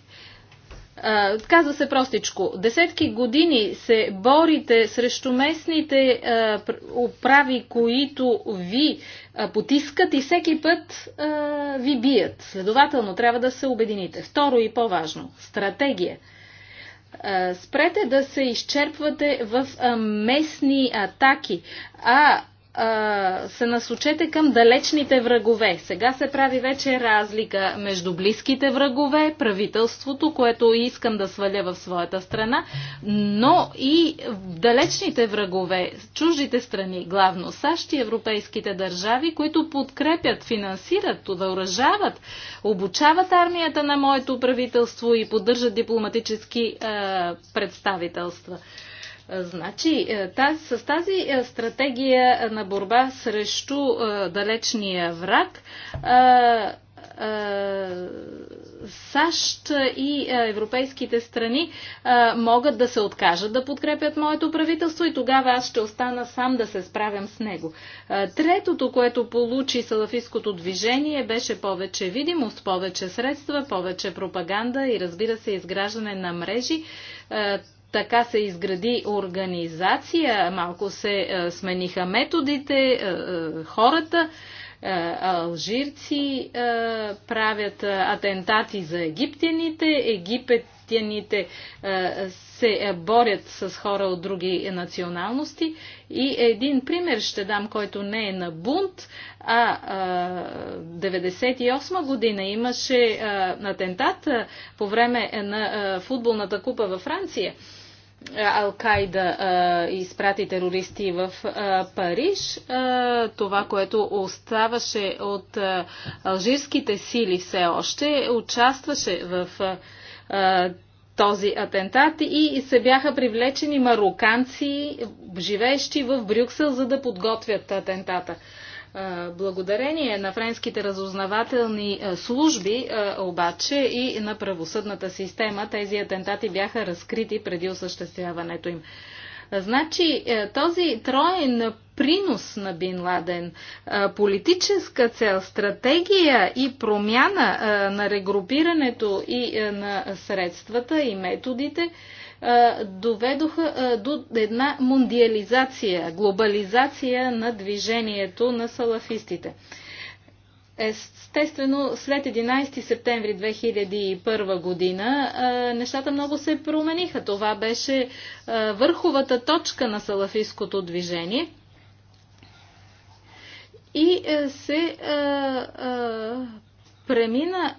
Казва се простичко. Десетки години се борите срещу местните управи, които ви потискат и всеки път а, ви бият. Следователно, трябва да се обедините. Второ и по-важно стратегия. А, спрете да се изчерпвате в а, местни атаки, а се насочете към далечните врагове. Сега се прави вече разлика между близките врагове, правителството, което искам да сваля в своята страна, но и далечните врагове, чуждите страни, главно САЩ и европейските държави, които подкрепят, финансират, въоръжават, обучават армията на моето правителство и поддържат дипломатически е, представителства. Значи, е, тази, с тази е, стратегия на борба срещу е, далечния враг, САЩ и европейските страни могат да се откажат да подкрепят моето правителство и тогава аз ще остана сам да се справям с него. Третото, което получи салафистското движение, беше повече видимост, повече средства, повече пропаганда и разбира се изграждане на мрежи така се изгради организация, малко се е, смениха методите, е, е, хората, алжирци правят атентати за египтяните, египетяните се борят с хора от други националности. И един пример ще дам, който не е на бунт, а 98 година имаше атентат по време на футболната купа във Франция. Ал-Кайда изпрати терористи в Париж. това, което оставаше от алжирските сили все още, участваше в този атентат и се бяха привлечени мароканци, живеещи в Брюксел, за да подготвят атентата. Благодарение на френските разузнавателни служби, обаче и на правосъдната система, тези атентати бяха разкрити преди осъществяването им. Значи този троен принос на Бин Ладен, политическа цел, стратегия и промяна на регрупирането и на средствата и методите – доведоха до една мундиализация, глобализация на движението на салафистите. Естествено, след 11 септември 2001 година нещата много се промениха. Това беше върховата точка на салафистското движение. И се премина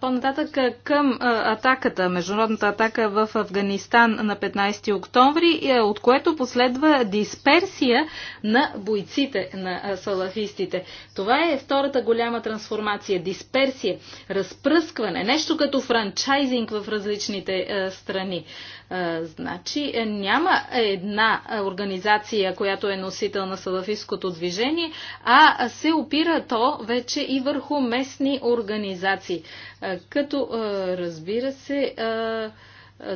по-нататък към атаката, международната атака в Афганистан на 15 октомври, от което последва дисперсия на бойците на салафистите. Това е втората голяма трансформация. Дисперсия, разпръскване, нещо като франчайзинг в различните страни. Значи е, няма една организация, която е носител на салафистското движение, а се опира то вече и върху местни организации. Като разбира се,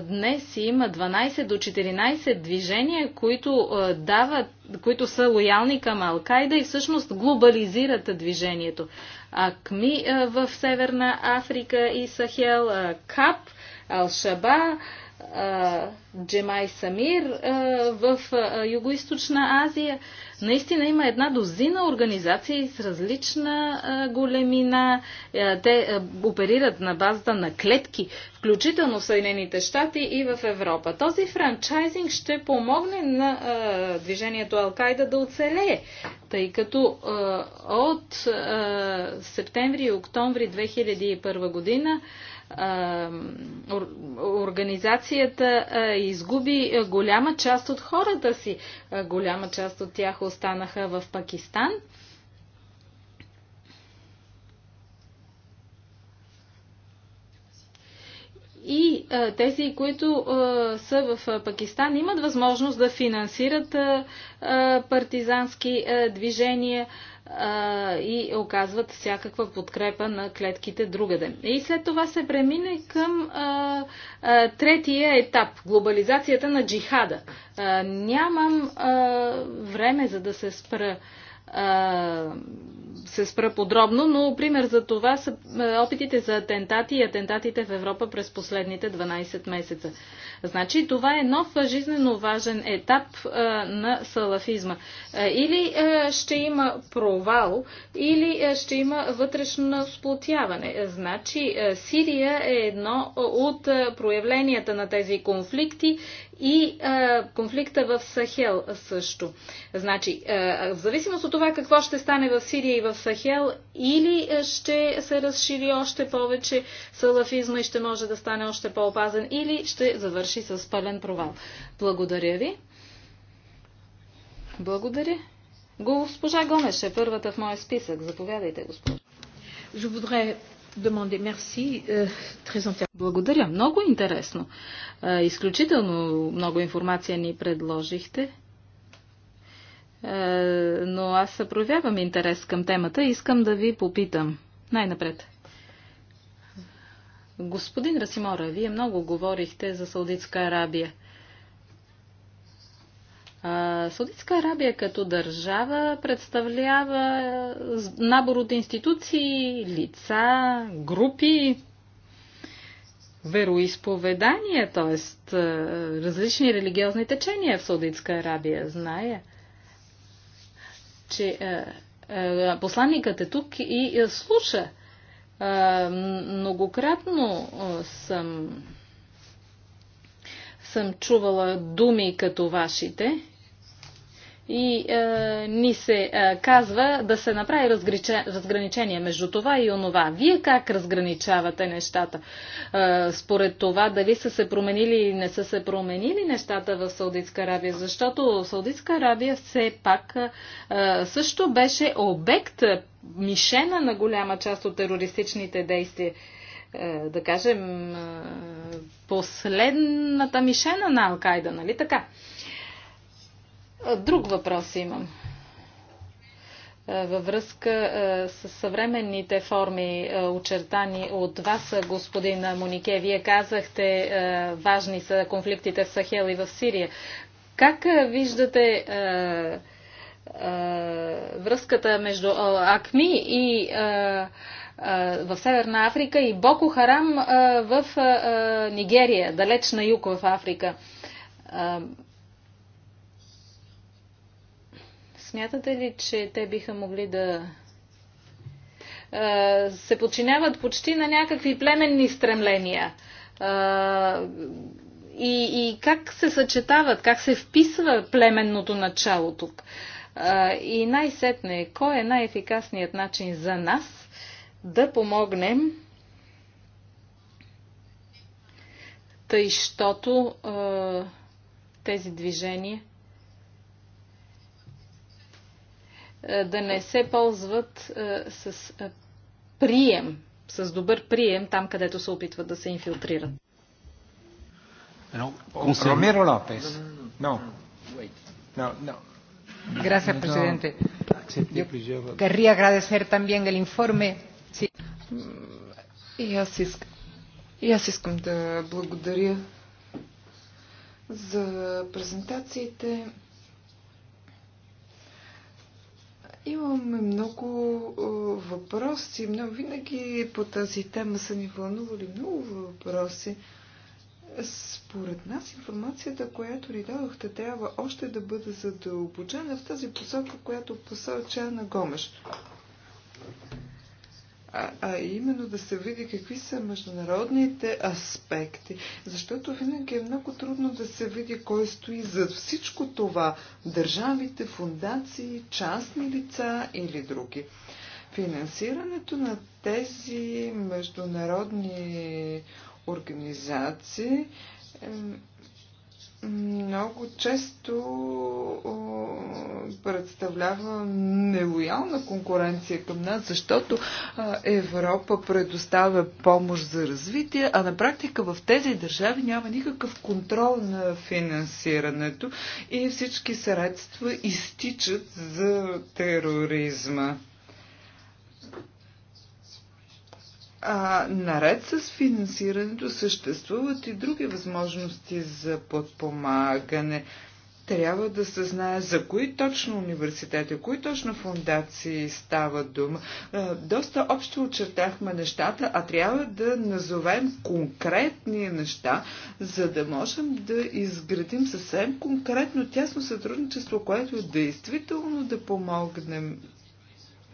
Днес има 12 до 14 движения, които, дават, които са лоялни към Алкайда и всъщност глобализират движението. АКМИ в Северна Африка и Сахел, КАП, Алшаба, Джемай Самир в Юго-Источна Азия. Наистина има една дозина организации с различна големина. Те оперират на базата на клетки, включително в Съединените щати и в Европа. Този франчайзинг ще помогне на движението Алкайда да оцелее, тъй като от септември и октомври 2001 година организацията изгуби голяма част от хората си. Голяма част от тях останаха в Пакистан. И тези, които са в Пакистан, имат възможност да финансират партизански движения и оказват всякаква подкрепа на клетките другаде. И след това се премине към а, а, третия етап глобализацията на джихада. А, нямам а, време за да се спра. А, се спра подробно, но пример за това са опитите за атентати и атентатите в Европа през последните 12 месеца. Значи това е нов жизненно важен етап а, на салафизма. А, или а, ще има провал, или а, ще има вътрешно сплотяване. Значи а, Сирия е едно от а, проявленията на тези конфликти и а, конфликта в Сахел също. Значи, а, в зависимост от това какво ще стане в Сирия и в Сахел, или ще се разшири още повече салафизма и ще може да стане още по-опазен, или ще завърши с пълен провал. Благодаря ви. Благодаря. Госпожа Гомеш е първата в моя списък. Заповядайте, госпожа. Je voudrais Euh, Благодаря. Много интересно. Е, изключително много информация ни предложихте. Е, но аз проявявам интерес към темата и искам да ви попитам. Най-напред. Господин Расимора, вие много говорихте за Саудитска Арабия. Саудитска Арабия като държава представлява набор от институции, лица, групи, вероисповедания, т.е. различни религиозни течения в Саудитска Арабия. Зная, че посланникът е тук и слуша. Многократно съм съм чувала думи като вашите, и е, ни се е, казва да се направи разгриче, разграничение между това и онова. Вие как разграничавате нещата? Е, според това дали са се променили или не са се променили нещата в Саудитска Арабия, защото Саудитска Арабия все пак е, също беше обект, мишена на голяма част от терористичните действия. Е, да кажем, е, последната мишена на Алкайда, нали така? Е, Друг въпрос имам във връзка с съвременните форми, очертани от вас, господин Монике. Вие казахте, важни са конфликтите в Сахел и в Сирия. Как виждате връзката между АКМИ и в Северна Африка и Боко Харам в Нигерия, далеч на юг в Африка? Смятате ли, че те биха могли да се подчиняват почти на някакви племенни стремления? И, и как се съчетават, как се вписва племенното начало тук? И най-сетне, кой е най-ефикасният начин за нас да помогнем тъй, щото тези движения Е, да не се ползват е, с е, прием, с добър прием там, където се опитват да се инфилтрират. Ромиро Лопес. No. No, no. Gracias, presidente. Yo querría agradecer también el informe. Sí. И аз, иск... и аз искам да благодаря за презентациите. Имаме много въпроси, но винаги по тази тема са ни вълнували много въпроси. Според нас информацията, която ни дадохте, трябва още да бъде задълбочена в тази посока, която посоча на Гомеш а, а именно да се види какви са международните аспекти, защото винаги е много трудно да се види кой стои зад всичко това държавите, фундации, частни лица или други. Финансирането на тези международни организации много често представлява нелоялна конкуренция към нас, защото Европа предоставя помощ за развитие, а на практика в тези държави няма никакъв контрол на финансирането и всички средства изтичат за тероризма. А, наред с финансирането съществуват и други възможности за подпомагане. Трябва да се знае за кои точно университети, кои точно фундации става дума. доста общо очертахме нещата, а трябва да назовем конкретни неща, за да можем да изградим съвсем конкретно тясно сътрудничество, което действително да помогнем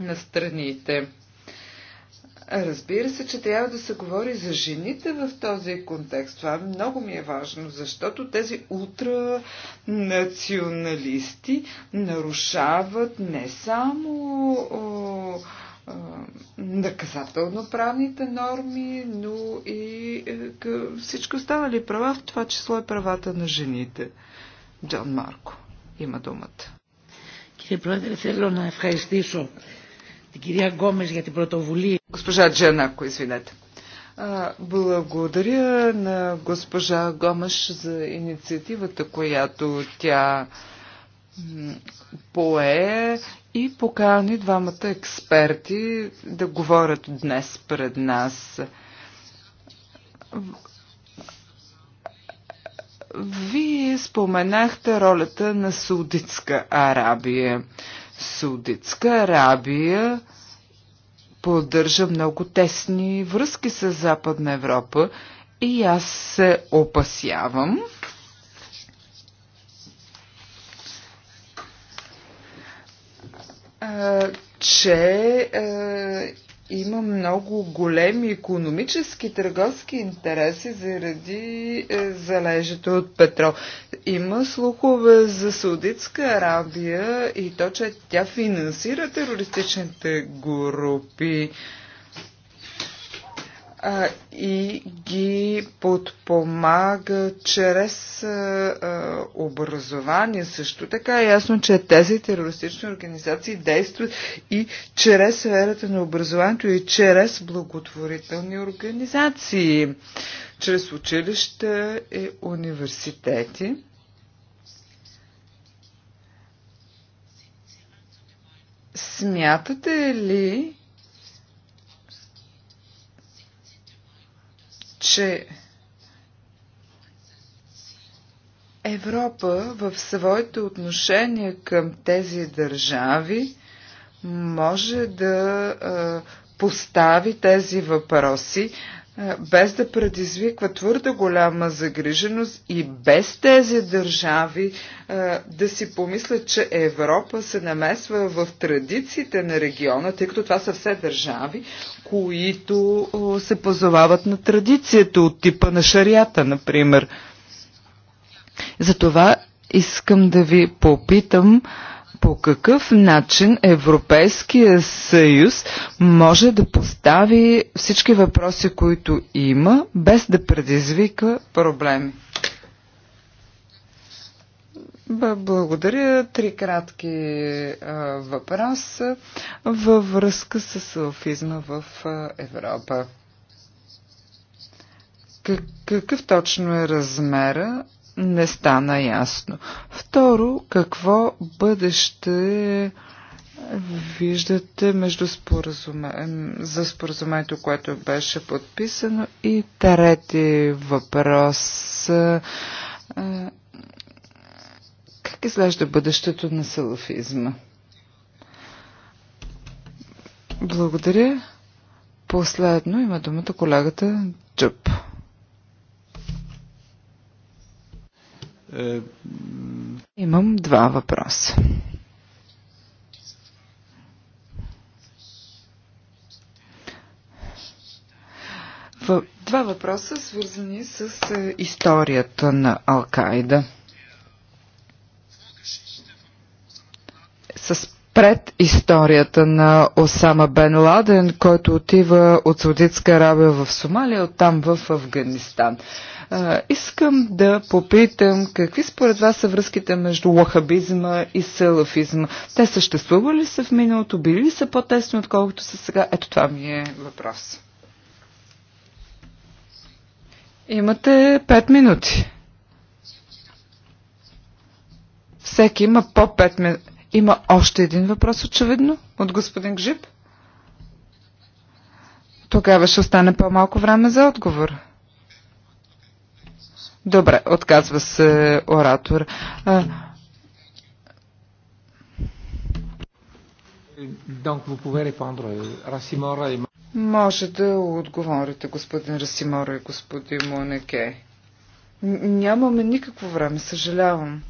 на страните. Разбира се, че трябва да се говори за жените в този контекст. Това много ми е важно, защото тези ултранационалисти нарушават не само о, о, наказателно-правните норми, но и е, всичко останали права, в това число и е правата на жените. Джон Марко има думата. Кирия Пройдер, θέλω να ευχαριστήσω την κυρία Γκόμες για την πρωτοβουλία. Госпожа Джанако, извинете. Благодаря на госпожа Гомаш за инициативата, която тя пое и покани двамата експерти да говорят днес пред нас. Вие споменахте ролята на Саудитска Арабия. Саудитска Арабия поддържа много тесни връзки с Западна Европа и аз се опасявам, че има много големи економически, търговски интереси заради е, залежите от петрол. Има слухове за Саудитска Арабия и то, че тя финансира терористичните групи. Е, а, и ги подпомага чрез а, образование. Също така е ясно, че тези терористични организации действат и чрез сферата на образованието и чрез благотворителни организации, чрез училища и университети. Смятате ли, че Европа в своето отношение към тези държави може да постави тези въпроси без да предизвиква твърде голяма загриженост и без тези държави да си помислят, че Европа се намесва в традициите на региона, тъй като това са все държави, които се позовават на традицията от типа на шарията, например. Затова искам да ви попитам, по какъв начин Европейския съюз може да постави всички въпроси, които има, без да предизвика проблеми? Благодаря. Три кратки въпроса във връзка с салфизма в Европа. Какъв точно е размера не стана ясно. Второ, какво бъдеще виждате между споразумен... за споразумението, което беше подписано и трети въпрос. Е, е, как изглежда бъдещето на салафизма? Благодаря. Последно има думата колегата Джъп. Е, имам два въпроса. Два въпроса, свързани с е, историята на Алкайда. С пред историята на Осама Бен Ладен, който отива от Саудитска Арабия в Сомалия, оттам в Афганистан. Искам да попитам какви според вас са връзките между лохабизма и салафизма. Те съществували ли са в миналото, били ли са по-тесни, отколкото са сега? Ето това ми е въпрос. Имате 5 минути. Всеки има по 5 минути. Има още един въпрос, очевидно, от господин Гжип. Тогава ще остане по-малко време за отговор. Добре, отказва се оратор. Може да отговорите, господин Расимора и господин Монеке. Нямаме никакво време, съжалявам.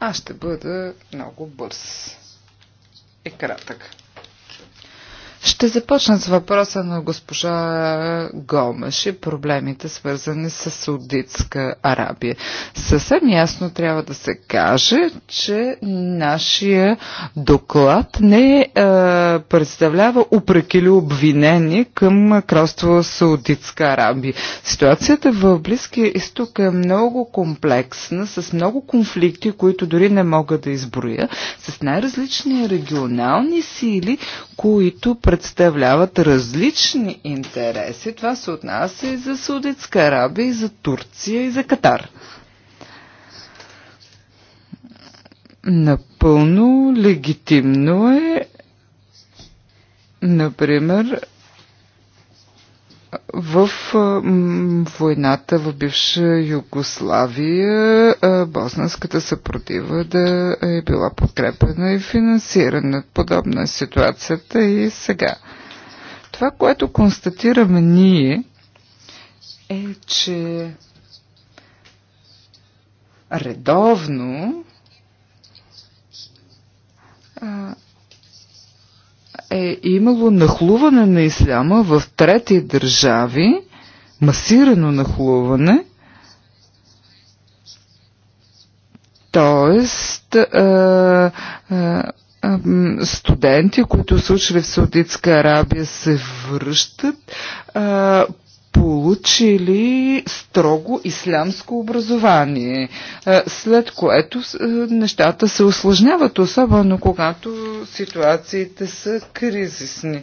Аз ще бъда много бърз и кратък. Ще започна с въпроса на госпожа Гомеш и проблемите свързани с Саудитска Арабия. Съвсем ясно трябва да се каже, че нашия доклад не е, представлява упрекили обвинение към кралство Саудитска Арабия. Ситуацията в Близкия изток е много комплексна, с много конфликти, които дори не мога да изброя, с най-различни регионални сили, които представляват различни интереси. Това се отнася и за Саудитска Арабия, и за Турция, и за Катар. Напълно легитимно е, например, в войната в бивша Югославия босненската съпротива да е била подкрепена и финансирана. Подобна е ситуацията и сега. Това, което констатираме ние, е, че редовно а, е имало нахлуване на исляма в трети държави, масирано нахлуване, т.е. Е, студенти, които са учили в Саудитска Арабия, се връщат е, получили строго ислямско образование, е, след което е, нещата се осложняват, особено когато ситуациите са кризисни.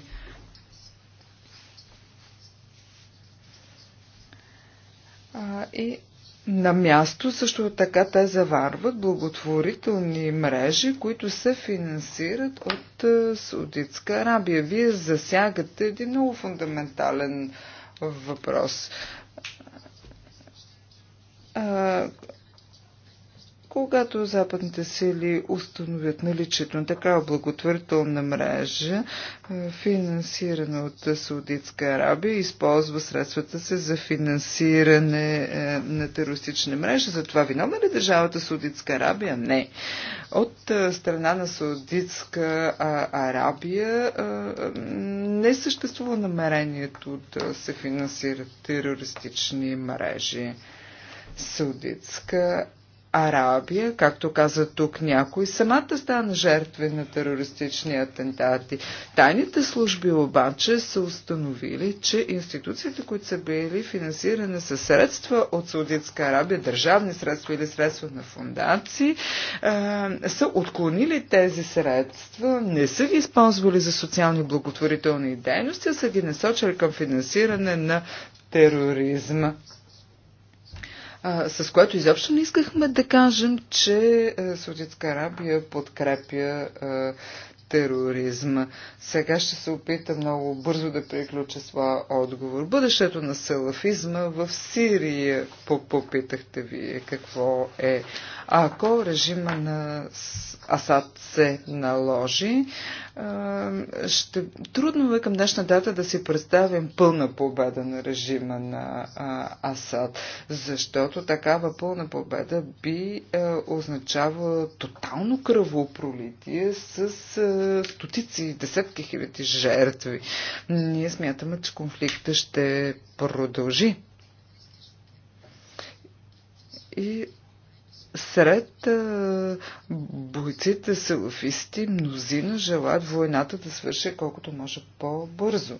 А, и на място също така те заварват благотворителни мрежи, които се финансират от е, Саудитска Арабия. Вие засягате един много фундаментален а, въпрос. Когато западните сили установят наличието на такава благотворителна мрежа, е, финансирана от Саудитска Арабия, използва средствата се за финансиране е, на терористични мрежи. За това виновна ли държавата Саудитска Арабия? Не. От е, страна на Саудитска Арабия не съществува намерението да се финансират терористични мрежи. Саудитска Арабия, както каза тук някой, самата стана жертва на терористични атентати. Тайните служби обаче са установили, че институциите, които са били финансирани със средства от Саудитска Арабия, държавни средства или средства на фундации, са отклонили тези средства, не са ги използвали за социални благотворителни дейности, а са ги насочили към финансиране на тероризма а, с което изобщо не искахме да кажем, че а, Саудитска Арабия подкрепя а, тероризма. Сега ще се опита много бързо да приключа своя отговор. Бъдещето на салафизма в Сирия, попитахте вие какво е. Ако режима на Асад се наложи, ще... трудно е към днешна дата да си представим пълна победа на режима на Асад, защото такава пълна победа би означава тотално кръвопролитие с стотици, десетки хиляди жертви. Ние смятаме, че конфликта ще продължи. И сред а, бойците салафисти мнозина желаят войната да свърши колкото може по-бързо.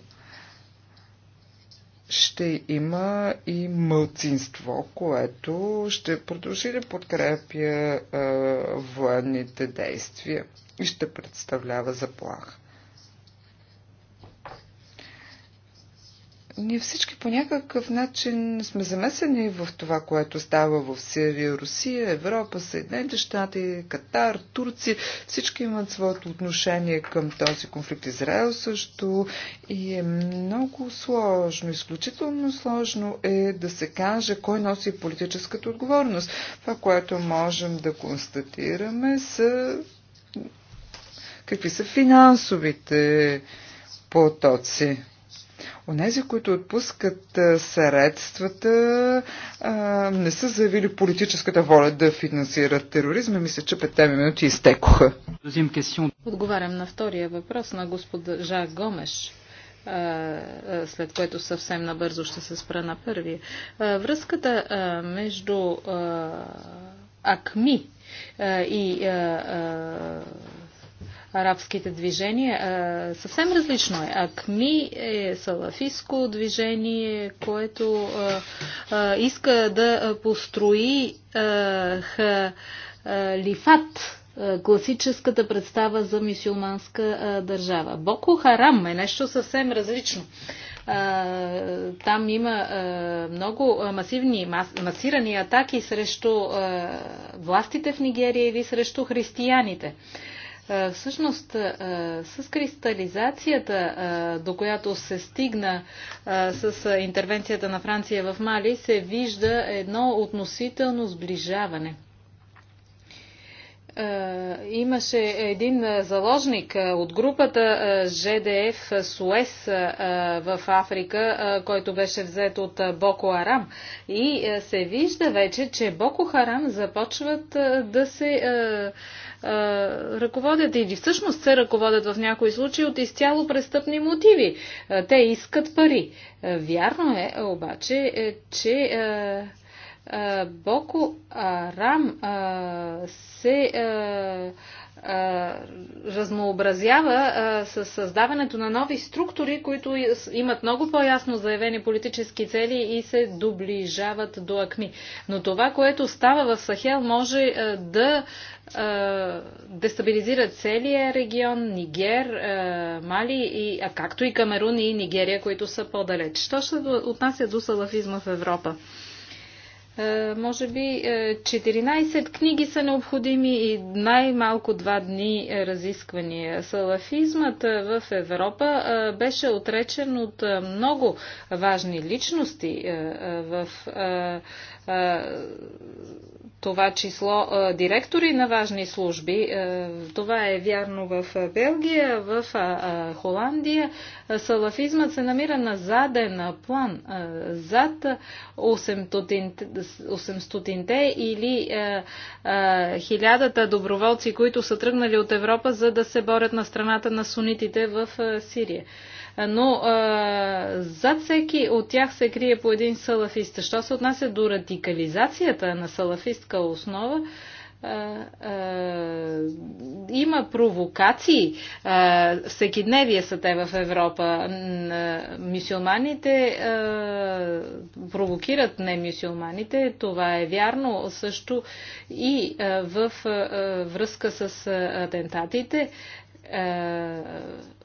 Ще има и мълцинство, което ще продължи да подкрепя а, военните действия и ще представлява заплаха. Ние всички по някакъв начин сме замесени в това, което става в Сирия, Русия, Европа, Съединените щати, Катар, Турция. Всички имат своето отношение към този конфликт. Израел също. И е много сложно, изключително сложно е да се каже кой носи политическата отговорност. Това, което можем да констатираме са какви са финансовите потоци. Онези, които отпускат средствата, не са заявили политическата воля да финансират тероризма. Мисля, че петте минути изтекоха. Отговарям на втория въпрос на Жак Гомеш след което съвсем набързо ще се спра на първия. Връзката между АКМИ и арабските движения. съвсем различно е. Акми е салафистско движение, което иска да построи халифат, лифат класическата представа за мисюлманска държава. Боко Харам е нещо съвсем различно. там има много масивни, масирани атаки срещу властите в Нигерия или срещу християните. Е, всъщност, е, с кристализацията, е, до която се стигна с интервенцията на Франция в Мали, се вижда едно относително сближаване – е, имаше един е, заложник е, от групата ЖДФ Суес в Африка, който беше взет от Боко Арам. И се вижда вече, че Боко Харам започват да се ръководят или всъщност се ръководят в някои случаи от изцяло престъпни мотиви. Те искат пари. Вярно е обаче, че Боко Рам се разнообразява с създаването на нови структури, които имат много по-ясно заявени политически цели и се доближават до АКМИ. Но това, което става в Сахел, може да дестабилизира целия регион, Нигер, Мали, и, а както и Камерун и Нигерия, които са по-далеч. Що ще отнася до салафизма в Европа? Е, може би 14 е, книги са необходими и най-малко два дни разисквания. Салафизмът е, в Европа беше отречен от много важни личности в това число директори на важни служби. Това е вярно в Белгия, в Холандия. Салафизмът се намира на заден план, зад 800-те или 1000-та доброволци, които са тръгнали от Европа, за да се борят на страната на сунитите в Сирия но а, зад всеки от тях се крие по един салафист. Що се отнася до радикализацията на салафистка основа, а, а, има провокации. А, всекидневие са те в Европа. Мисюлманите провокират не мисюлманите. Това е вярно също и в връзка с атентатите. Е,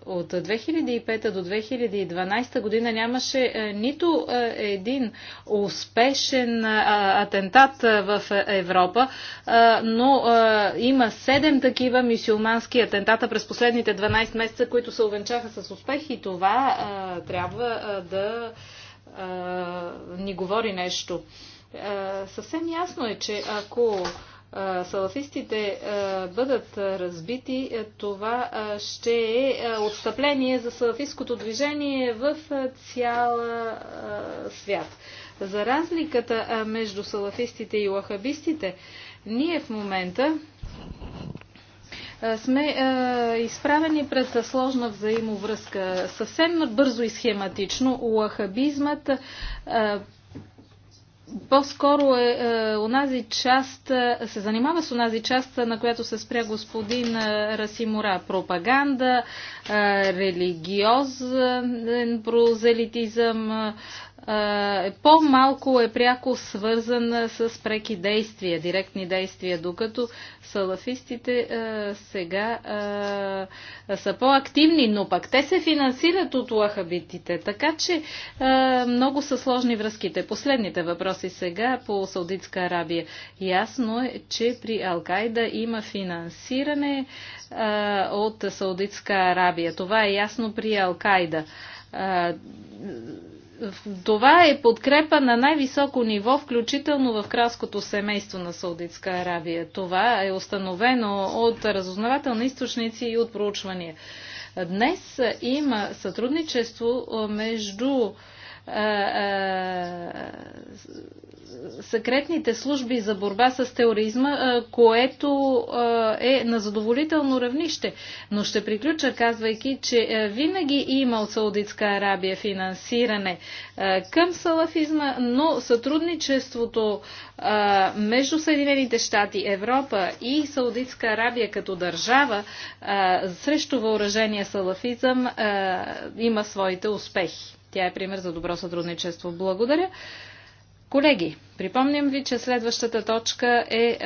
от 2005 до 2012 година нямаше е, нито е, един успешен атентат в Европа, но има 7 такива мисиомански атентата през последните 12 месеца, които се увенчаха с успех и това трябва да ни говори нещо. Съвсем ясно е, че ако салафистите бъдат разбити, това ще е отстъпление за салафистското движение в цял свят. За разликата между салафистите и лахабистите, ние в момента сме е, изправени пред сложна взаимовръзка. Съвсем бързо и схематично лахабизмът е, по-скоро е, е, онази част, е, се занимава с онази част, на която се спря господин е, Расимора. Пропаганда, е, религиозен прозелитизъм, е, е, по-малко е пряко свързан с преки действия, директни действия, докато салафистите сега са по-активни, но пък те се финансират от лахабитите, така че много са сложни връзките. Последните въпроси сега по Саудитска Арабия. Ясно е, че при Алкайда има финансиране от Саудитска Арабия. Това е ясно при Алкайда това е подкрепа на най-високо ниво, включително в кралското семейство на Саудитска Аравия. Това е установено от разузнавателни източници и от проучвания. Днес има сътрудничество между секретните служби за борба с тероризма, което е на задоволително равнище. Но ще приключа казвайки, че винаги има от Саудитска Арабия финансиране към салафизма, но сътрудничеството между Съединените щати, Европа и Саудитска Арабия като държава срещу въоръжение салафизъм има своите успехи. Тя е пример за добро сътрудничество. Благодаря. Колеги, припомням ви, че следващата точка е, е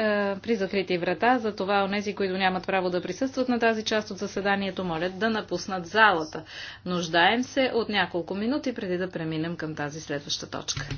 при закрити врата, за това онези, които нямат право да присъстват на тази част от заседанието, молят да напуснат залата. Нуждаем се от няколко минути преди да преминем към тази следваща точка.